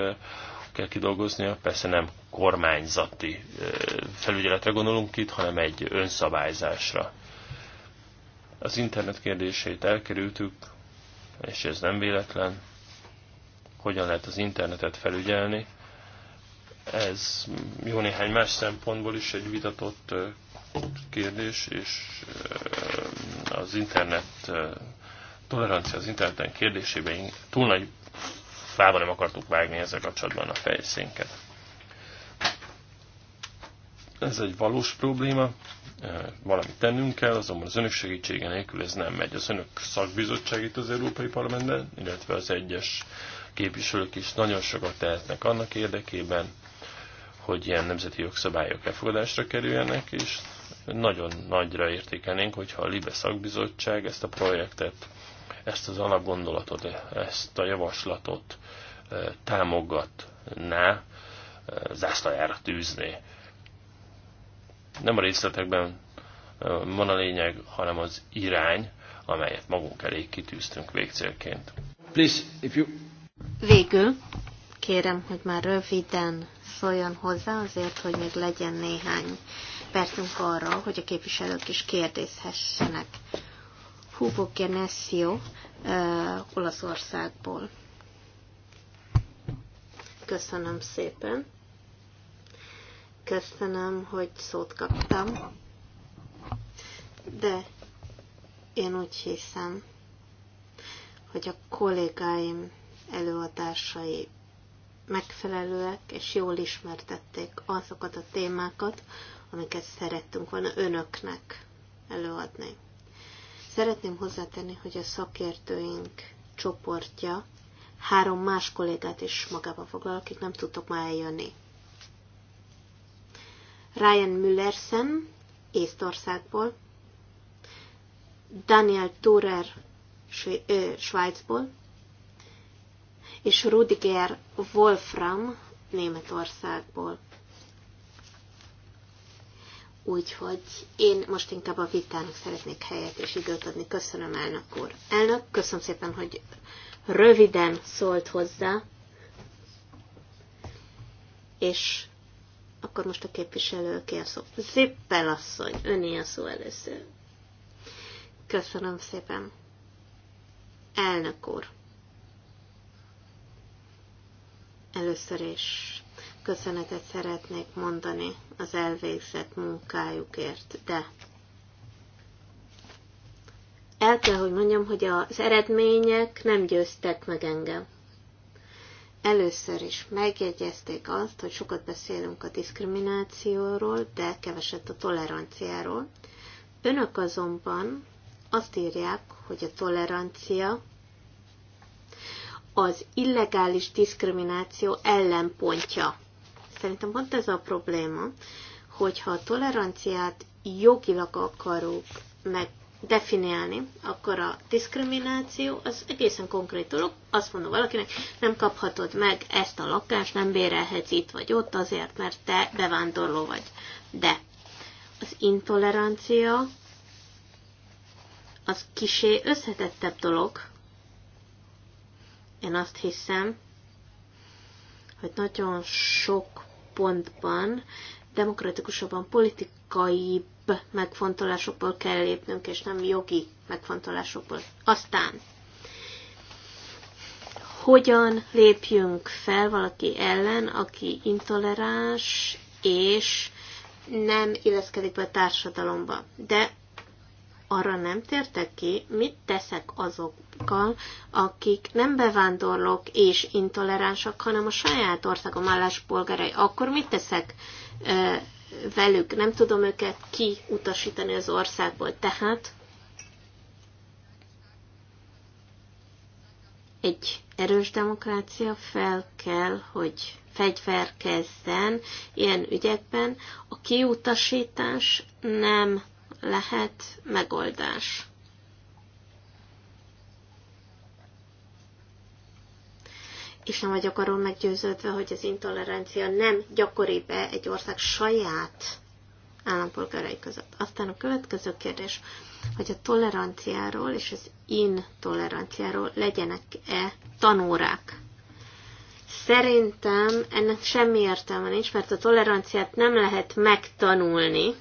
kell kidolgoznia. Persze nem kormányzati felügyeletre gondolunk itt, hanem egy önszabályzásra. Az internet kérdését elkerültük, és ez nem véletlen, hogyan lehet az internetet felügyelni. Ez jó néhány más szempontból is egy vitatott kérdés, és eh, az internet eh, tolerancia az interneten kérdésében túl nagy fába nem akartuk vágni ezzel kapcsolatban a fejszénket. Ez egy valós probléma, eh, valamit tennünk kell, azonban az önök segítsége nélkül ez nem megy. Az önök szakbizottságít az Európai Parlamentben, illetve az egyes képviselők is nagyon sokat tehetnek annak érdekében, hogy ilyen nemzeti jogszabályok elfogadásra kerüljenek, és nagyon nagyra értékelnénk, hogyha a Libe szakbizottság ezt a projektet, ezt az alapgondolatot, ezt a javaslatot e, támogatná, e, zászlajára tűzné. Nem a részletekben e, van a lényeg, hanem az irány, amelyet magunk elé kitűztünk végcélként. Please, if you... Végül kérem, hogy már röviden szóljon hozzá, azért, hogy még legyen néhány percünk arra, hogy a képviselők is kérdezhessenek. Hugo Genesio uh, Olaszországból. Köszönöm szépen. Köszönöm, hogy szót kaptam. De én úgy hiszem, hogy a kollégáim előadásai megfelelőek, és jól ismertették azokat a témákat, amiket szerettünk volna önöknek előadni. Szeretném hozzátenni, hogy a szakértőink csoportja három más kollégát is magába foglal, akik nem tudtok már eljönni. Ryan Müllersen, Észtországból, Daniel Thurer, Svájcból, és Rudiger Wolfram, Németországból Úgyhogy én most inkább a vitának szeretnék helyet és időt adni. Köszönöm, elnök úr. Elnök, köszönöm szépen, hogy röviden szólt hozzá, és akkor most a képviselő kér szó. Zippel asszony, öné a szó először. Köszönöm szépen. Elnök úr. Először is köszönetet szeretnék mondani az elvégzett munkájukért, de el kell, hogy mondjam, hogy az eredmények nem győztek meg engem. Először is megjegyezték azt, hogy sokat beszélünk a diszkriminációról, de keveset a toleranciáról. Önök azonban azt írják, hogy a tolerancia az illegális diszkrimináció ellenpontja. Szerintem pont ez a probléma, hogyha a toleranciát jogilag akarok meg definiálni, akkor a diszkrimináció az egészen konkrét dolog. Azt mondom valakinek, nem kaphatod meg ezt a lakást, nem bérelhetsz itt vagy ott azért, mert te bevándorló vagy. De az intolerancia az kisé összetettebb dolog. Én azt hiszem, hogy nagyon sok pontban demokratikusabban, politikaibb megfontolásokból kell lépnünk, és nem jogi megfontolásokból. Aztán, hogyan lépjünk fel valaki ellen, aki intoleráns és nem illeszkedik be a társadalomba. De arra nem tértek ki, mit teszek azokkal, akik nem bevándorlók és intoleránsak, hanem a saját országom álláspolgárai. Akkor mit teszek ö, velük? Nem tudom őket kiutasítani az országból. Tehát egy erős demokrácia fel kell, hogy fegyverkezzen ilyen ügyekben. A kiutasítás nem lehet megoldás. És nem vagyok arról meggyőződve, hogy az intolerancia nem gyakori be egy ország saját állampolgárai között. Aztán a következő kérdés, hogy a toleranciáról és az intoleranciáról legyenek-e tanórák. Szerintem ennek semmi értelme nincs, mert a toleranciát nem lehet megtanulni,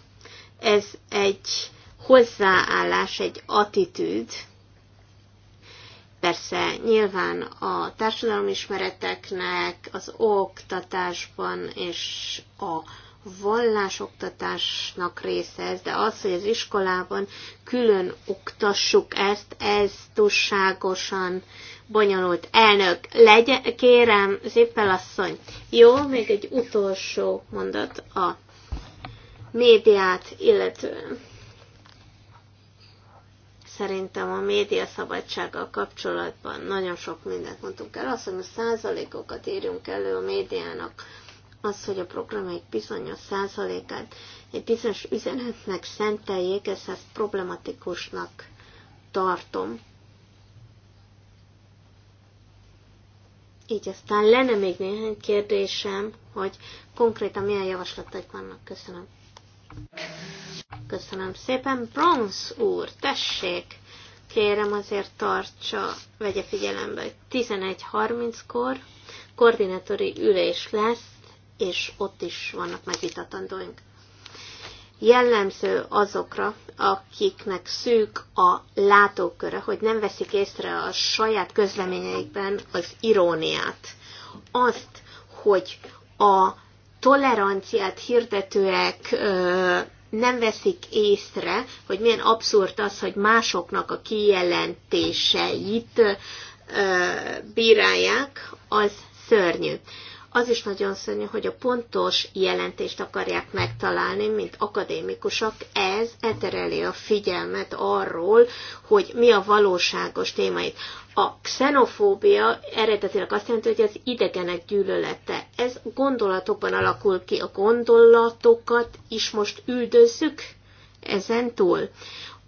ez egy hozzáállás, egy attitűd. Persze nyilván a társadalomismereteknek, az oktatásban és a vallásoktatásnak része ez, de az, hogy az iskolában külön oktassuk ezt, ez túlságosan bonyolult. Elnök, Legye, kérem, Zippel asszony, jó, még egy utolsó mondat a médiát illetően. Szerintem a média szabadsággal kapcsolatban nagyon sok mindent mondtunk el. Azt, hogy a százalékokat írjunk elő a médiának, az, hogy a program egy bizonyos százalékát egy bizonyos üzenetnek szenteljék, ezt, ezt problematikusnak tartom. Így aztán lenne még néhány kérdésem, hogy konkrétan milyen javaslataik vannak. Köszönöm. Köszönöm szépen. Bronz úr, tessék! Kérem azért tartsa, vegye figyelembe, hogy 11.30-kor koordinátori ülés lesz, és ott is vannak megvitatandóink. Jellemző azokra, akiknek szűk a látóköre, hogy nem veszik észre a saját közleményeikben az iróniát. Azt, hogy a toleranciát hirdetőek nem veszik észre, hogy milyen abszurd az, hogy másoknak a kijelentéseit bírálják, az szörnyű. Az is nagyon szörnyű, hogy a pontos jelentést akarják megtalálni, mint akadémikusok. Ez etereli a figyelmet arról, hogy mi a valóságos témait. A xenofóbia eredetileg azt jelenti, hogy az idegenek gyűlölete. Ez gondolatokban alakul ki. A gondolatokat is most üldözzük ezen túl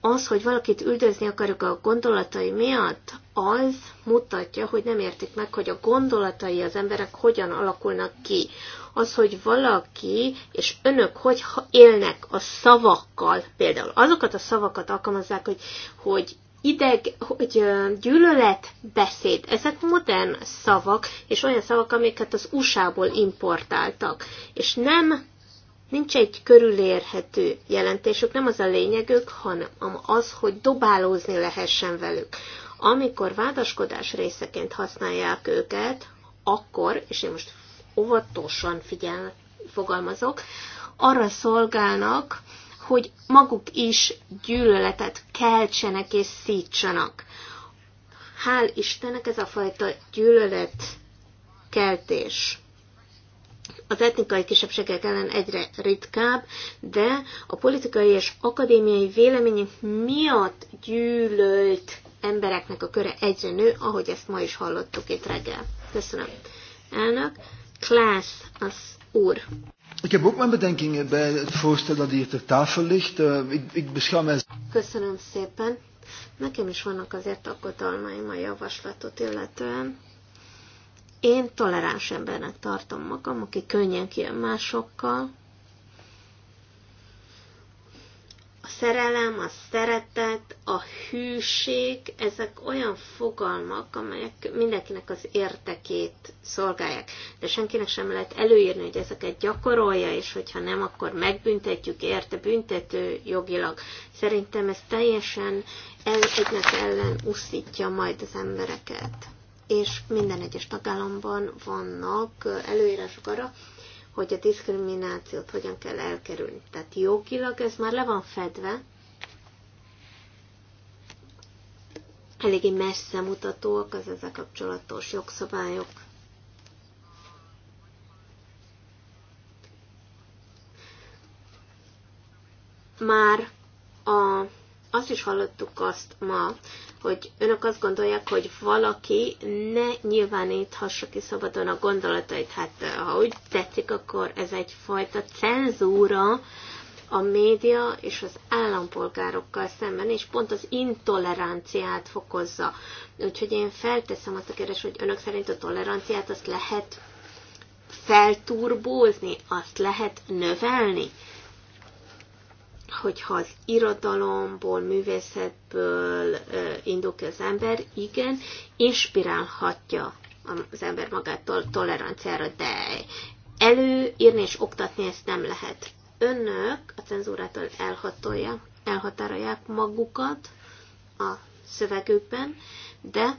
az, hogy valakit üldözni akarok a gondolatai miatt, az mutatja, hogy nem értik meg, hogy a gondolatai az emberek hogyan alakulnak ki. Az, hogy valaki és önök hogy élnek a szavakkal, például azokat a szavakat alkalmazzák, hogy, hogy ideg, hogy gyűlölet, beszéd. Ezek modern szavak, és olyan szavak, amiket az USA-ból importáltak. És nem Nincs egy körülérhető jelentésük, nem az a lényegük, hanem az, hogy dobálózni lehessen velük. Amikor vádaskodás részeként használják őket, akkor, és én most óvatosan figyel, fogalmazok, arra szolgálnak, hogy maguk is gyűlöletet keltsenek és szítsanak. Hál' Istennek ez a fajta gyűlöletkeltés az etnikai kisebbségek ellen egyre ritkább, de a politikai és akadémiai vélemények miatt gyűlölt embereknek a köre egyre nő, ahogy ezt ma is hallottuk itt reggel. Köszönöm. Elnök, Klász az úr. Ik heb ook mijn bedenkingen bij het voorstel dat hier ter tafel ligt. Uh, ik, ik beschouw mij... Köszönöm szépen. Nekem is vannak azért aggodalmaim a javaslatot illetően. Én toleráns embernek tartom magam, aki könnyen kijön másokkal. A szerelem, a szeretet, a hűség, ezek olyan fogalmak, amelyek mindenkinek az értekét szolgálják. De senkinek sem lehet előírni, hogy ezeket gyakorolja, és hogyha nem, akkor megbüntetjük érte büntető jogilag. Szerintem ez teljesen el, egynek ellen uszítja majd az embereket és minden egyes tagállamban vannak előírások arra, hogy a diszkriminációt hogyan kell elkerülni. Tehát jogilag ez már le van fedve, eléggé messze mutatóak az ezzel kapcsolatos jogszabályok. Már a, azt is hallottuk azt ma, hogy önök azt gondolják, hogy valaki ne nyilváníthassa ki szabadon a gondolatait. Hát ha úgy tetszik, akkor ez egyfajta cenzúra a média és az állampolgárokkal szemben, és pont az intoleranciát fokozza. Úgyhogy én felteszem azt a kérdést, hogy önök szerint a toleranciát azt lehet felturbózni, azt lehet növelni hogyha az irodalomból, művészetből indul ki az ember, igen, inspirálhatja az ember magát tol- toleranciára, de előírni és oktatni ezt nem lehet. Önök a cenzúrától elhatolja, elhatárolják magukat a szövegükben, de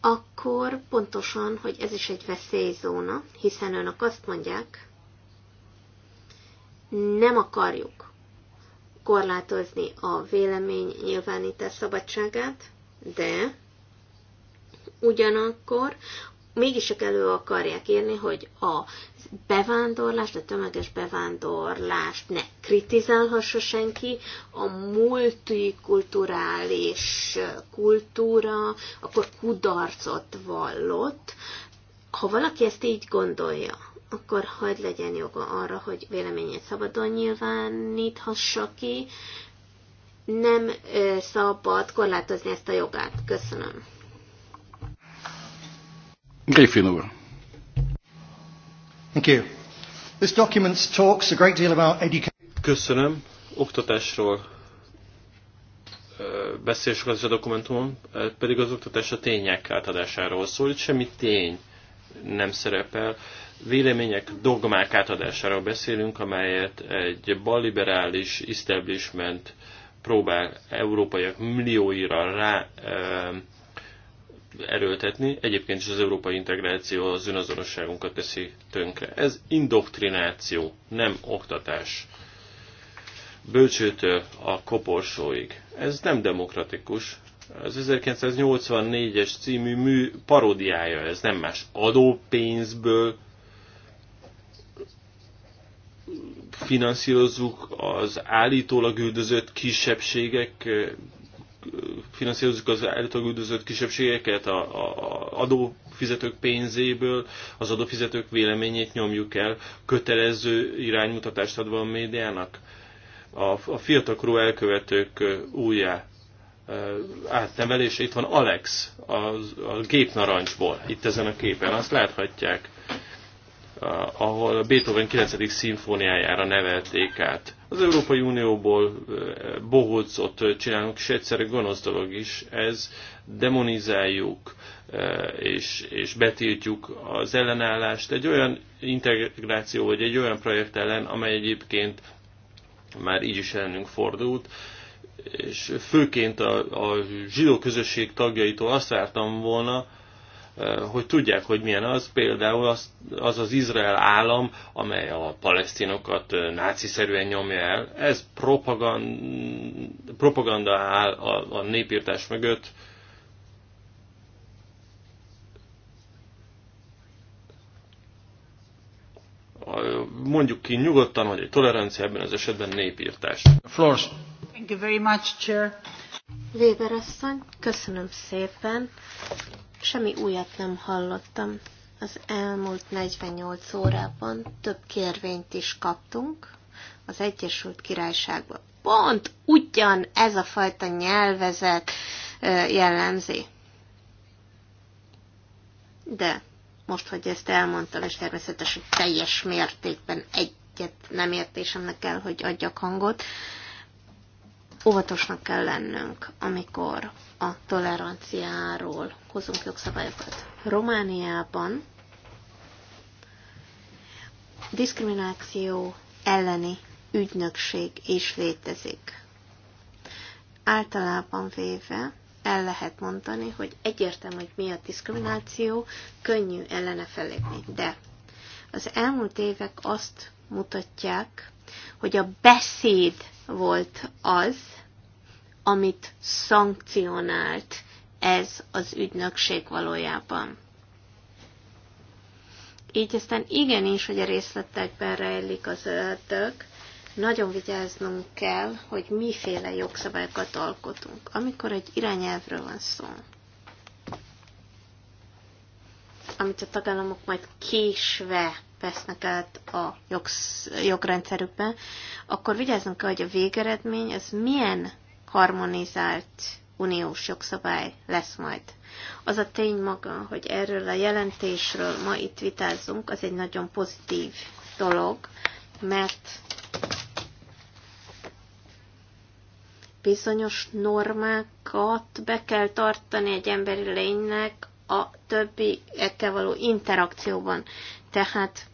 akkor pontosan, hogy ez is egy veszélyzóna, hiszen önök azt mondják, nem akarjuk korlátozni a vélemény nyilvánítás szabadságát, de ugyanakkor mégis csak elő akarják érni, hogy a bevándorlást, a tömeges bevándorlást ne kritizálhassa senki, a multikulturális kultúra akkor kudarcot vallott. Ha valaki ezt így gondolja, akkor hagyd legyen joga arra, hogy véleményét szabadon nyilváníthassa ki. Nem szabad korlátozni ezt a jogát. Köszönöm. Griffin úr. Thank you. This document talks a great deal about education. Köszönöm. Oktatásról beszél sokat ez a dokumentum, pedig az oktatás a tények átadásáról szól, itt semmi tény nem szerepel. Vélemények, dogmák átadásáról beszélünk, amelyet egy balliberális establishment próbál európaiak millióira rá e, erőltetni. Egyébként is az európai integráció az önazonosságunkat teszi tönkre. Ez indoktrináció, nem oktatás. Bölcsőtől a koporsóig. Ez nem demokratikus, az 1984-es című mű parodiája, ez nem más adópénzből finanszírozzuk az állítólag üldözött kisebbségek, finanszírozzuk az állítólag üldözött kisebbségeket a, a, a adófizetők pénzéből, az adófizetők véleményét nyomjuk el, kötelező iránymutatást adva a médiának. A, a fiatalkorú elkövetők újjá átnevelése. Itt van Alex, a a gépnarancsból, itt ezen a képen. Azt láthatják, ahol Beethoven 9. szimfóniájára nevelték át. Az Európai Unióból bohócot csinálunk, és egyszerű gonosz dolog is ez, demonizáljuk és, és betiltjuk az ellenállást egy olyan integráció vagy egy olyan projekt ellen, amely egyébként már így is ellenünk fordult, és főként a, a zsidó közösség tagjaitól azt vártam volna, eh, hogy tudják, hogy milyen az. Például az az, az Izrael állam, amely a palesztinokat eh, náciszerűen nyomja el. Ez propagand, propaganda áll a, a népírtás mögött. Mondjuk ki nyugodtan, hogy egy tolerancia ebben az esetben népírtás. Flores Thank you very much, Chair. Weber asszony, köszönöm szépen. Semmi újat nem hallottam. Az elmúlt 48 órában több kérvényt is kaptunk az Egyesült Királyságban. Pont ugyan ez a fajta nyelvezet jellemzi. De most, hogy ezt elmondtam, és természetesen teljes mértékben egyet nem értésemnek kell, hogy adjak hangot, óvatosnak kell lennünk, amikor a toleranciáról hozunk jogszabályokat. Romániában diszkrimináció elleni ügynökség is létezik. Általában véve el lehet mondani, hogy egyértelmű, hogy mi a diszkrimináció, könnyű ellene felépni. De az elmúlt évek azt mutatják, hogy a beszéd volt az, amit szankcionált ez az ügynökség valójában. Így aztán igenis, hogy a részletekben rejlik az ördög, nagyon vigyáznunk kell, hogy miféle jogszabályokat alkotunk, amikor egy irányelvről van szó amit a tagállamok majd késve vesznek át a jogsz, jogrendszerükbe, akkor vigyázzunk hogy a végeredmény az milyen harmonizált uniós jogszabály lesz majd. Az a tény maga, hogy erről a jelentésről ma itt vitázzunk, az egy nagyon pozitív dolog, mert bizonyos normákat be kell tartani egy emberi lénynek a többiekkel való interakcióban. Tehát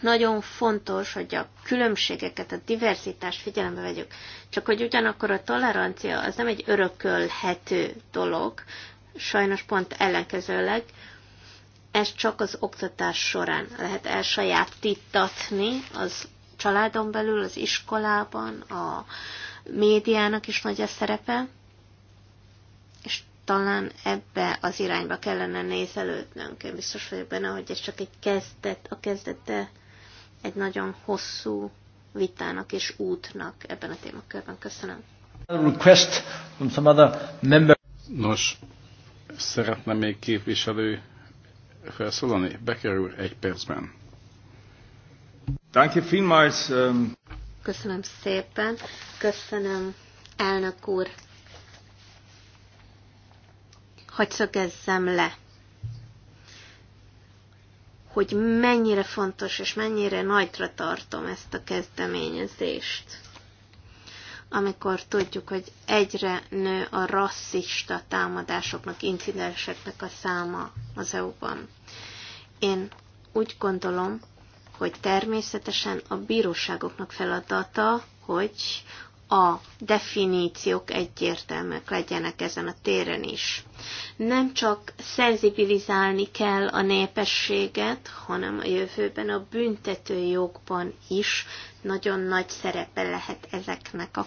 nagyon fontos, hogy a különbségeket, a diversitást figyelembe vegyük. Csak hogy ugyanakkor a tolerancia az nem egy örökölhető dolog, sajnos pont ellenkezőleg, ez csak az oktatás során lehet elsajátítatni az családon belül, az iskolában, a médiának is nagy a szerepe, talán ebbe az irányba kellene nézelődnünk. Én biztos vagyok benne, hogy ez csak egy kezdet, a kezdete egy nagyon hosszú vitának és útnak ebben a témakörben. Köszönöm. Request from some other member. Nos, szeretne még képviselő felszólalni? Bekerül egy percben. Danke vielmals. Ähm, Köszönöm szépen. Köszönöm, elnök úr hogy szögezzem le, hogy mennyire fontos és mennyire nagyra tartom ezt a kezdeményezést. Amikor tudjuk, hogy egyre nő a rasszista támadásoknak, incidenseknek a száma az EU-ban. Én úgy gondolom, hogy természetesen a bíróságoknak feladata, hogy a definíciók egyértelműek legyenek ezen a téren is. Nem csak szenzibilizálni kell a népességet, hanem a jövőben a büntetőjogban is nagyon nagy szerepe lehet ezeknek a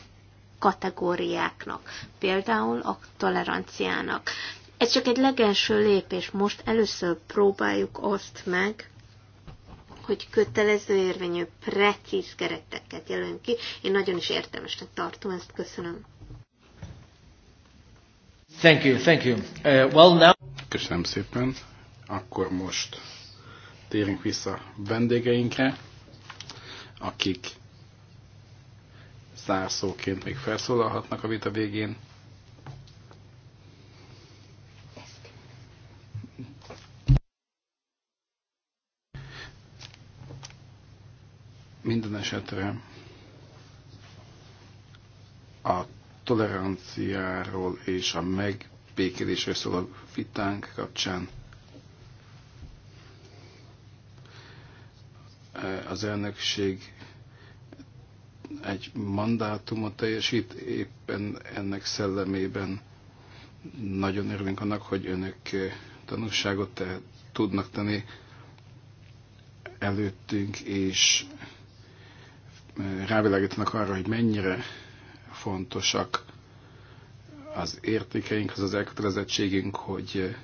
kategóriáknak, például a toleranciának. Ez csak egy legelső lépés, most először próbáljuk azt meg, hogy kötelező érvényű, precíz kereteket jelölünk ki. Én nagyon is értelmesnek tartom ezt. Köszönöm. Thank you, thank you. Uh, well now... Köszönöm szépen. Akkor most térünk vissza vendégeinkre, akik zárszóként még felszólalhatnak a vita végén. Minden esetre a toleranciáról és a megbékélésről szóló vitánk kapcsán eh, az elnökség egy mandátumot teljesít, éppen ennek szellemében nagyon örülünk annak, hogy önök eh, tanulságot te, eh, tudnak tenni előttünk, és rávilágítanak arra, hogy mennyire fontosak az értékeink, az az elkötelezettségünk, hogy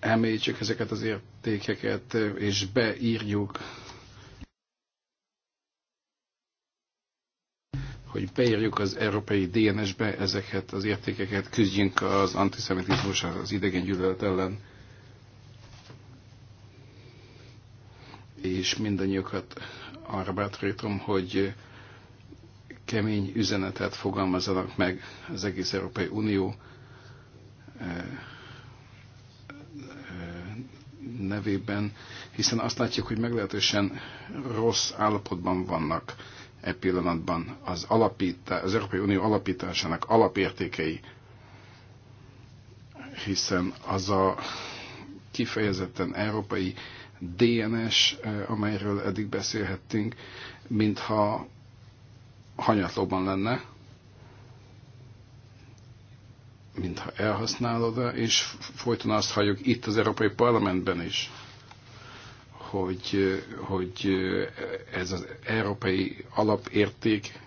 említsük ezeket az értékeket, és beírjuk, hogy beírjuk az európai DNS-be ezeket az értékeket, küzdjünk az antiszemitizmus, az idegen gyűlölet ellen, és mindannyiukat arra bátorítom, hogy kemény üzenetet fogalmazanak meg az egész Európai Unió eh, eh, nevében, hiszen azt látjuk, hogy meglehetősen rossz állapotban vannak e pillanatban az, alapítá, az Európai Unió alapításának alapértékei, hiszen az a kifejezetten európai DNS, eh, amelyről eddig beszélhettünk, mintha hanyatlóban lenne, mintha elhasználod, és folyton azt halljuk itt az Európai Parlamentben is, hogy, eh, hogy eh, ez az európai alapérték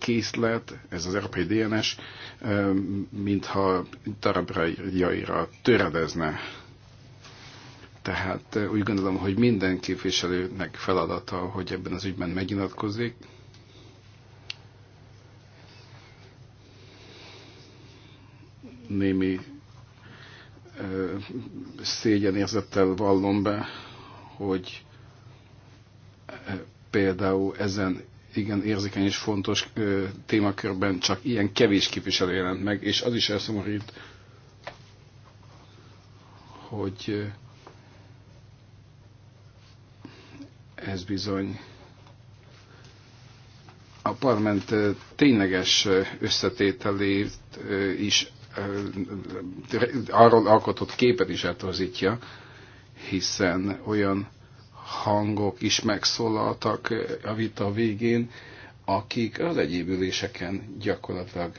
készlet, ez az európai DNS, mintha jaira töredezne tehát úgy gondolom, hogy minden képviselőnek feladata, hogy ebben az ügyben megnyilatkozik. Némi szégyenérzettel vallom be, hogy például ezen igen érzékeny és fontos témakörben csak ilyen kevés képviselő jelent meg, és az is elszomorít, hogy ez bizony a parlament tényleges összetételét is arról alkotott képet is eltorzítja, hiszen olyan hangok is megszólaltak a vita végén, akik az egyéb üléseken gyakorlatilag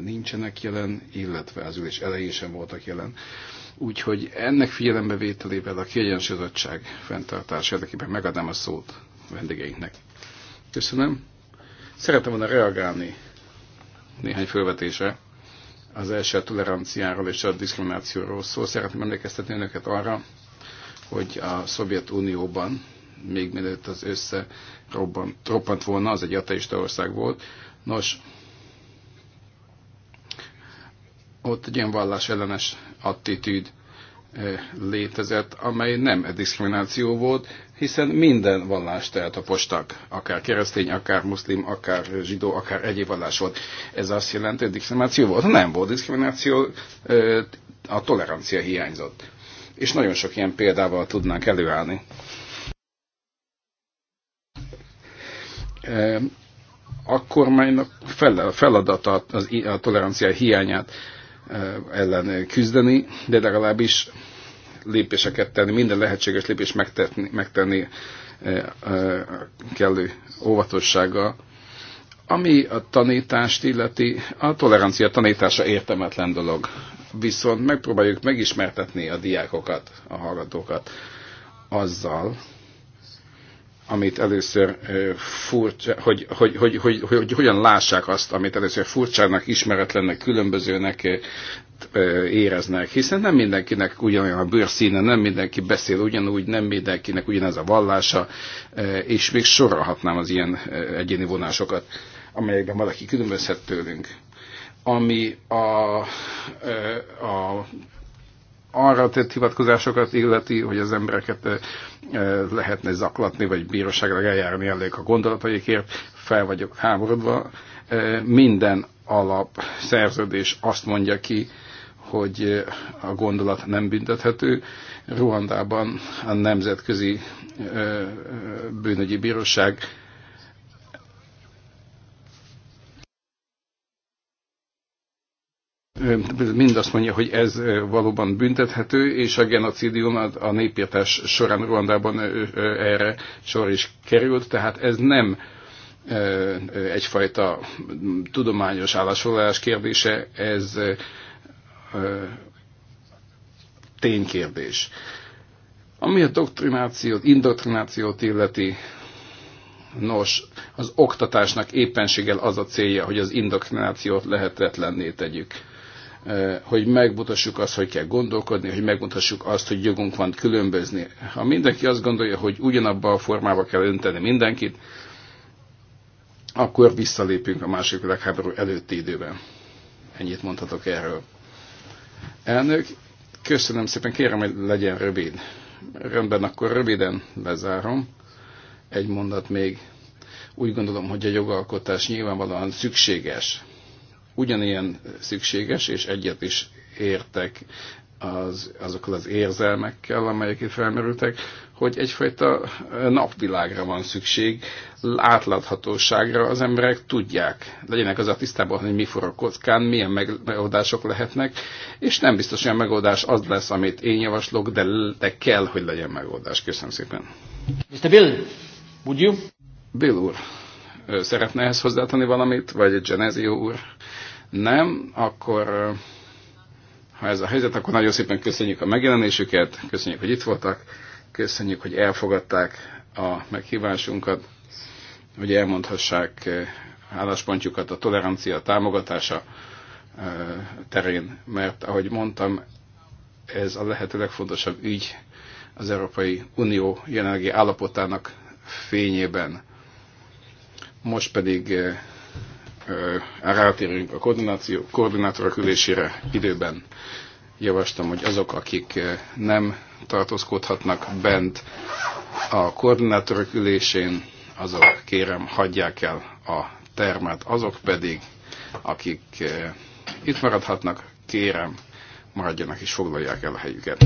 nincsenek jelen, illetve az ülés elején sem voltak jelen. Úgyhogy ennek figyelembevételével a kiegyensúlyozottság fenntartás érdekében megadnám a szót vendégeinknek. Köszönöm. Szeretem volna reagálni néhány felvetése Az első a toleranciáról és a diszkriminációról szól. Szeretném emlékeztetni önöket arra, hogy a Szovjetunióban még mielőtt az össze robbant, robbant volna, az egy ateista ország volt. Nos, ott egy ilyen vallás ellenes attitűd eh, létezett, amely nem e diszkrimináció volt, hiszen minden vallást eltapostak, akár keresztény, akár muszlim, akár zsidó, akár egyéb vallás volt. Ez azt jelenti, hogy diszkrimináció volt? Nem volt diszkrimináció, eh, a tolerancia hiányzott. És nagyon sok ilyen példával tudnánk előállni. Eh, a kormánynak feladata az, a tolerancia hiányát ellen küzdeni, de legalábbis lépéseket tenni, minden lehetséges lépést megtenni, megtenni kellő óvatossággal. Ami a tanítást illeti, a tolerancia tanítása értemetlen dolog. Viszont megpróbáljuk megismertetni a diákokat, a hallgatókat azzal, amit először furcsa, hogy, hogy, hogy, hogy, hogy, hogy hogyan lássák azt, amit először furcsának, ismeretlennek, különbözőnek éreznek, hiszen nem mindenkinek ugyanolyan a bőrszíne, nem mindenki beszél ugyanúgy, nem mindenkinek ugyanez a vallása, és még sorolhatnám az ilyen egyéni vonásokat, amelyekben valaki különbözhet tőlünk. Ami a, a arra tett hivatkozásokat illeti, hogy az embereket lehetne zaklatni, vagy bíróságra eljárni elég a gondolataikért, fel vagyok háborodva. Minden alap szerződés azt mondja ki, hogy a gondolat nem büntethető. Ruandában a Nemzetközi bűnögyi Bíróság mind azt mondja, hogy ez valóban büntethető, és a genocidium a népírtás során Ruandában erre sor is került, tehát ez nem egyfajta tudományos állásolás kérdése, ez ténykérdés. Ami a doktrinációt, indoktrinációt illeti, nos, az oktatásnak éppenséggel az a célja, hogy az indoktrinációt lehetetlenné tegyük hogy megmutassuk azt, hogy kell gondolkodni, hogy megmutassuk azt, hogy jogunk van különbözni. Ha mindenki azt gondolja, hogy ugyanabba a formába kell önteni mindenkit, akkor visszalépünk a második világháború előtti időben. Ennyit mondhatok erről. Elnök, köszönöm szépen, kérem, hogy legyen rövid. Rendben, akkor röviden lezárom. Egy mondat még. Úgy gondolom, hogy a jogalkotás nyilvánvalóan szükséges Ugyanilyen szükséges, és egyet is értek az, azokkal az érzelmekkel, amelyek itt felmerültek, hogy egyfajta napvilágra van szükség, átláthatóságra, az emberek tudják, legyenek az a tisztában, hogy mi forog kockán, milyen megoldások lehetnek, és nem biztos, hogy a megoldás az lesz, amit én javaslok, de, de kell, hogy legyen megoldás. Köszönöm szépen. Mr. Bill, would you? Bill úr, szeretne ehhez hozzátenni valamit, vagy Genezio úr? nem, akkor ha ez a helyzet, akkor nagyon szépen köszönjük a megjelenésüket, köszönjük, hogy itt voltak, köszönjük, hogy elfogadták a meghívásunkat, hogy elmondhassák álláspontjukat a tolerancia támogatása terén, mert ahogy mondtam, ez a lehető legfontosabb ügy az Európai Unió jelenlegi állapotának fényében. Most pedig rátérünk a koordináció, koordinátorok ülésére időben. Javaslom, hogy azok, akik nem tartózkodhatnak bent a koordinátorok ülésén, azok kérem hagyják el a termet. Azok pedig, akik itt maradhatnak, kérem maradjanak és foglalják el a helyüket.